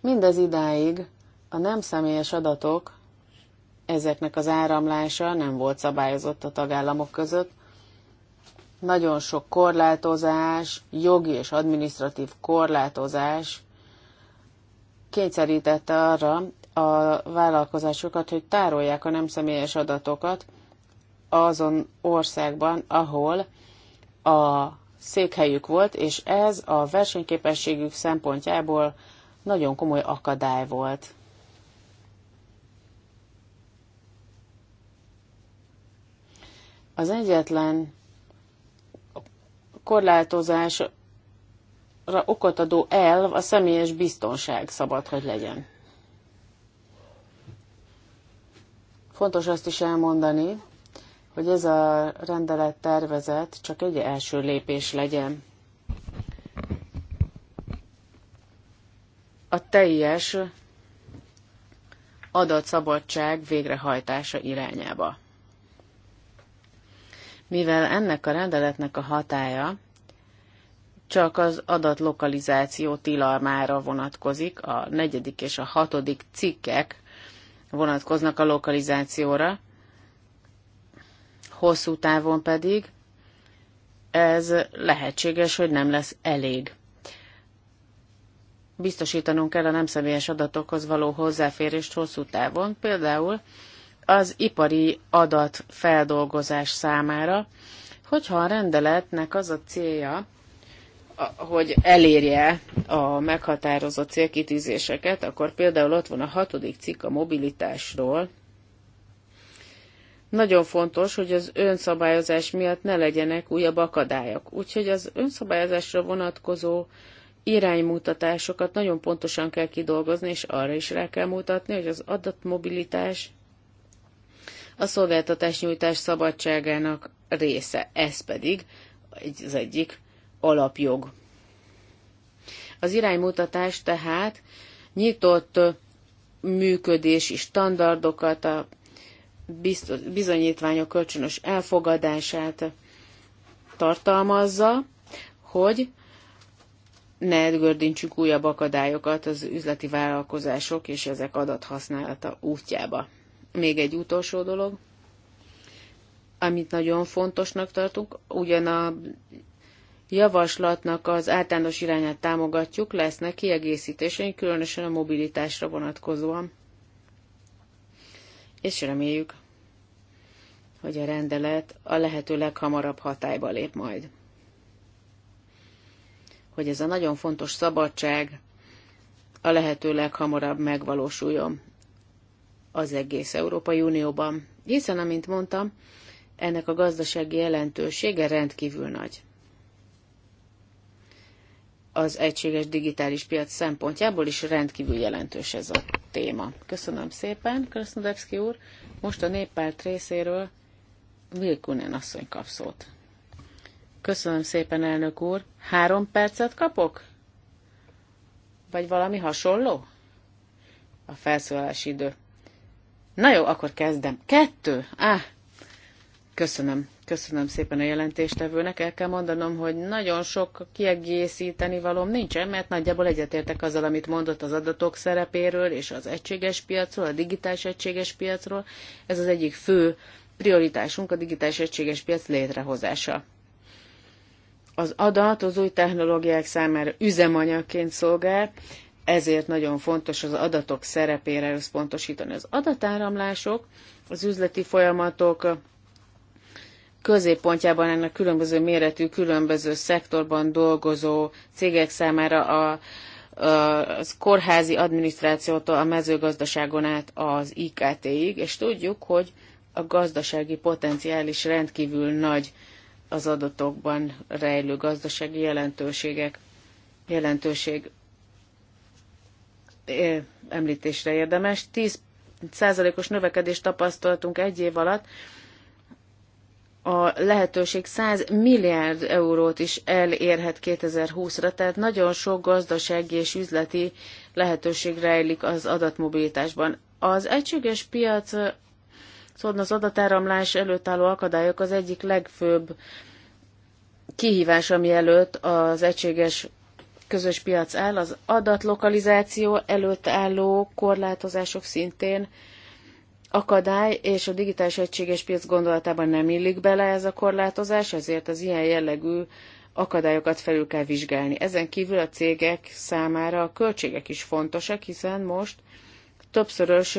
Mindez idáig a nem személyes adatok ezeknek az áramlása nem volt szabályozott a tagállamok között. Nagyon sok korlátozás, jogi és administratív korlátozás kényszerítette arra a vállalkozásokat, hogy tárolják a nem személyes adatokat azon országban, ahol a székhelyük volt, és ez a versenyképességük szempontjából nagyon komoly akadály volt. Az egyetlen korlátozásra okot adó elv a személyes biztonság szabad, hogy legyen. Fontos azt is elmondani, hogy ez a rendelet tervezet csak egy első lépés legyen. A teljes adatszabadság végrehajtása irányába mivel ennek a rendeletnek a hatája csak az adatlokalizáció tilalmára vonatkozik, a negyedik és a hatodik cikkek vonatkoznak a lokalizációra, hosszú távon pedig ez lehetséges, hogy nem lesz elég. Biztosítanunk kell a nem személyes adatokhoz való hozzáférést hosszú távon, például az ipari adatfeldolgozás számára, hogyha a rendeletnek az a célja, hogy elérje a meghatározott célkitűzéseket, akkor például ott van a hatodik cikk a mobilitásról. Nagyon fontos, hogy az önszabályozás miatt ne legyenek újabb akadályok. Úgyhogy az önszabályozásra vonatkozó iránymutatásokat nagyon pontosan kell kidolgozni, és arra is rá kell mutatni, hogy az adatmobilitás a szolgáltatás nyújtás szabadságának része. Ez pedig az egyik alapjog. Az iránymutatás tehát nyitott működési standardokat, a bizonyítványok kölcsönös elfogadását tartalmazza, hogy ne gördintsük újabb akadályokat az üzleti vállalkozások és ezek adathasználata útjába még egy utolsó dolog, amit nagyon fontosnak tartunk, ugyan a javaslatnak az általános irányát támogatjuk, lesznek kiegészítéseink, különösen a mobilitásra vonatkozóan. És reméljük, hogy a rendelet a lehető leghamarabb hatályba lép majd. Hogy ez a nagyon fontos szabadság a lehető leghamarabb megvalósuljon az egész Európai Unióban, hiszen, amint mondtam, ennek a gazdasági jelentősége rendkívül nagy. Az egységes digitális piac szempontjából is rendkívül jelentős ez a téma. Köszönöm szépen, Krasznodebszki úr. Most a néppárt részéről Vilkunen asszony kap szót. Köszönöm szépen, elnök úr. Három percet kapok? Vagy valami hasonló? A felszólalási idő. Na jó, akkor kezdem. Kettő? Á, ah, köszönöm. Köszönöm szépen a jelentéstevőnek. El kell mondanom, hogy nagyon sok kiegészíteni valóm nincsen, mert nagyjából egyetértek azzal, amit mondott az adatok szerepéről és az egységes piacról, a digitális egységes piacról. Ez az egyik fő prioritásunk a digitális egységes piac létrehozása. Az adat az új technológiák számára üzemanyagként szolgál, ezért nagyon fontos az adatok szerepére összpontosítani. Az adatáramlások, az üzleti folyamatok középpontjában ennek különböző méretű, különböző szektorban dolgozó cégek számára a, az kórházi adminisztrációtól a mezőgazdaságon át az IKT-ig, és tudjuk, hogy a gazdasági potenciál is rendkívül nagy az adatokban rejlő gazdasági jelentőségek, jelentőség említésre érdemes. 10 százalékos növekedést tapasztaltunk egy év alatt, a lehetőség 100 milliárd eurót is elérhet 2020-ra, tehát nagyon sok gazdasági és üzleti lehetőség rejlik az adatmobilitásban. Az egységes piac, szóval az adatáramlás előtt álló akadályok az egyik legfőbb kihívás, ami előtt az egységes közös piac áll, az adatlokalizáció előtt álló korlátozások szintén akadály, és a digitális egységes piac gondolatában nem illik bele ez a korlátozás, ezért az ilyen jellegű akadályokat felül kell vizsgálni. Ezen kívül a cégek számára a költségek is fontosak, hiszen most többszörös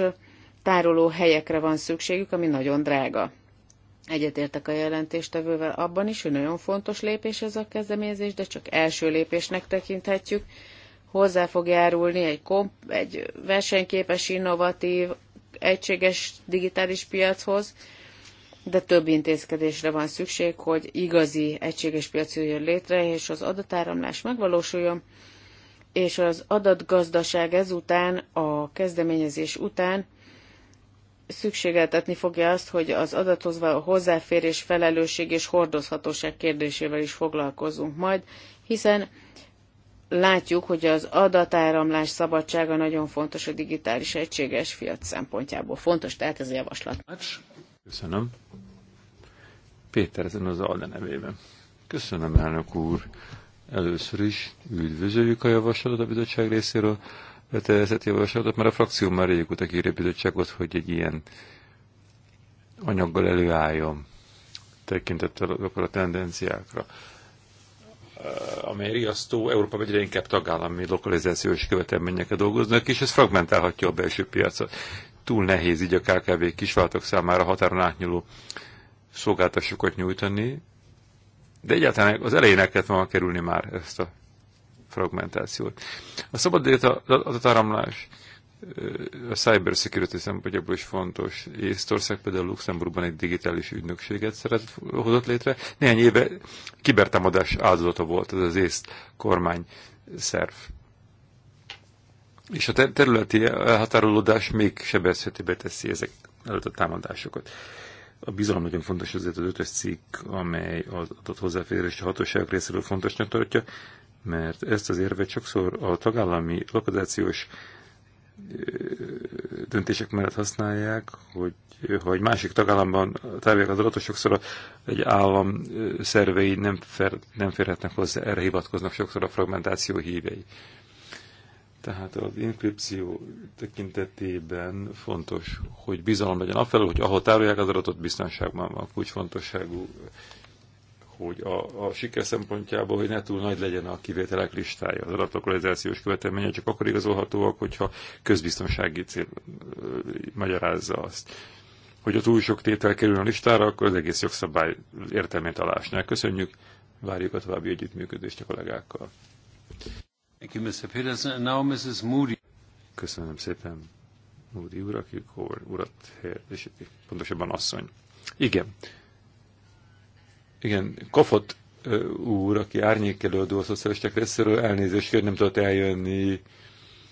tároló helyekre van szükségük, ami nagyon drága. Egyetértek a jelentéstevővel abban is, hogy nagyon fontos lépés ez a kezdeményezés, de csak első lépésnek tekinthetjük. Hozzá fog járulni egy, komp- egy versenyképes, innovatív, egységes digitális piachoz, de több intézkedésre van szükség, hogy igazi egységes piac jöjjön létre, és az adatáramlás megvalósuljon, és az adatgazdaság ezután, a kezdeményezés után szükségeltetni fogja azt, hogy az adathoz való hozzáférés, felelősség és hordozhatóság kérdésével is foglalkozunk majd, hiszen látjuk, hogy az adatáramlás szabadsága nagyon fontos a digitális egységes piac szempontjából. Fontos tehát ez a javaslat. Köszönöm. Péter ezen az Alda nevében. Köszönöm, elnök úr. Először is üdvözöljük a javaslatot a bizottság részéről tervezeti javaslatot, mert a frakció már rég utak írja bizottságot, hogy egy ilyen anyaggal előálljon tekintettel akkor a tendenciákra, eh, amely riasztó, Európa egyre inkább tagállami lokalizációs követelményeket dolgoznak, és ez fragmentálhatja a belső piacot. Túl nehéz így a KKV kisváltok számára határon átnyúló szolgáltatásokat nyújtani, de egyáltalán az elején el kellett volna kerülni már ezt a fragmentációt. A szabad adatáramlás a cyber security szempontjából is fontos. Észtország például Luxemburgban egy digitális ügynökséget szeretett, hozott létre. Néhány éve kibertámadás áldozata volt ez az észt kormány szerv. És a területi elhatárolódás még sebezhetőbe teszi ezek előtt a támadásokat. A bizalom nagyon fontos, azért az ötös cikk, amely az adott hozzáférés a hatóságok részéről fontosnak tartja, mert ezt az érvet sokszor a tagállami lokalizációs döntések mellett használják, hogy ha egy másik tagállamban távják az adatot, sokszor egy állam szervei nem, fer, nem férhetnek hozzá, erre hivatkoznak sokszor a fragmentáció hívei. Tehát az inkripció tekintetében fontos, hogy bizalom legyen afelől, hogy ahol tárolják az adatot, biztonságban van kulcsfontosságú hogy a, a siker szempontjából, hogy ne túl nagy legyen a kivételek listája. Az adatlokalizációs követelménye csak akkor igazolhatóak, hogyha közbiztonsági cél magyarázza azt. Hogyha túl sok tétel kerül a listára, akkor az egész jogszabály értelmét alásnál. Köszönjük, várjuk a további együttműködést a kollégákkal. Köszönöm szépen, Moody úr, aki urat helyettesíti, pontosabban asszony. Igen, igen, Kofot úr, aki árnyékelődő a szocialisták részéről, elnézést kér, nem tudott eljönni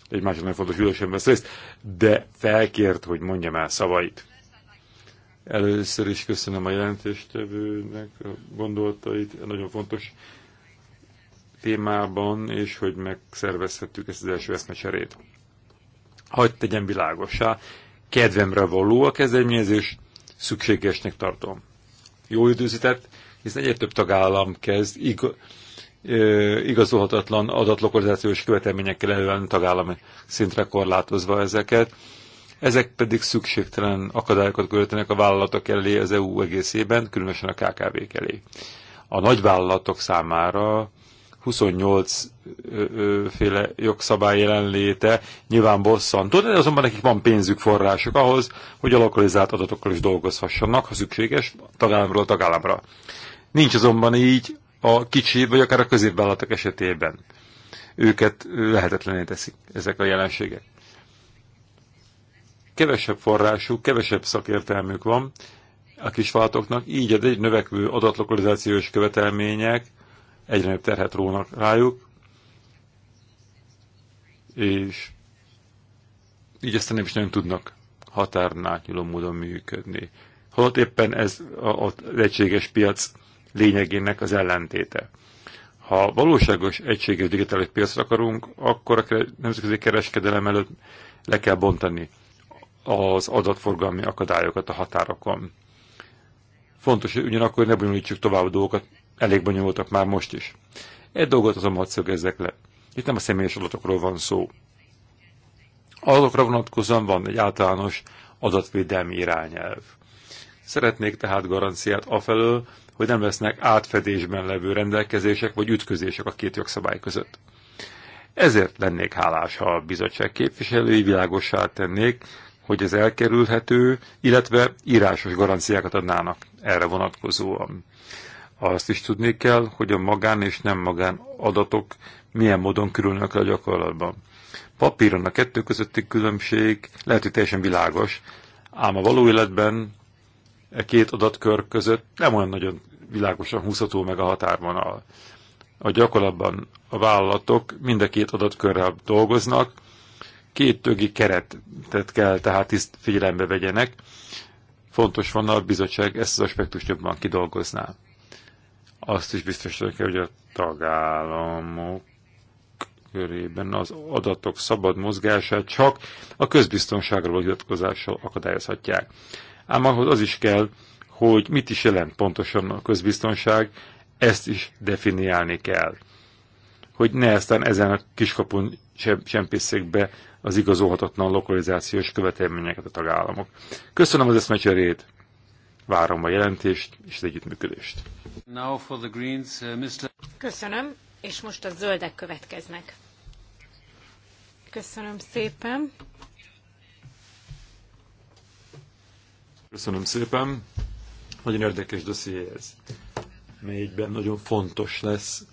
egy másik nagyon fontos ülésen vesz részt, de felkért, hogy mondjam el szavait. Először is köszönöm a jelentéstevőnek a gondolatait, nagyon fontos témában, és hogy megszervezhettük ezt az első eszmecserét. Hagy tegyen világosá, kedvemre való a kezdeményezés, szükségesnek tartom. Jó időzített, hiszen egyre több tagállam kezd ig- igazolhatatlan adatlokalizációs követelményekkel előállni tagállami szintre korlátozva ezeket. Ezek pedig szükségtelen akadályokat követenek a vállalatok elé az EU egészében, különösen a KKV-k elé. A nagyvállalatok számára 28 féle jogszabály jelenléte nyilván bosszantó, de azonban nekik van pénzük, források ahhoz, hogy a lokalizált adatokkal is dolgozhassanak, ha szükséges, tagállamról tagállamra. Nincs azonban így a kicsi vagy akár a középvállalatok esetében. Őket lehetetlené teszik ezek a jelenségek. Kevesebb forrásuk, kevesebb szakértelmük van a kisvállalatoknak, így egy növekvő adatlokalizációs követelmények egyre nagyobb terhet rónak rájuk, és így aztán nem is nagyon tudnak határon módon működni. Holott éppen ez az egységes piac lényegének az ellentéte. Ha valóságos egységes digitális piacra akarunk, akkor a nemzetközi kereskedelem előtt le kell bontani az adatforgalmi akadályokat a határokon. Fontos, hogy ugyanakkor ne bonyolítsuk tovább a dolgokat, elég bonyolultak már most is. Egy dolgot azonban szögezzek le. Itt nem a személyes adatokról van szó. Azokra vonatkozóan van egy általános adatvédelmi irányelv. Szeretnék tehát garanciát afelől, hogy nem lesznek átfedésben levő rendelkezések vagy ütközések a két jogszabály között. Ezért lennék hálás, ha a bizottság képviselői világossá tennék, hogy ez elkerülhető, illetve írásos garanciákat adnának erre vonatkozóan. Azt is tudni kell, hogy a magán és nem magán adatok milyen módon kerülnek a gyakorlatban. Papíron a kettő közötti különbség lehet, hogy teljesen világos, ám a való életben e két adatkör között nem olyan nagyon világosan húzható meg a határvonal. A gyakorlatban a vállalatok mind a két adatkörrel dolgoznak, két tögi keretet kell tehát tiszt figyelembe vegyenek. Fontos van a bizottság ezt az aspektust jobban kidolgozná. Azt is biztos kell, hogy a tagállamok körében az adatok szabad mozgását csak a közbiztonságról hivatkozással akadályozhatják ám ahhoz az is kell, hogy mit is jelent pontosan a közbiztonság, ezt is definiálni kell. Hogy ne aztán ezen a kiskapun sem be az igazolhatatlan lokalizációs követelményeket a tagállamok. Köszönöm az eszmecserét, várom a jelentést és az együttműködést. Greens, uh, Köszönöm, és most a zöldek következnek. Köszönöm szépen. Köszönöm szépen. Nagyon érdekes dosszié ez, melyikben nagyon fontos lesz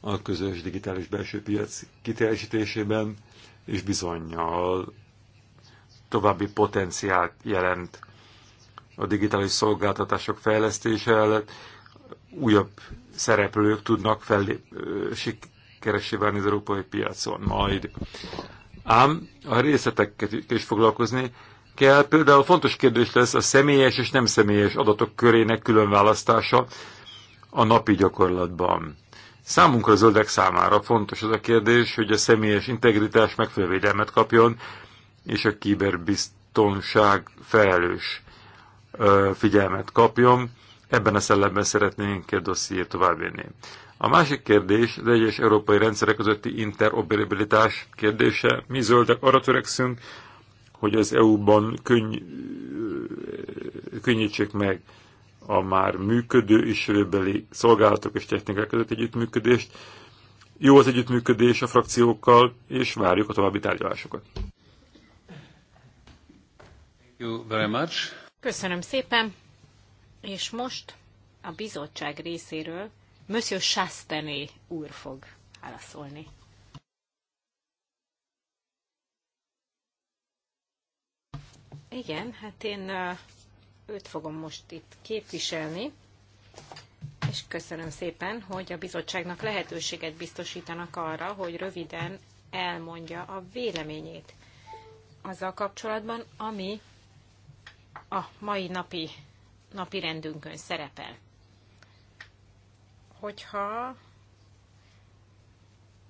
a közös digitális belső piac kiteljesítésében, és bizonyal további potenciált jelent a digitális szolgáltatások fejlesztése előtt. Újabb szereplők tudnak fellép, sikeressé válni az európai piacon majd. Ám a részleteket is foglalkozni, kell. Például fontos kérdés lesz a személyes és nem személyes adatok körének különválasztása a napi gyakorlatban. Számunkra a zöldek számára fontos az a kérdés, hogy a személyes integritás megfelelő védelmet kapjon, és a kiberbiztonság felelős figyelmet kapjon. Ebben a szellemben szeretnénk a dossziét továbbvinni. A másik kérdés az egyes európai rendszerek közötti interoperabilitás kérdése. Mi zöldek arra törekszünk, hogy az EU-ban könny, könnyítsék meg a már működő és jövőbeli szolgálatok és technikák között együttműködést. Jó az együttműködés a frakciókkal, és várjuk a további tárgyalásokat. Köszönöm szépen, és most a bizottság részéről Monsieur Chastené úr fog válaszolni. Igen, hát én őt fogom most itt képviselni, és köszönöm szépen, hogy a bizottságnak lehetőséget biztosítanak arra, hogy röviden elmondja a véleményét azzal kapcsolatban, ami a mai napi, napi rendünkön szerepel. Hogyha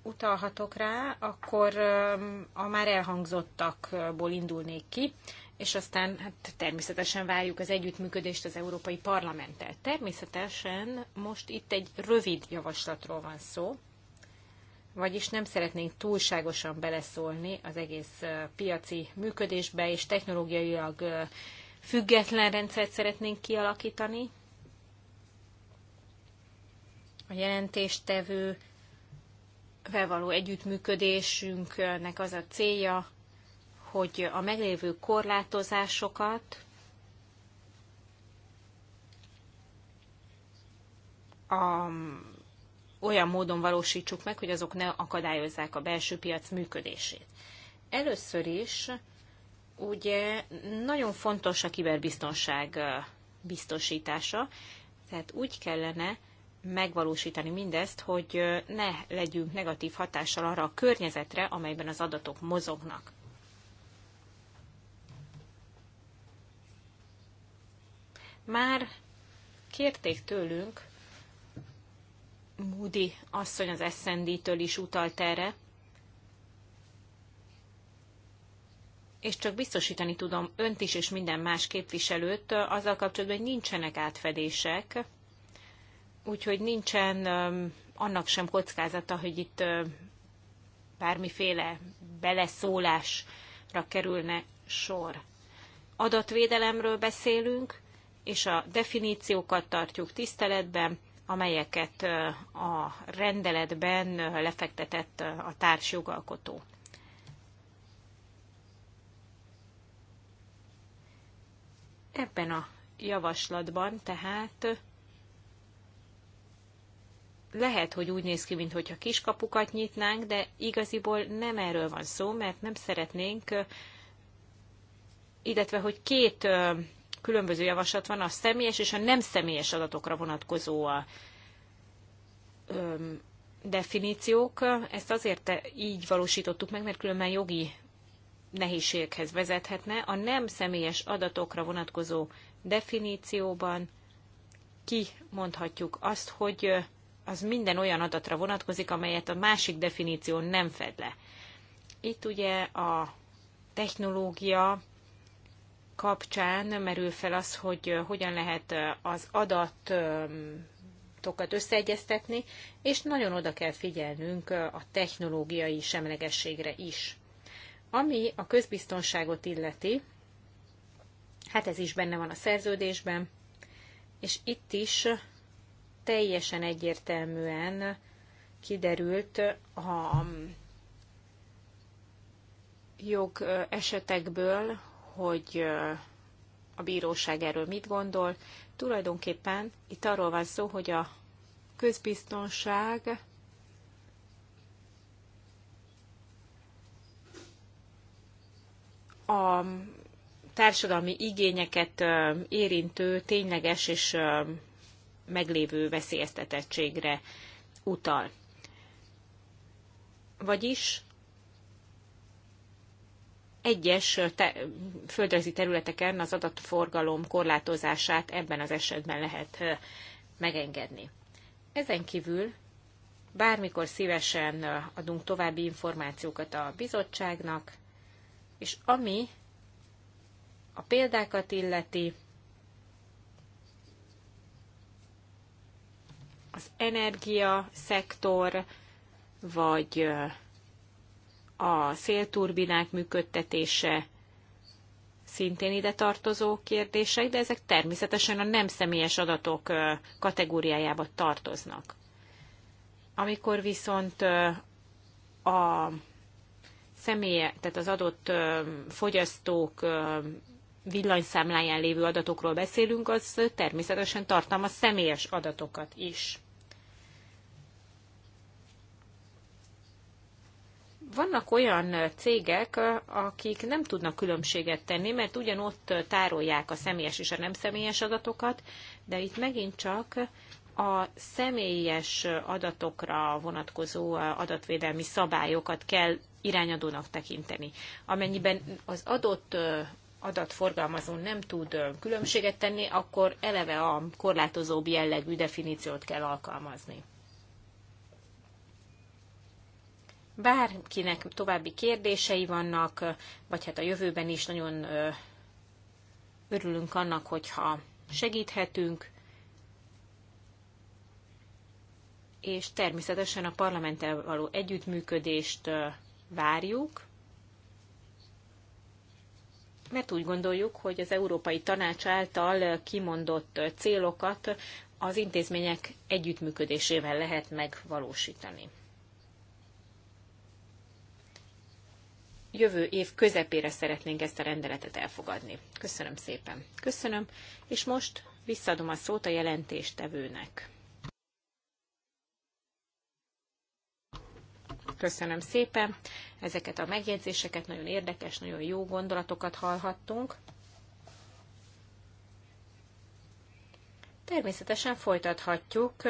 utalhatok rá, akkor a már elhangzottakból indulnék ki és aztán hát természetesen várjuk az együttműködést az Európai Parlamenttel. Természetesen most itt egy rövid javaslatról van szó, vagyis nem szeretnénk túlságosan beleszólni az egész piaci működésbe, és technológiailag független rendszert szeretnénk kialakítani. A jelentéstevő való együttműködésünknek az a célja, hogy a meglévő korlátozásokat a, olyan módon valósítsuk meg, hogy azok ne akadályozzák a belső piac működését. Először is ugye nagyon fontos a kiberbiztonság biztosítása, tehát úgy kellene megvalósítani mindezt, hogy ne legyünk negatív hatással arra a környezetre, amelyben az adatok mozognak. Már kérték tőlünk, Moody asszony az snd is utalt erre, és csak biztosítani tudom önt is és minden más képviselőt azzal kapcsolatban, hogy nincsenek átfedések, úgyhogy nincsen annak sem kockázata, hogy itt bármiféle beleszólásra kerülne sor. Adatvédelemről beszélünk, és a definíciókat tartjuk tiszteletben, amelyeket a rendeletben lefektetett a társjogalkotó. Ebben a javaslatban tehát lehet, hogy úgy néz ki, mintha kiskapukat nyitnánk, de igaziból nem erről van szó, mert nem szeretnénk, illetve hogy két különböző javaslat van a személyes és a nem személyes adatokra vonatkozó a, öm, definíciók. Ezt azért így valósítottuk meg, mert különben jogi nehézségekhez vezethetne. A nem személyes adatokra vonatkozó definícióban kimondhatjuk azt, hogy az minden olyan adatra vonatkozik, amelyet a másik definíció nem fed le. Itt ugye a technológia kapcsán merül fel az, hogy hogyan lehet az adatokat összeegyeztetni, és nagyon oda kell figyelnünk a technológiai semlegességre is. Ami a közbiztonságot illeti, hát ez is benne van a szerződésben, és itt is teljesen egyértelműen kiderült a jog esetekből, hogy a bíróság erről mit gondol. Tulajdonképpen itt arról van szó, hogy a közbiztonság a társadalmi igényeket érintő tényleges és meglévő veszélyeztetettségre utal. Vagyis egyes te- földrajzi területeken az adatforgalom korlátozását ebben az esetben lehet megengedni. Ezen kívül bármikor szívesen adunk további információkat a bizottságnak, és ami a példákat illeti, az energia szektor, vagy a szélturbinák működtetése szintén ide tartozó kérdések, de ezek természetesen a nem személyes adatok kategóriájába tartoznak. Amikor viszont a személye, tehát az adott fogyasztók villanyszámláján lévő adatokról beszélünk, az természetesen tartalmaz személyes adatokat is. vannak olyan cégek, akik nem tudnak különbséget tenni, mert ugyanott tárolják a személyes és a nem személyes adatokat, de itt megint csak a személyes adatokra vonatkozó adatvédelmi szabályokat kell irányadónak tekinteni. Amennyiben az adott adatforgalmazó nem tud különbséget tenni, akkor eleve a korlátozóbb jellegű definíciót kell alkalmazni. bárkinek további kérdései vannak, vagy hát a jövőben is nagyon örülünk annak, hogyha segíthetünk, és természetesen a parlamenttel való együttműködést várjuk, mert úgy gondoljuk, hogy az Európai Tanács által kimondott célokat az intézmények együttműködésével lehet megvalósítani. jövő év közepére szeretnénk ezt a rendeletet elfogadni. Köszönöm szépen. Köszönöm, és most visszaadom a szót a jelentéstevőnek. Köszönöm szépen ezeket a megjegyzéseket, nagyon érdekes, nagyon jó gondolatokat hallhattunk. Természetesen folytathatjuk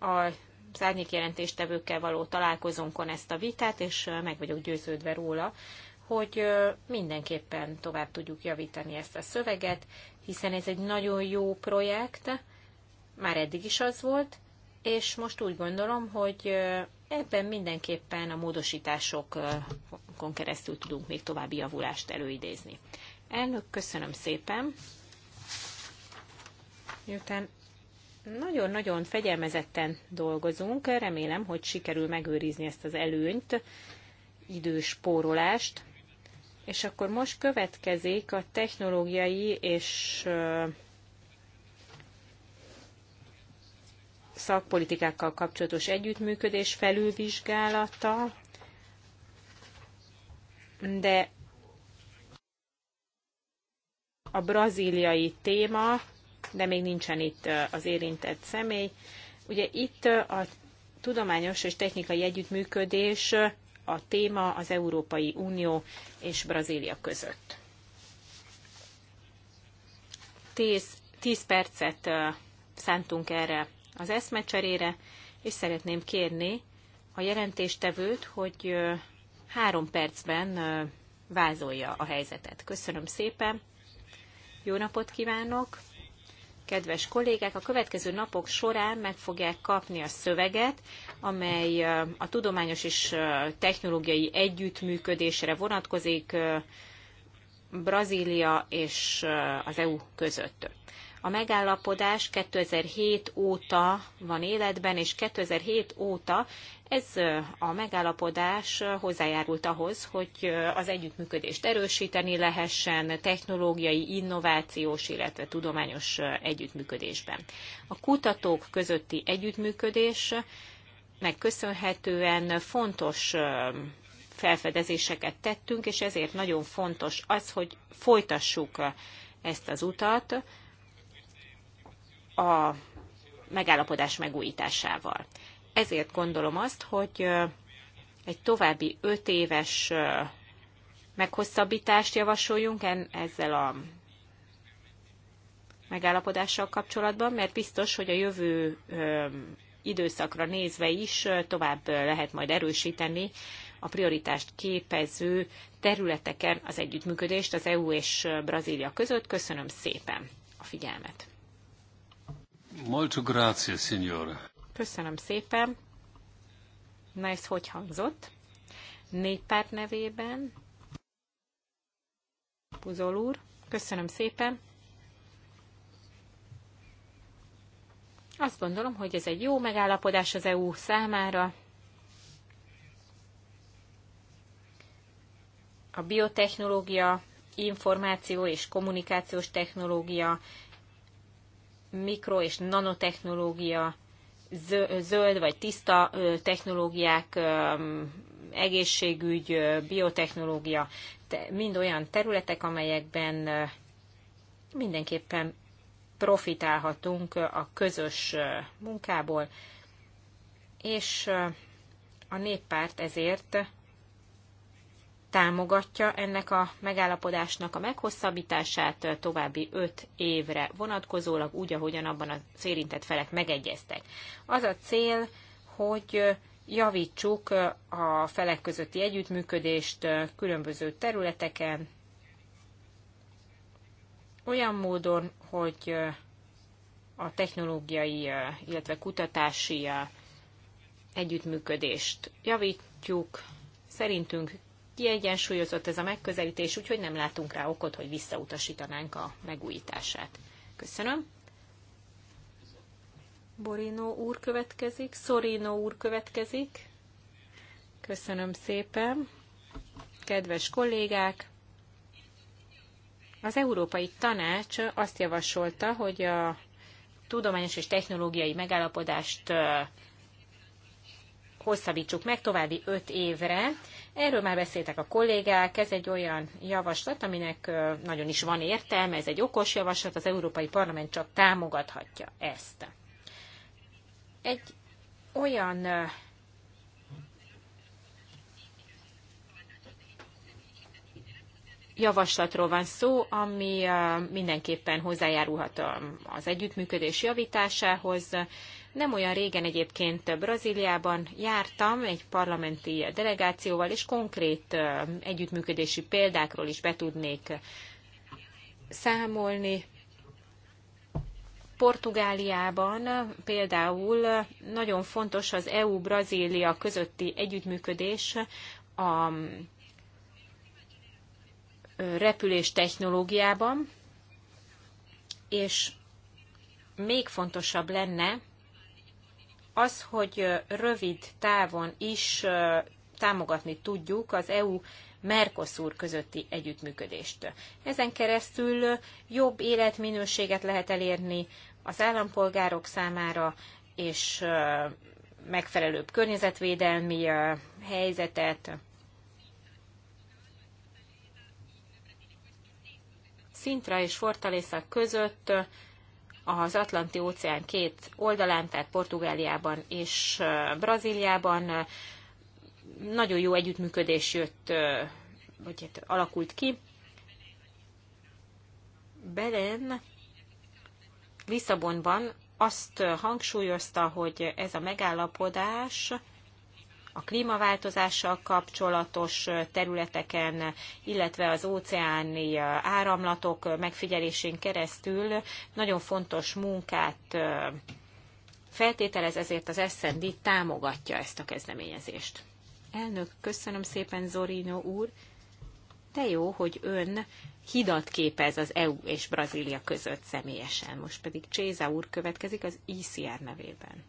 a szárnyékjelentéstevőkkel való találkozónkon ezt a vitát, és meg vagyok győződve róla, hogy mindenképpen tovább tudjuk javítani ezt a szöveget, hiszen ez egy nagyon jó projekt, már eddig is az volt, és most úgy gondolom, hogy ebben mindenképpen a módosításokon keresztül tudunk még további javulást előidézni. Elnök, köszönöm szépen! Miután nagyon-nagyon fegyelmezetten dolgozunk, remélem, hogy sikerül megőrizni ezt az előnyt, időspórolást. És akkor most következik a technológiai és szakpolitikákkal kapcsolatos együttműködés felülvizsgálata, de a braziliai téma de még nincsen itt az érintett személy. Ugye itt a tudományos és technikai együttműködés a téma az Európai Unió és Brazília között. 10, tíz percet szántunk erre az eszmecserére, és szeretném kérni a jelentéstevőt, hogy három percben vázolja a helyzetet. Köszönöm szépen, jó napot kívánok! kedves kollégák, a következő napok során meg fogják kapni a szöveget, amely a tudományos és technológiai együttműködésre vonatkozik Brazília és az EU között. A megállapodás 2007 óta van életben, és 2007 óta ez a megállapodás hozzájárult ahhoz, hogy az együttműködést erősíteni lehessen technológiai, innovációs, illetve tudományos együttműködésben. A kutatók közötti együttműködés megköszönhetően fontos felfedezéseket tettünk, és ezért nagyon fontos az, hogy folytassuk ezt az utat, a megállapodás megújításával. Ezért gondolom azt, hogy egy további öt éves meghosszabbítást javasoljunk ezzel a megállapodással kapcsolatban, mert biztos, hogy a jövő időszakra nézve is tovább lehet majd erősíteni a prioritást képező területeken az együttműködést az EU és Brazília között. Köszönöm szépen a figyelmet! Molto grazie, signora. Köszönöm szépen. Na ez hogy hangzott? Néppárt nevében. Puzol úr, köszönöm szépen. Azt gondolom, hogy ez egy jó megállapodás az EU számára. A biotechnológia, információ és kommunikációs technológia mikro- és nanotechnológia, zöld vagy tiszta technológiák, egészségügy, biotechnológia, mind olyan területek, amelyekben mindenképpen profitálhatunk a közös munkából, és a néppárt ezért támogatja ennek a megállapodásnak a meghosszabbítását további öt évre vonatkozólag, úgy, ahogyan abban a érintett felek megegyeztek. Az a cél, hogy javítsuk a felek közötti együttműködést különböző területeken, olyan módon, hogy a technológiai, illetve kutatási együttműködést javítjuk. Szerintünk kiegyensúlyozott ez a megközelítés, úgyhogy nem látunk rá okot, hogy visszautasítanánk a megújítását. Köszönöm. Borino úr következik, Szorino úr következik. Köszönöm szépen. Kedves kollégák, az Európai Tanács azt javasolta, hogy a tudományos és technológiai megállapodást hosszabbítsuk meg további öt évre, Erről már beszéltek a kollégák, ez egy olyan javaslat, aminek nagyon is van értelme, ez egy okos javaslat, az Európai Parlament csak támogathatja ezt. Egy olyan javaslatról van szó, ami mindenképpen hozzájárulhat az együttműködés javításához, nem olyan régen egyébként Brazíliában jártam egy parlamenti delegációval, és konkrét együttműködési példákról is be tudnék számolni. Portugáliában például nagyon fontos az EU-Brazília közötti együttműködés a repülés technológiában, és még fontosabb lenne az, hogy rövid távon is támogatni tudjuk az EU Mercosur közötti együttműködést. Ezen keresztül jobb életminőséget lehet elérni az állampolgárok számára, és megfelelőbb környezetvédelmi helyzetet. Szintra és Fortaleza között az Atlanti óceán két oldalán, tehát Portugáliában és Brazíliában nagyon jó együttműködés jött, vagy hát alakult ki. Belen Lisszabonban azt hangsúlyozta, hogy ez a megállapodás a klímaváltozással kapcsolatos területeken, illetve az óceáni áramlatok megfigyelésén keresztül nagyon fontos munkát feltételez, ezért az SZND támogatja ezt a kezdeményezést. Elnök, köszönöm szépen, Zorino úr. De jó, hogy ön hidat képez az EU és Brazília között személyesen. Most pedig Cséza úr következik az ICR nevében.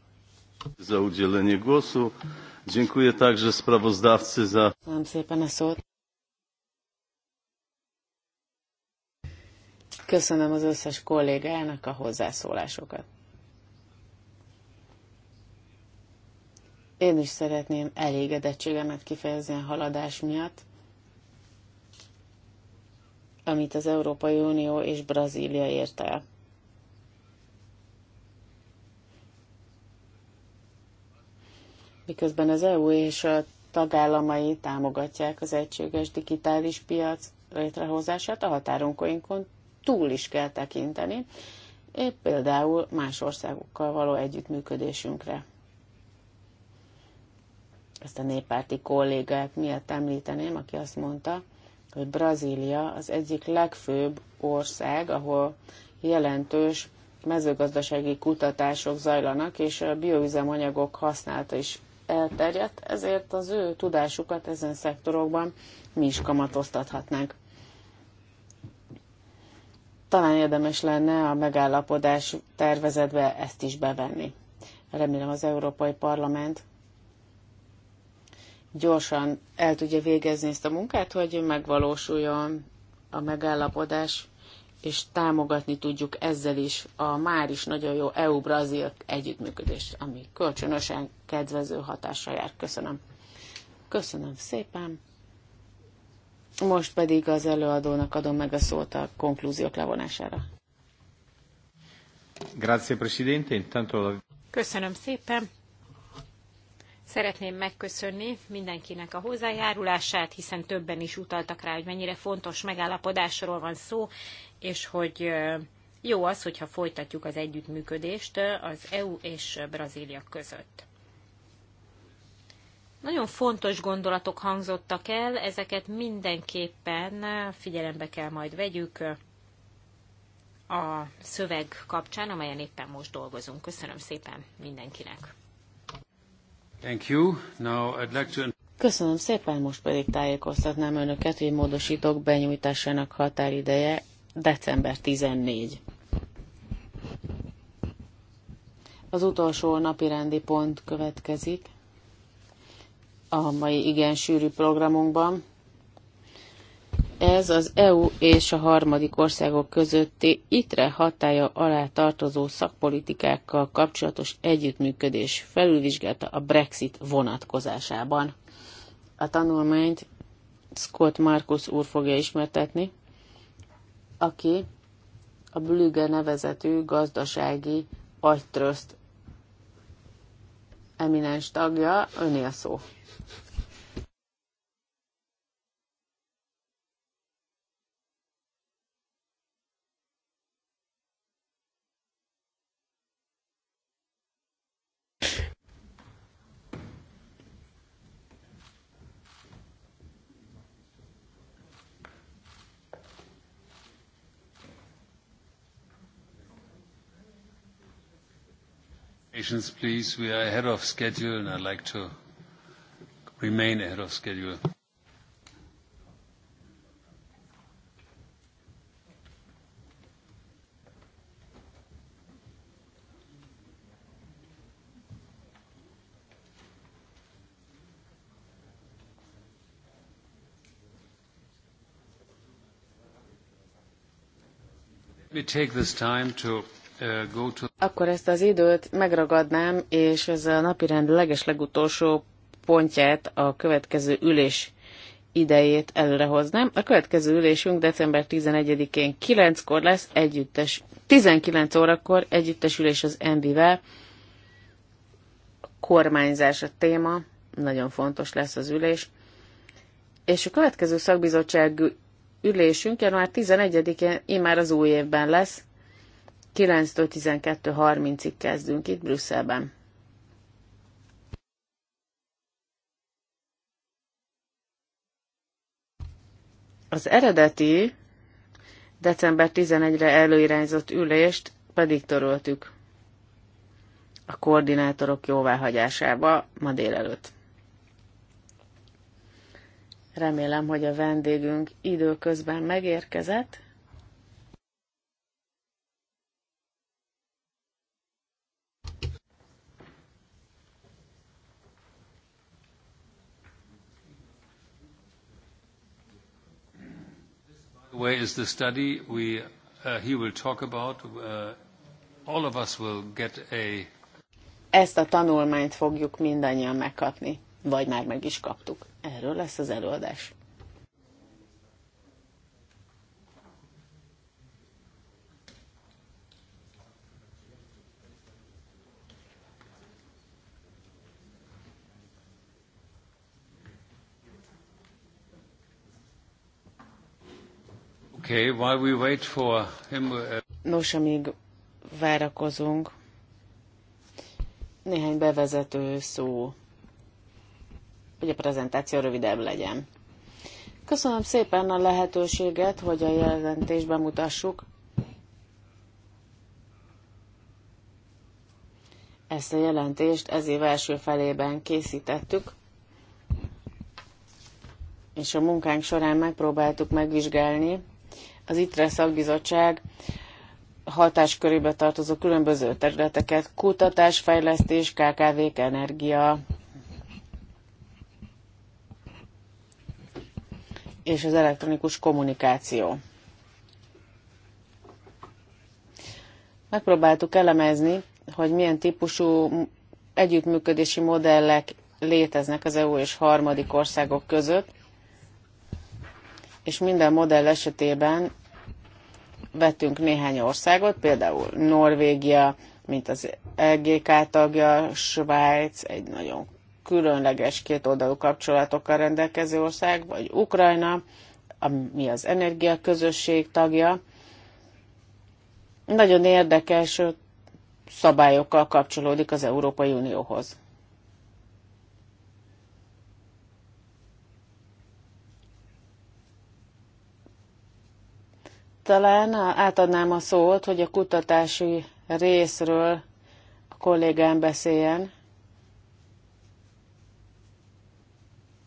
Za udzielenie głosu. Dziękuję także sprawozdawcy za... Köszönöm szépen a szót. Köszönöm az összes kollégának a hozzászólásokat. Én is szeretném elégedettségemet kifejezni a haladás miatt, amit az Európai Unió és Brazília ért el. miközben az EU és a tagállamai támogatják az egységes digitális piac létrehozását, a határunkon túl is kell tekinteni, épp például más országokkal való együttműködésünkre. Ezt a néppárti kollégák miatt említeném, aki azt mondta, hogy Brazília az egyik legfőbb ország, ahol jelentős mezőgazdasági kutatások zajlanak, és a bioüzemanyagok használata is elterjedt, ezért az ő tudásukat ezen szektorokban mi is kamatoztathatnánk. Talán érdemes lenne a megállapodás tervezetbe ezt is bevenni. Remélem az Európai Parlament gyorsan el tudja végezni ezt a munkát, hogy megvalósuljon a megállapodás és támogatni tudjuk ezzel is a már is nagyon jó EU-Brazil együttműködést, ami kölcsönösen kedvező hatással jár. Köszönöm. Köszönöm szépen. Most pedig az előadónak adom meg a szót a konklúziók levonására. Grazie, Presidente. Intanto... Köszönöm szépen. Szeretném megköszönni mindenkinek a hozzájárulását, hiszen többen is utaltak rá, hogy mennyire fontos megállapodásról van szó, és hogy jó az, hogyha folytatjuk az együttműködést az EU és Brazília között. Nagyon fontos gondolatok hangzottak el, ezeket mindenképpen figyelembe kell majd vegyük a szöveg kapcsán, amelyen éppen most dolgozunk. Köszönöm szépen mindenkinek! Thank you. Now I'd like to... Köszönöm szépen, most pedig tájékoztatnám önöket, hogy módosítok benyújtásának határideje december 14. Az utolsó napi rendi pont következik a mai igen sűrű programunkban. Ez az EU és a harmadik országok közötti ITRE hatája alá tartozó szakpolitikákkal kapcsolatos együttműködés felülvizsgálta a Brexit vonatkozásában. A tanulmányt Scott Markus úr fogja ismertetni, aki a Blüge nevezetű gazdasági agytrözt eminens tagja, a szó. patience, please. We are ahead of schedule, and I'd like to remain ahead of schedule. Let me take this time to Uh, Akkor ezt az időt megragadnám, és ez a napirend legeslegutolsó pontját, a következő ülés idejét előrehoznám. A következő ülésünk december 11-én 9-kor lesz együttes, 19 órakor együttes ülés az MB-vel. Kormányzás a téma, nagyon fontos lesz az ülés. És a következő szakbizottság ülésünk január 11-én immár az új évben lesz, 9-től 12.30-ig kezdünk itt Brüsszelben. Az eredeti december 11-re előirányzott ülést pedig töröltük a koordinátorok jóváhagyásába ma délelőtt. Remélem, hogy a vendégünk időközben megérkezett. Where is the study? We, uh, he will talk about. Uh, all of us will get a... Ezt a tanulmányt fogjuk mindannyian megkapni, vagy már meg is kaptuk. Erről lesz az előadás. Okay, while we wait for him, uh... Nos, amíg várakozunk, néhány bevezető szó, hogy a prezentáció rövidebb legyen. Köszönöm szépen a lehetőséget, hogy a jelentést bemutassuk. Ezt a jelentést ez év első felében készítettük, és a munkánk során megpróbáltuk megvizsgálni az ITRE szakbizottság hatáskörébe tartozó különböző területeket, kutatás, fejlesztés, kkv energia, és az elektronikus kommunikáció. Megpróbáltuk elemezni, hogy milyen típusú együttműködési modellek léteznek az EU és harmadik országok között, és minden modell esetében vettünk néhány országot, például Norvégia, mint az LGK tagja, Svájc, egy nagyon különleges kétoldalú kapcsolatokkal rendelkező ország, vagy Ukrajna, ami az energiaközösség tagja. Nagyon érdekes szabályokkal kapcsolódik az Európai Unióhoz. Talán átadnám a szót, hogy a kutatási részről a kollégám beszéljen.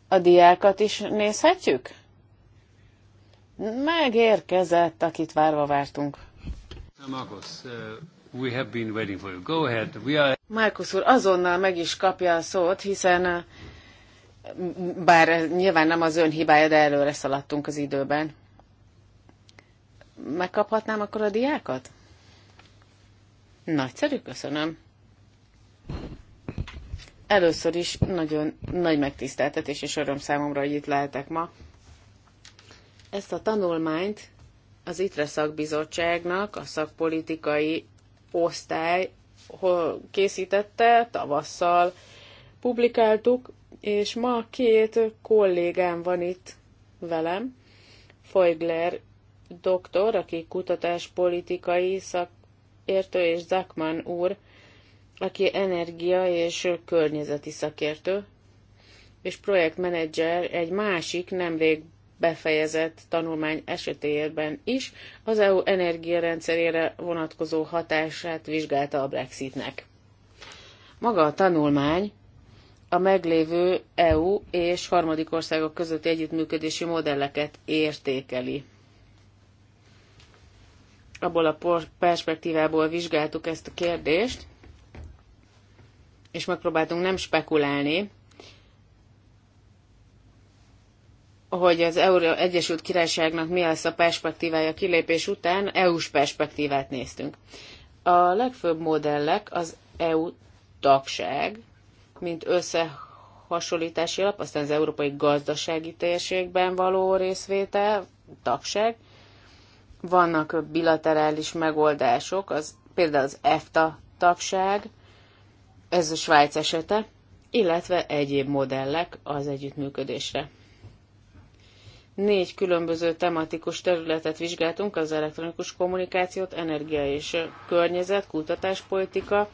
A diákat is nézhetjük? Megérkezett, akit várva vártunk. Marcos, uh, we have been waiting for you. Go ahead. We are... Marcus úr azonnal meg is kapja a szót, hiszen uh, bár nyilván nem az ön hibája, de előre szaladtunk az időben. Megkaphatnám akkor a diákat? Nagyszerű, köszönöm. Először is nagyon nagy megtiszteltetés és öröm számomra, hogy itt lehetek ma. Ezt a tanulmányt az ITRE szakbizottságnak a szakpolitikai osztály készítette, tavasszal publikáltuk, és ma két kollégám van itt velem, Feugler doktor, aki kutatáspolitikai szakértő, és Zakman úr, aki energia és környezeti szakértő, és projektmenedzser egy másik nemrég befejezett tanulmány esetében is az EU energiarendszerére vonatkozó hatását vizsgálta a Brexitnek. Maga a tanulmány a meglévő EU és harmadik országok közötti együttműködési modelleket értékeli abból a perspektívából vizsgáltuk ezt a kérdést, és megpróbáltunk nem spekulálni, hogy az Euró Egyesült Királyságnak mi lesz a perspektívája kilépés után, EU-s perspektívát néztünk. A legfőbb modellek az EU tagság, mint összehasonlítási alap, aztán az európai gazdasági térségben való részvétel, tagság, vannak bilaterális megoldások, az, például az EFTA tagság, ez a Svájc esete, illetve egyéb modellek az együttműködésre. Négy különböző tematikus területet vizsgáltunk, az elektronikus kommunikációt, energia és környezet, kutatáspolitika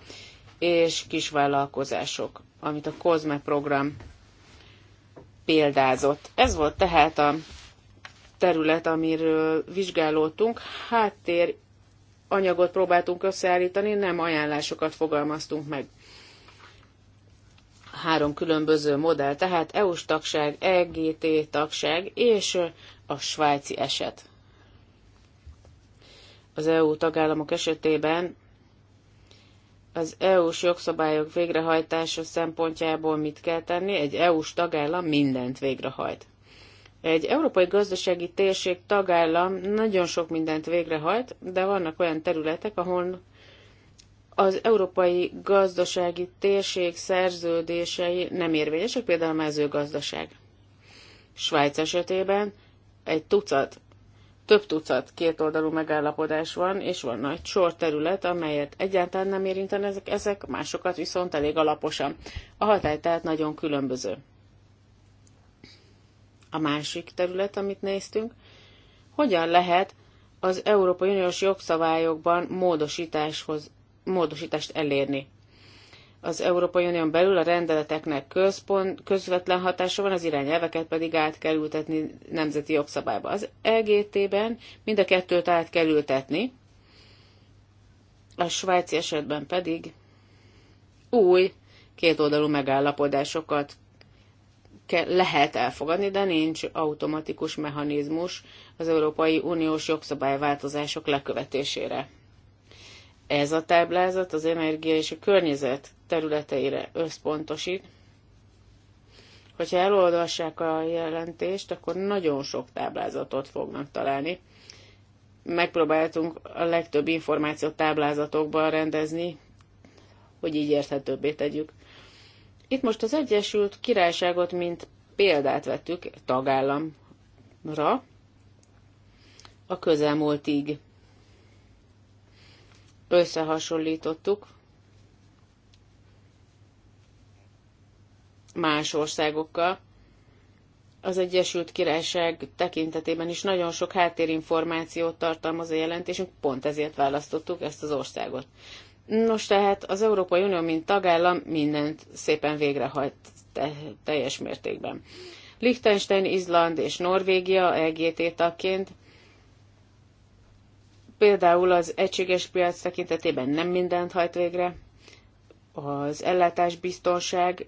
és kisvállalkozások, amit a COSME program példázott. Ez volt tehát a terület, amiről vizsgálódtunk, háttér anyagot próbáltunk összeállítani, nem ajánlásokat fogalmaztunk meg. Három különböző modell, tehát EU-s tagság, EGT tagság és a svájci eset. Az EU tagállamok esetében az EU-s jogszabályok végrehajtása szempontjából mit kell tenni? Egy EU-s tagállam mindent végrehajt. Egy európai gazdasági térség tagállam nagyon sok mindent végrehajt, de vannak olyan területek, ahol az európai gazdasági térség szerződései nem érvényesek, például a mezőgazdaság. Svájc esetében egy tucat, több tucat kétoldalú megállapodás van, és van nagy sor terület, amelyet egyáltalán nem érintenek ezek, ezek, másokat viszont elég alaposan. A hatály tehát nagyon különböző. A másik terület, amit néztünk, hogyan lehet az Európai Uniós jogszabályokban módosításhoz, módosítást elérni. Az Európai Unión belül a rendeleteknek központ, közvetlen hatása van, az irányelveket pedig át kell ültetni nemzeti jogszabályba. Az EGT-ben mind a kettőt át kell ültetni, a svájci esetben pedig új kétoldalú megállapodásokat lehet elfogadni, de nincs automatikus mechanizmus az Európai Uniós jogszabályváltozások lekövetésére. Ez a táblázat az energia és a környezet területeire összpontosít. Hogyha elolvassák a jelentést, akkor nagyon sok táblázatot fognak találni. Megpróbáltunk a legtöbb információt táblázatokban rendezni, hogy így érthetőbbé tegyük. Itt most az Egyesült Királyságot, mint példát vettük tagállamra a közelmúltig. Összehasonlítottuk más országokkal. Az Egyesült Királyság tekintetében is nagyon sok háttérinformációt tartalmaz a jelentésünk, pont ezért választottuk ezt az országot. Nos, tehát az Európai Unió, mint tagállam mindent szépen végrehajt te, teljes mértékben. Liechtenstein, Izland és Norvégia EGT tagként például az egységes piac tekintetében nem mindent hajt végre, az ellátásbiztonság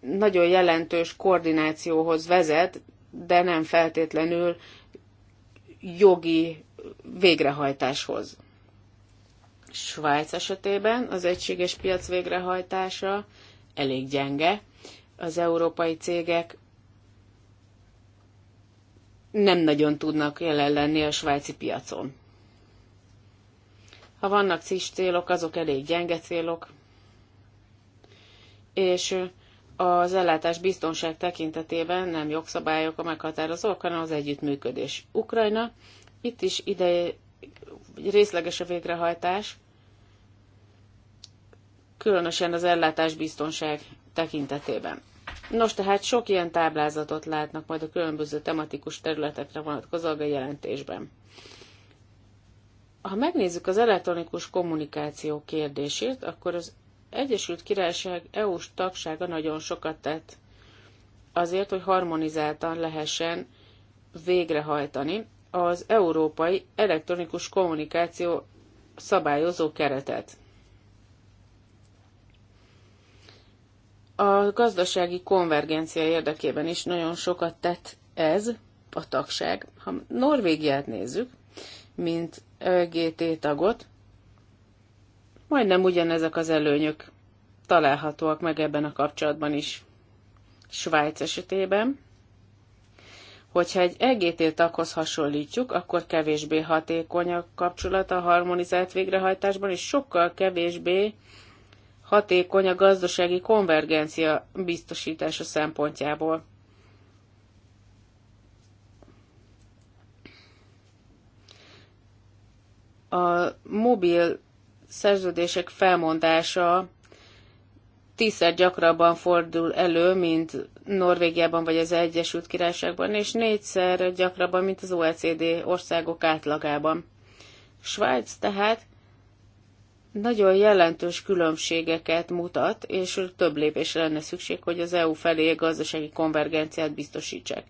nagyon jelentős koordinációhoz vezet, de nem feltétlenül jogi végrehajtáshoz. Svájc esetében az egységes piac végrehajtása elég gyenge. Az európai cégek nem nagyon tudnak jelen lenni a svájci piacon. Ha vannak CIS célok, azok elég gyenge célok, és az ellátás biztonság tekintetében nem jogszabályok a meghatározók, hanem az együttműködés. Ukrajna, itt is ideje részleges a végrehajtás, különösen az ellátásbiztonság tekintetében. Nos, tehát sok ilyen táblázatot látnak majd a különböző tematikus területekre vonatkozóan a jelentésben. Ha megnézzük az elektronikus kommunikáció kérdését, akkor az Egyesült Királyság EU-s tagsága nagyon sokat tett azért, hogy harmonizáltan lehessen végrehajtani az európai elektronikus kommunikáció szabályozó keretet. A gazdasági konvergencia érdekében is nagyon sokat tett ez, a tagság. Ha Norvégiát nézzük, mint GT tagot, majdnem ugyanezek az előnyök találhatóak meg ebben a kapcsolatban is. Svájc esetében, hogyha egy EGT taghoz hasonlítjuk, akkor kevésbé hatékony a kapcsolat a harmonizált végrehajtásban, és sokkal kevésbé hatékony a gazdasági konvergencia biztosítása szempontjából. A mobil szerződések felmondása tízszer gyakrabban fordul elő, mint Norvégiában vagy az Egyesült Királyságban, és négyszer gyakrabban, mint az OECD országok átlagában. Svájc tehát nagyon jelentős különbségeket mutat, és több lépésre lenne szükség, hogy az EU felé gazdasági konvergenciát biztosítsák.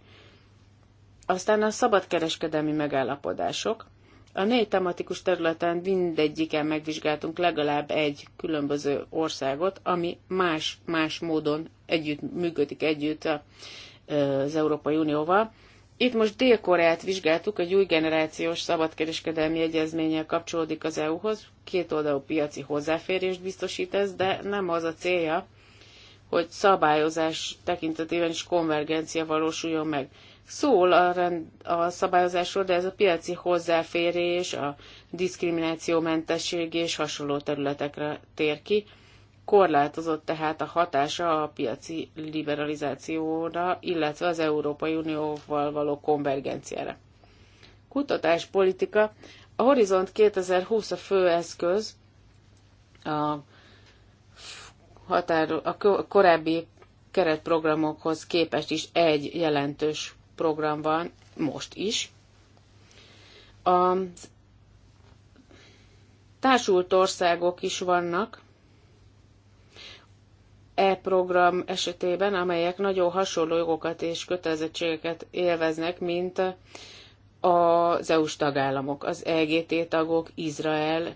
Aztán a szabadkereskedelmi megállapodások. A négy tematikus területen mindegyiken megvizsgáltunk legalább egy különböző országot, ami más-más módon együtt működik együtt az Európai Unióval. Itt most Dél-Koreát vizsgáltuk, egy új generációs szabadkereskedelmi egyezménnyel kapcsolódik az EU-hoz, kétoldalú piaci hozzáférést biztosít ez, de nem az a célja, hogy szabályozás tekintetében is konvergencia valósuljon meg. Szól a, rend, a szabályozásról, de ez a piaci hozzáférés, a diszkriminációmentesség és hasonló területekre tér ki, Korlátozott tehát a hatása a piaci liberalizációra, illetve az Európai Unióval való konvergenciára. Kutatáspolitika. A Horizont 2020 a fő eszköz a, határ, a korábbi keretprogramokhoz képest is egy jelentős program van most is. A társult országok is vannak, e-program esetében, amelyek nagyon hasonló jogokat és kötelezettségeket élveznek, mint az EU-s tagállamok, az EGT tagok, Izrael,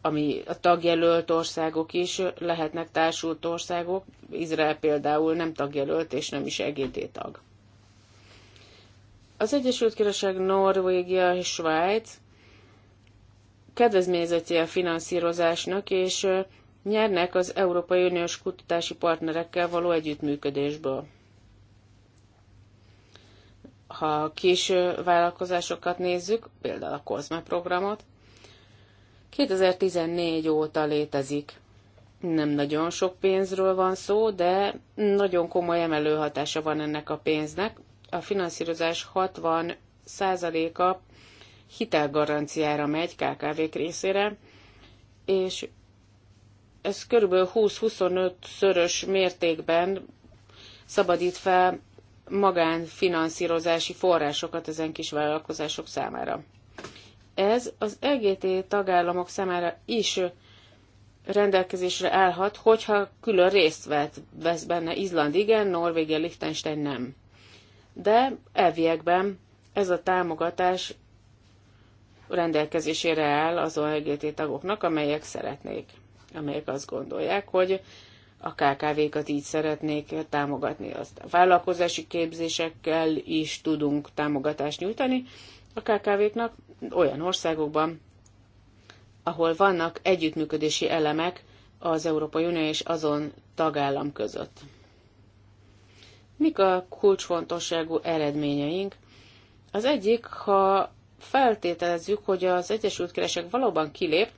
ami a tagjelölt országok is lehetnek társult országok, Izrael például nem tagjelölt és nem is EGT tag. Az Egyesült Királyság, Norvégia és Svájc kedvezményezetje a finanszírozásnak, és nyernek az Európai Uniós kutatási partnerekkel való együttműködésből. Ha kis vállalkozásokat nézzük, például a COSME programot, 2014 óta létezik. Nem nagyon sok pénzről van szó, de nagyon komoly emelő hatása van ennek a pénznek. A finanszírozás 60%-a hitelgaranciára megy KKV-k részére, és ez körülbelül 20-25 szörös mértékben szabadít fel magánfinanszírozási forrásokat ezen kis vállalkozások számára. Ez az EGT tagállamok számára is rendelkezésre állhat, hogyha külön részt vett, vesz benne Izland igen, Norvégia, Liechtenstein nem. De elviekben ez a támogatás rendelkezésére áll az OLGT e tagoknak, amelyek szeretnék amelyek azt gondolják, hogy a KKV-kat így szeretnék támogatni. Azt a vállalkozási képzésekkel is tudunk támogatást nyújtani a KKV-knak olyan országokban, ahol vannak együttműködési elemek az Európai Unió és azon tagállam között. Mik a kulcsfontosságú eredményeink? Az egyik, ha feltételezzük, hogy az Egyesült Királyság valóban kilép,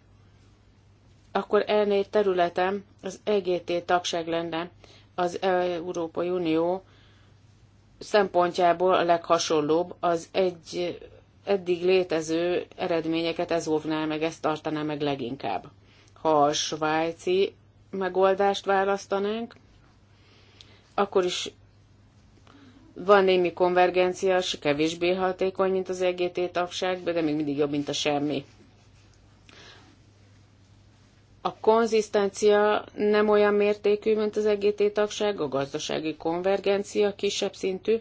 akkor ennél területen az EGT tagság lenne az Európai Unió szempontjából a leghasonlóbb, az egy eddig létező eredményeket ez óvná meg, ezt tartaná meg leginkább. Ha a svájci megoldást választanánk, akkor is van némi konvergencia, kevésbé hatékony, mint az EGT tagság, de még mindig jobb, mint a semmi a konzisztencia nem olyan mértékű, mint az EGT tagság, a gazdasági konvergencia kisebb szintű,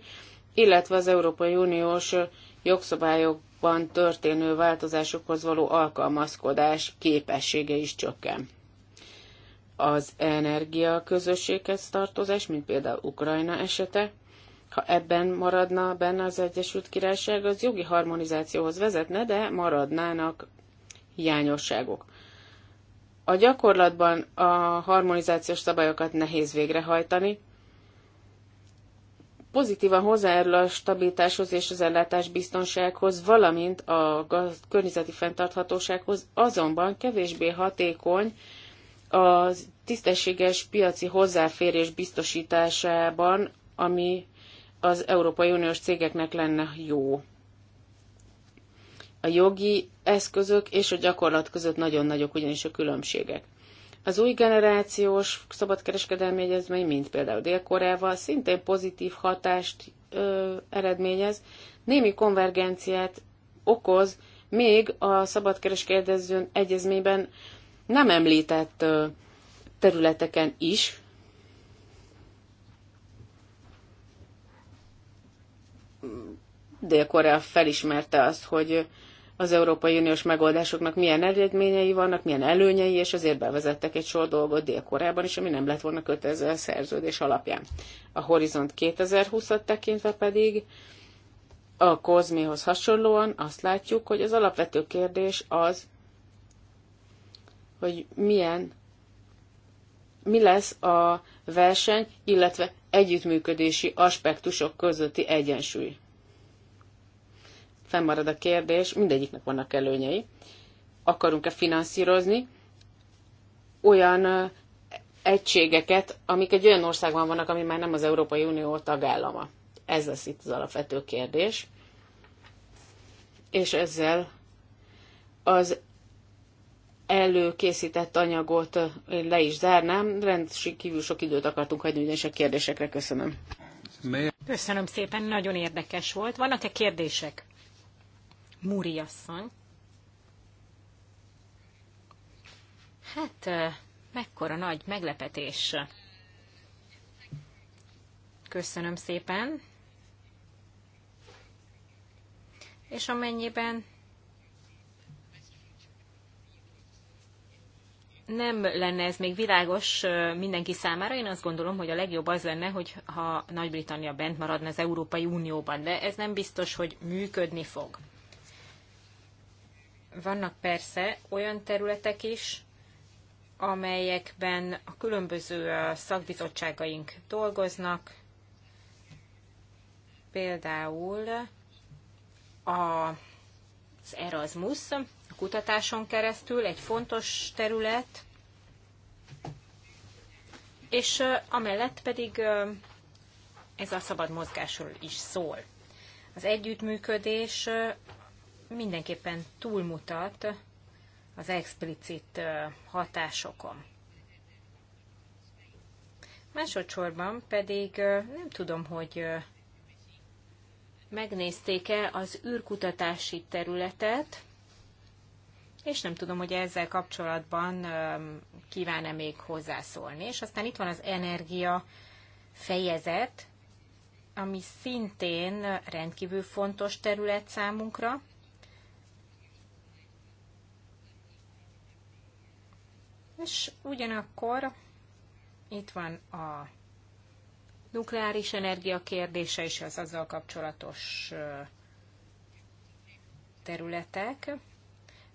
illetve az Európai Uniós jogszabályokban történő változásokhoz való alkalmazkodás képessége is csökken. Az energia közösséghez tartozás, mint például Ukrajna esete, ha ebben maradna benne az Egyesült Királyság, az jogi harmonizációhoz vezetne, de maradnának hiányosságok. A gyakorlatban a harmonizációs szabályokat nehéz végrehajtani. Pozitívan hozzájárul a stabilitáshoz és az ellátás biztonsághoz, valamint a környezeti fenntarthatósághoz, azonban kevésbé hatékony a tisztességes piaci hozzáférés biztosításában, ami az Európai Uniós cégeknek lenne jó. A jogi eszközök és a gyakorlat között nagyon nagyok ugyanis a különbségek. Az új generációs szabadkereskedelmi egyezmény, mint például Dél-Koreával, szintén pozitív hatást ö, eredményez, némi konvergenciát okoz, még a szabadkereskedelmi egyezményben nem említett ö, területeken is. Dél-Korea felismerte azt, hogy az Európai Uniós megoldásoknak milyen eredményei vannak, milyen előnyei, és azért bevezettek egy sor dolgot dél is, ami nem lett volna kötelező a szerződés alapján. A Horizont 2020-at tekintve pedig a Kozmihoz hasonlóan azt látjuk, hogy az alapvető kérdés az, hogy milyen, mi lesz a verseny, illetve együttműködési aspektusok közötti egyensúly fennmarad a kérdés, mindegyiknek vannak előnyei, akarunk-e finanszírozni olyan egységeket, amik egy olyan országban vannak, ami már nem az Európai Unió tagállama. Ez lesz itt az alapvető kérdés. És ezzel az előkészített anyagot le is zárnám. Rendszerűen kívül sok időt akartunk hagyni, és a kérdésekre köszönöm. Köszönöm szépen, nagyon érdekes volt. Vannak-e kérdések? Muri asszony. Hát, mekkora nagy meglepetés. Köszönöm szépen. És amennyiben nem lenne ez még világos mindenki számára, én azt gondolom, hogy a legjobb az lenne, hogy ha Nagy-Britannia bent maradna az Európai Unióban, de ez nem biztos, hogy működni fog. Vannak persze olyan területek is, amelyekben a különböző szakbizottságaink dolgoznak, például az Erasmus, a kutatáson keresztül egy fontos terület, és amellett pedig ez a szabad mozgásról is szól. Az együttműködés mindenképpen túlmutat az explicit hatásokon. Másodszorban pedig nem tudom, hogy megnézték-e az űrkutatási területet, és nem tudom, hogy ezzel kapcsolatban kíván-e még hozzászólni. És aztán itt van az energia fejezet, ami szintén rendkívül fontos terület számunkra. És ugyanakkor itt van a nukleáris energia kérdése és az azzal kapcsolatos területek.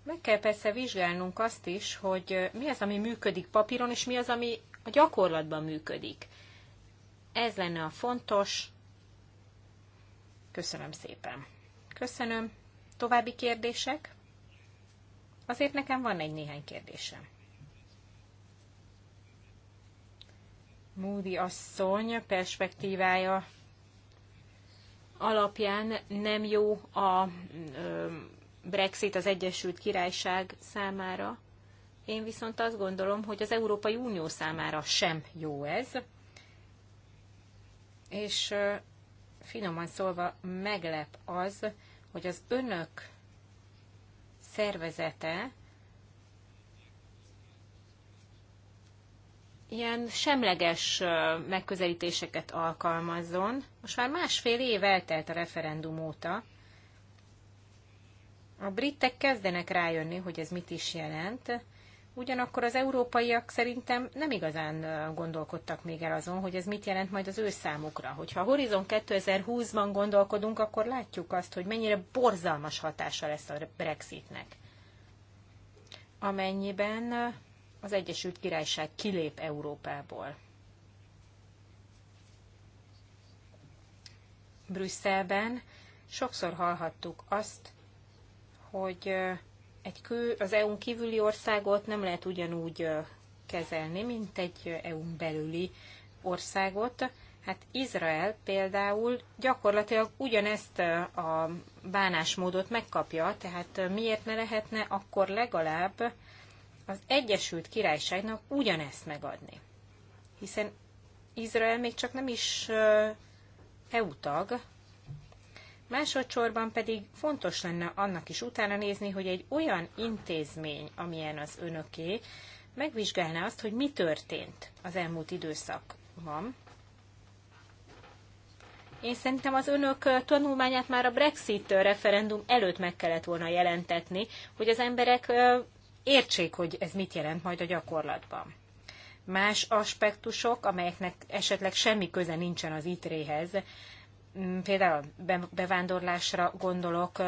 Meg kell persze vizsgálnunk azt is, hogy mi az, ami működik papíron, és mi az, ami a gyakorlatban működik. Ez lenne a fontos. Köszönöm szépen. Köszönöm. További kérdések? Azért nekem van egy néhány kérdésem. Moody asszony perspektívája alapján nem jó a Brexit az Egyesült Királyság számára. Én viszont azt gondolom, hogy az Európai Unió számára sem jó ez. És finoman szólva meglep az, hogy az önök szervezete ilyen semleges megközelítéseket alkalmazzon. Most már másfél év eltelt a referendum óta. A britek kezdenek rájönni, hogy ez mit is jelent, ugyanakkor az európaiak szerintem nem igazán gondolkodtak még el azon, hogy ez mit jelent majd az ő számukra. Hogyha a Horizon 2020-ban gondolkodunk, akkor látjuk azt, hogy mennyire borzalmas hatása lesz a Brexitnek. Amennyiben az Egyesült Királyság kilép Európából. Brüsszelben sokszor hallhattuk azt, hogy egy kül, az EU-n kívüli országot nem lehet ugyanúgy kezelni, mint egy EU-n belüli országot. Hát Izrael például gyakorlatilag ugyanezt a bánásmódot megkapja, tehát miért ne lehetne akkor legalább az Egyesült Királyságnak ugyanezt megadni. Hiszen Izrael még csak nem is EU tag, másodszorban pedig fontos lenne annak is utána nézni, hogy egy olyan intézmény, amilyen az önöké, megvizsgálná azt, hogy mi történt az elmúlt időszakban. Én szerintem az önök tanulmányát már a Brexit referendum előtt meg kellett volna jelentetni, hogy az emberek értsék, hogy ez mit jelent majd a gyakorlatban. Más aspektusok, amelyeknek esetleg semmi köze nincsen az ITRE-hez, mm, például a bevándorlásra gondolok,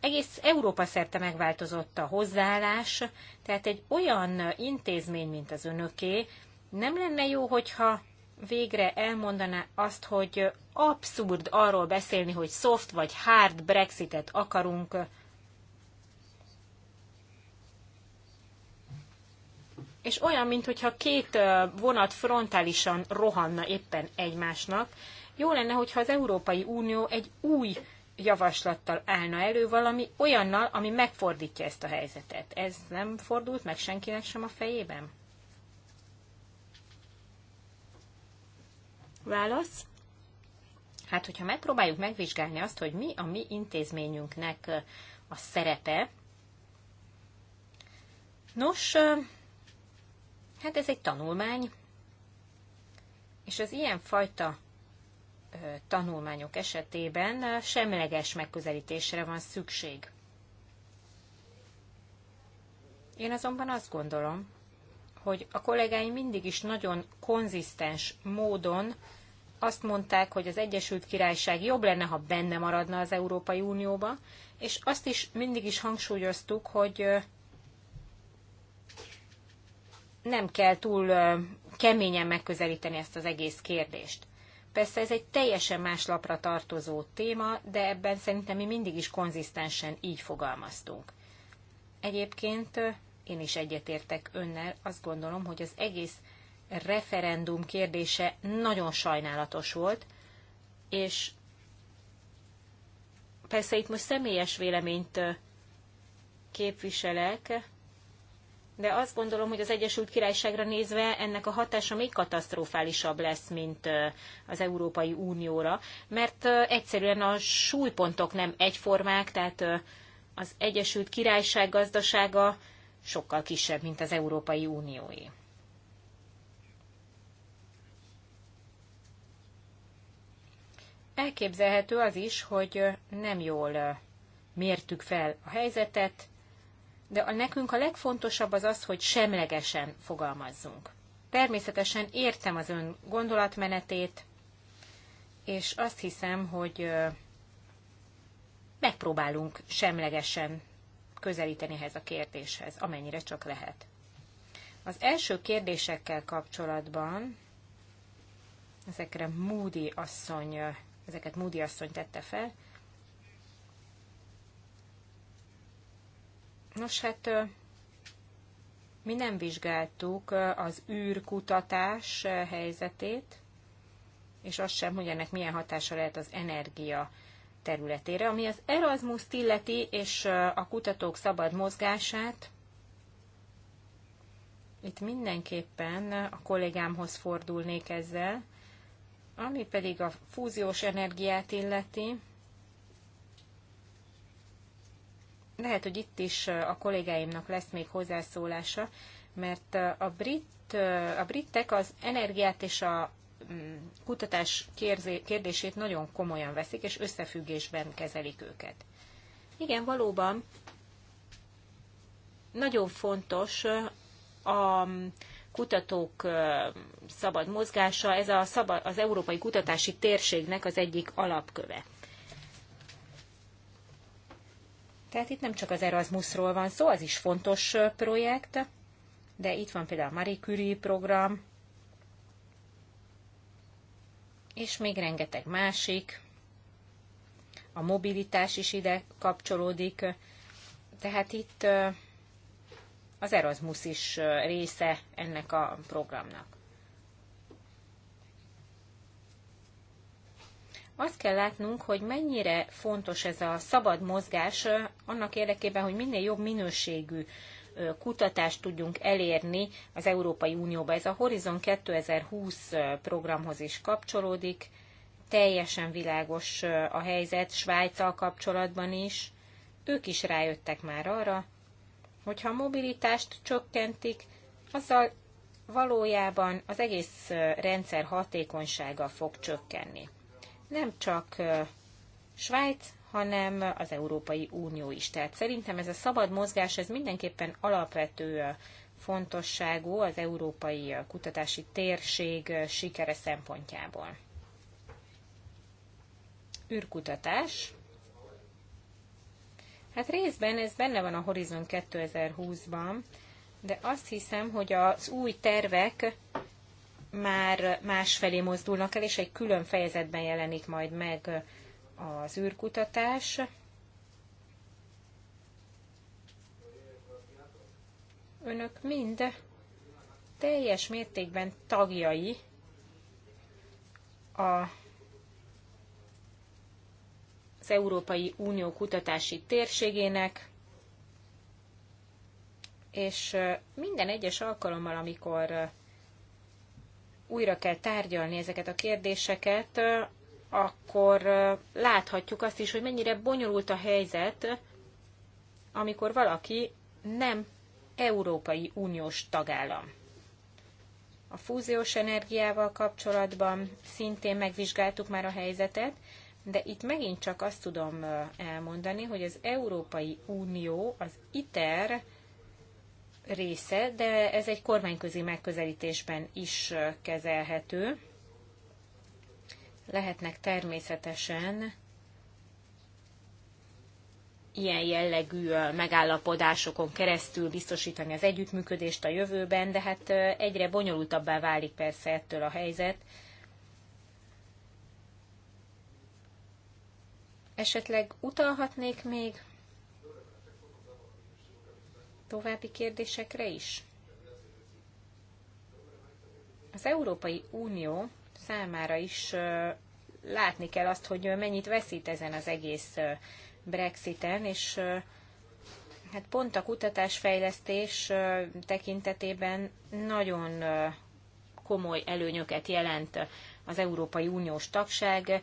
egész Európa szerte megváltozott a hozzáállás, tehát egy olyan intézmény, mint az önöké, nem lenne jó, hogyha végre elmondaná azt, hogy abszurd arról beszélni, hogy soft vagy hard Brexitet akarunk és olyan, mintha két vonat frontálisan rohanna éppen egymásnak. Jó lenne, hogyha az Európai Unió egy új javaslattal állna elő valami olyannal, ami megfordítja ezt a helyzetet. Ez nem fordult meg senkinek sem a fejében? Válasz? Hát, hogyha megpróbáljuk megvizsgálni azt, hogy mi a mi intézményünknek a szerepe, nos, Hát ez egy tanulmány, és az ilyen fajta tanulmányok esetében semleges megközelítésre van szükség. Én azonban azt gondolom, hogy a kollégáim mindig is nagyon konzisztens módon azt mondták, hogy az Egyesült Királyság jobb lenne, ha benne maradna az Európai Unióba, és azt is mindig is hangsúlyoztuk, hogy nem kell túl keményen megközelíteni ezt az egész kérdést. Persze ez egy teljesen más lapra tartozó téma, de ebben szerintem mi mindig is konzisztensen így fogalmaztunk. Egyébként én is egyetértek önnel, azt gondolom, hogy az egész referendum kérdése nagyon sajnálatos volt, és persze itt most személyes véleményt képviselek, de azt gondolom, hogy az Egyesült Királyságra nézve ennek a hatása még katasztrofálisabb lesz, mint az Európai Unióra, mert egyszerűen a súlypontok nem egyformák, tehát az Egyesült Királyság gazdasága sokkal kisebb, mint az Európai Unióé. Elképzelhető az is, hogy nem jól mértük fel a helyzetet, de a, nekünk a legfontosabb az az, hogy semlegesen fogalmazzunk. Természetesen értem az ön gondolatmenetét, és azt hiszem, hogy megpróbálunk semlegesen közelíteni ehhez a kérdéshez, amennyire csak lehet. Az első kérdésekkel kapcsolatban ezekre Moody asszony, ezeket Moody asszony tette fel, Nos, hát mi nem vizsgáltuk az űrkutatás helyzetét, és azt sem, hogy ennek milyen hatása lehet az energia területére, ami az Erasmus illeti és a kutatók szabad mozgását. Itt mindenképpen a kollégámhoz fordulnék ezzel, ami pedig a fúziós energiát illeti. Lehet, hogy itt is a kollégáimnak lesz még hozzászólása, mert a, brit, a britek az energiát és a mm, kutatás kérdését nagyon komolyan veszik, és összefüggésben kezelik őket. Igen, valóban nagyon fontos a mm, kutatók szabad mozgása, ez a szabad, az európai kutatási térségnek az egyik alapköve. Tehát itt nem csak az Erasmusról van szó, az is fontos projekt, de itt van például a Marie Curie program, és még rengeteg másik. A mobilitás is ide kapcsolódik, tehát itt az Erasmus is része ennek a programnak. azt kell látnunk, hogy mennyire fontos ez a szabad mozgás annak érdekében, hogy minél jobb minőségű kutatást tudjunk elérni az Európai Unióba. Ez a Horizon 2020 programhoz is kapcsolódik, teljesen világos a helyzet Svájccal kapcsolatban is. Ők is rájöttek már arra, hogyha a mobilitást csökkentik, azzal valójában az egész rendszer hatékonysága fog csökkenni nem csak Svájc, hanem az Európai Unió is. Tehát szerintem ez a szabad mozgás, ez mindenképpen alapvető fontosságú az európai kutatási térség sikere szempontjából. Őrkutatás. Hát részben ez benne van a Horizon 2020-ban, de azt hiszem, hogy az új tervek már másfelé mozdulnak el, és egy külön fejezetben jelenik majd meg az űrkutatás. Önök mind teljes mértékben tagjai a, az Európai Unió kutatási térségének, és minden egyes alkalommal, amikor újra kell tárgyalni ezeket a kérdéseket, akkor láthatjuk azt is, hogy mennyire bonyolult a helyzet, amikor valaki nem Európai Uniós tagállam. A fúziós energiával kapcsolatban szintén megvizsgáltuk már a helyzetet, de itt megint csak azt tudom elmondani, hogy az Európai Unió az ITER része, de ez egy kormányközi megközelítésben is kezelhető. Lehetnek természetesen ilyen jellegű megállapodásokon keresztül biztosítani az együttműködést a jövőben, de hát egyre bonyolultabbá válik persze ettől a helyzet. Esetleg utalhatnék még további kérdésekre is. Az Európai Unió számára is látni kell azt, hogy mennyit veszít ezen az egész Brexiten, és hát pont a kutatásfejlesztés tekintetében nagyon komoly előnyöket jelent az Európai Uniós tagság,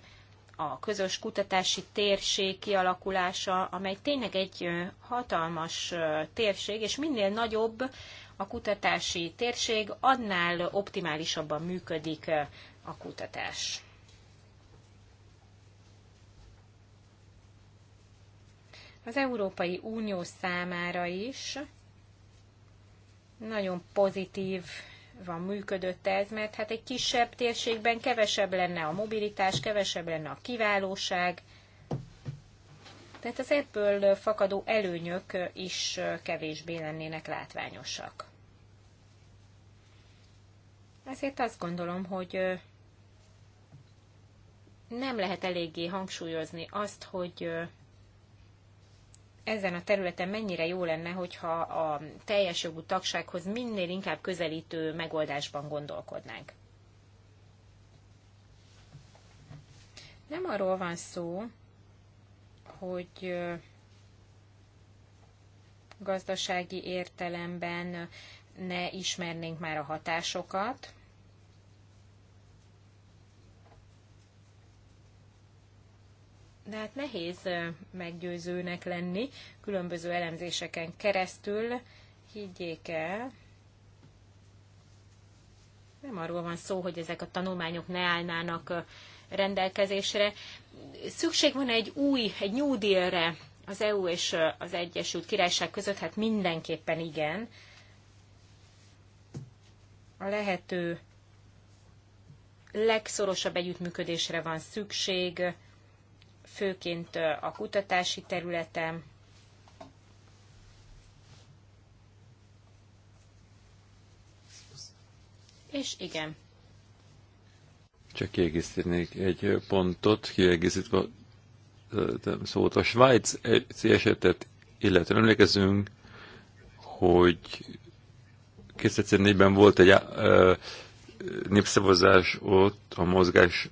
a közös kutatási térség kialakulása, amely tényleg egy hatalmas térség, és minél nagyobb a kutatási térség, annál optimálisabban működik a kutatás. Az Európai Unió számára is nagyon pozitív van működött ez, mert hát egy kisebb térségben kevesebb lenne a mobilitás, kevesebb lenne a kiválóság, tehát az ebből fakadó előnyök is kevésbé lennének látványosak. Ezért azt gondolom, hogy nem lehet eléggé hangsúlyozni azt, hogy ezen a területen mennyire jó lenne, hogyha a teljes jogú tagsághoz minél inkább közelítő megoldásban gondolkodnánk. Nem arról van szó, hogy gazdasági értelemben ne ismernénk már a hatásokat, de hát nehéz meggyőzőnek lenni különböző elemzéseken keresztül, higgyék el. Nem arról van szó, hogy ezek a tanulmányok ne állnának rendelkezésre. Szükség van egy új, egy New Deal-re az EU és az Egyesült Királyság között, hát mindenképpen igen. A lehető legszorosabb együttműködésre van szükség, főként a kutatási területem. És igen. Csak kiegészítenék egy pontot, kiegészítve szót. A Svájc esetet, illetve emlékezünk, hogy 2004-ben volt egy népszavazás ott a mozgás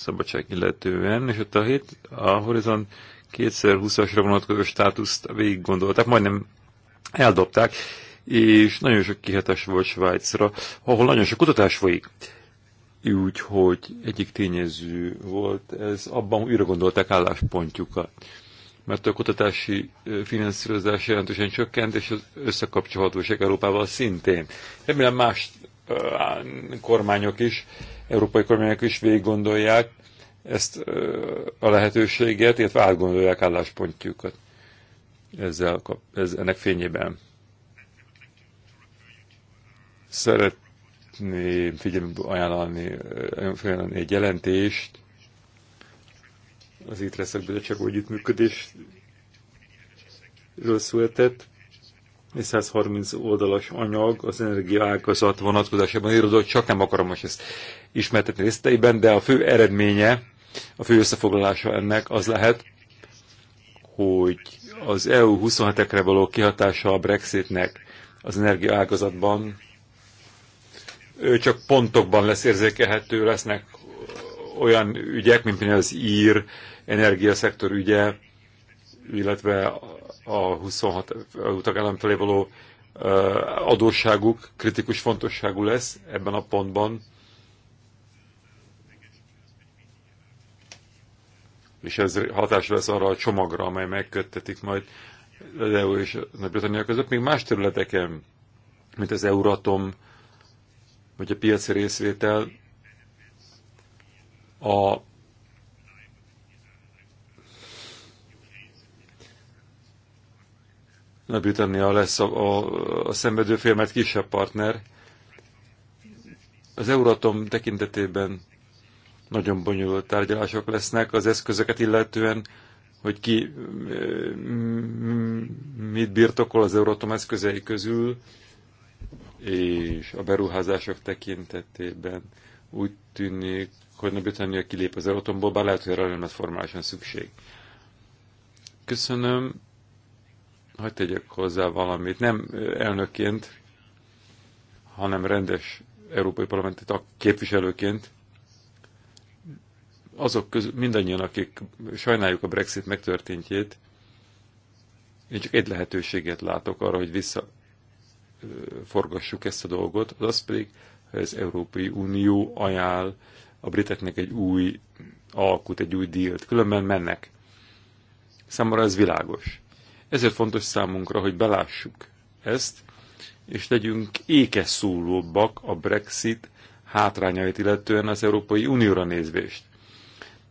szabadság illetően, és ott a, hét, a Horizon 2020-asra vonatkozó státuszt végig gondolták, majdnem eldobták, és nagyon sok kihetes volt Svájcra, ahol nagyon sok kutatás folyik. Úgyhogy egyik tényező volt ez, abban újra gondolták álláspontjukat. Mert a kutatási finanszírozás jelentősen csökkent, és az összekapcsolhatóság Európával szintén. Remélem más kormányok is európai kormányok is végig gondolják ezt a lehetőséget, illetve átgondolják álláspontjukat ezzel, ez, ennek fényében. Szeretném figyelembe ajánlani, ajánlani egy jelentést az itt ITRESZEK bizottságú együttműködésről született, 130 oldalas anyag az energiaágazat vonatkozásában írodott, csak nem akarom most ezt ismertetni részleteiben, de a fő eredménye, a fő összefoglalása ennek az lehet, hogy az EU 27-ekre való kihatása a Brexitnek az energiaágazatban csak pontokban lesz érzékelhető, lesznek olyan ügyek, mint például az ír energiaszektor ügye, illetve a 26 tagállam felé való adósságuk kritikus fontosságú lesz ebben a pontban. és ez hatás lesz arra a csomagra, amely megköttetik majd az EU és Nagy-Britannia között, még más területeken, mint az Euratom, vagy a piaci részvétel, a Nagy-Britannia lesz a, a, a szenvedőfél, mert kisebb partner. Az Euratom tekintetében nagyon bonyolult tárgyalások lesznek az eszközöket illetően, hogy ki mm, mit birtokol az Euratom eszközei közül, és a beruházások tekintetében úgy tűnik, hogy Nagy-Britannia kilép az Euratomból, bár lehet, hogy erre nem formálisan szükség. Köszönöm. Hogy tegyek hozzá valamit? Nem elnökként, hanem rendes európai parlamenti tag képviselőként azok közül mindannyian, akik sajnáljuk a Brexit megtörténtjét, én csak egy lehetőséget látok arra, hogy visszaforgassuk ezt a dolgot, az az pedig, ha az Európai Unió ajánl a briteknek egy új alkut, egy új dílt, különben mennek. Számomra ez világos. Ezért fontos számunkra, hogy belássuk ezt, és legyünk ékes szólóbbak a Brexit hátrányait illetően az Európai Unióra nézvést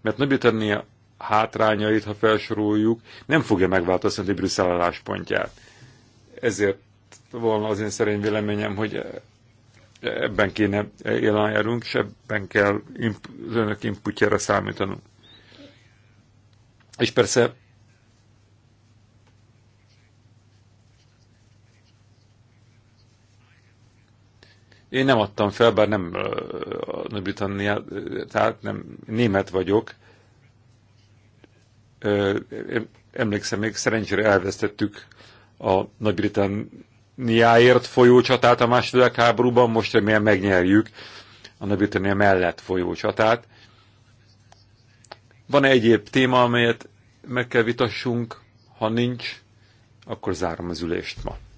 mert Nagy-Britannia hátrányait, ha felsoroljuk, nem fogja megváltoztatni Brüsszel álláspontját. Ezért volna az én szerény véleményem, hogy ebben kéne élájárunk, és ebben kell imp- az önök inputjára számítanunk. És persze Én nem adtam fel, bár nem Nagy-Britannia, tehát nem, német vagyok. Emlékszem, még szerencsére elvesztettük a Nagy-Britanniáért folyó csatát a második háborúban most remélem megnyerjük a Nagy-Britannia mellett folyó csatát. Van -e egyéb téma, amelyet meg kell vitassunk? Ha nincs, akkor zárom az ülést ma.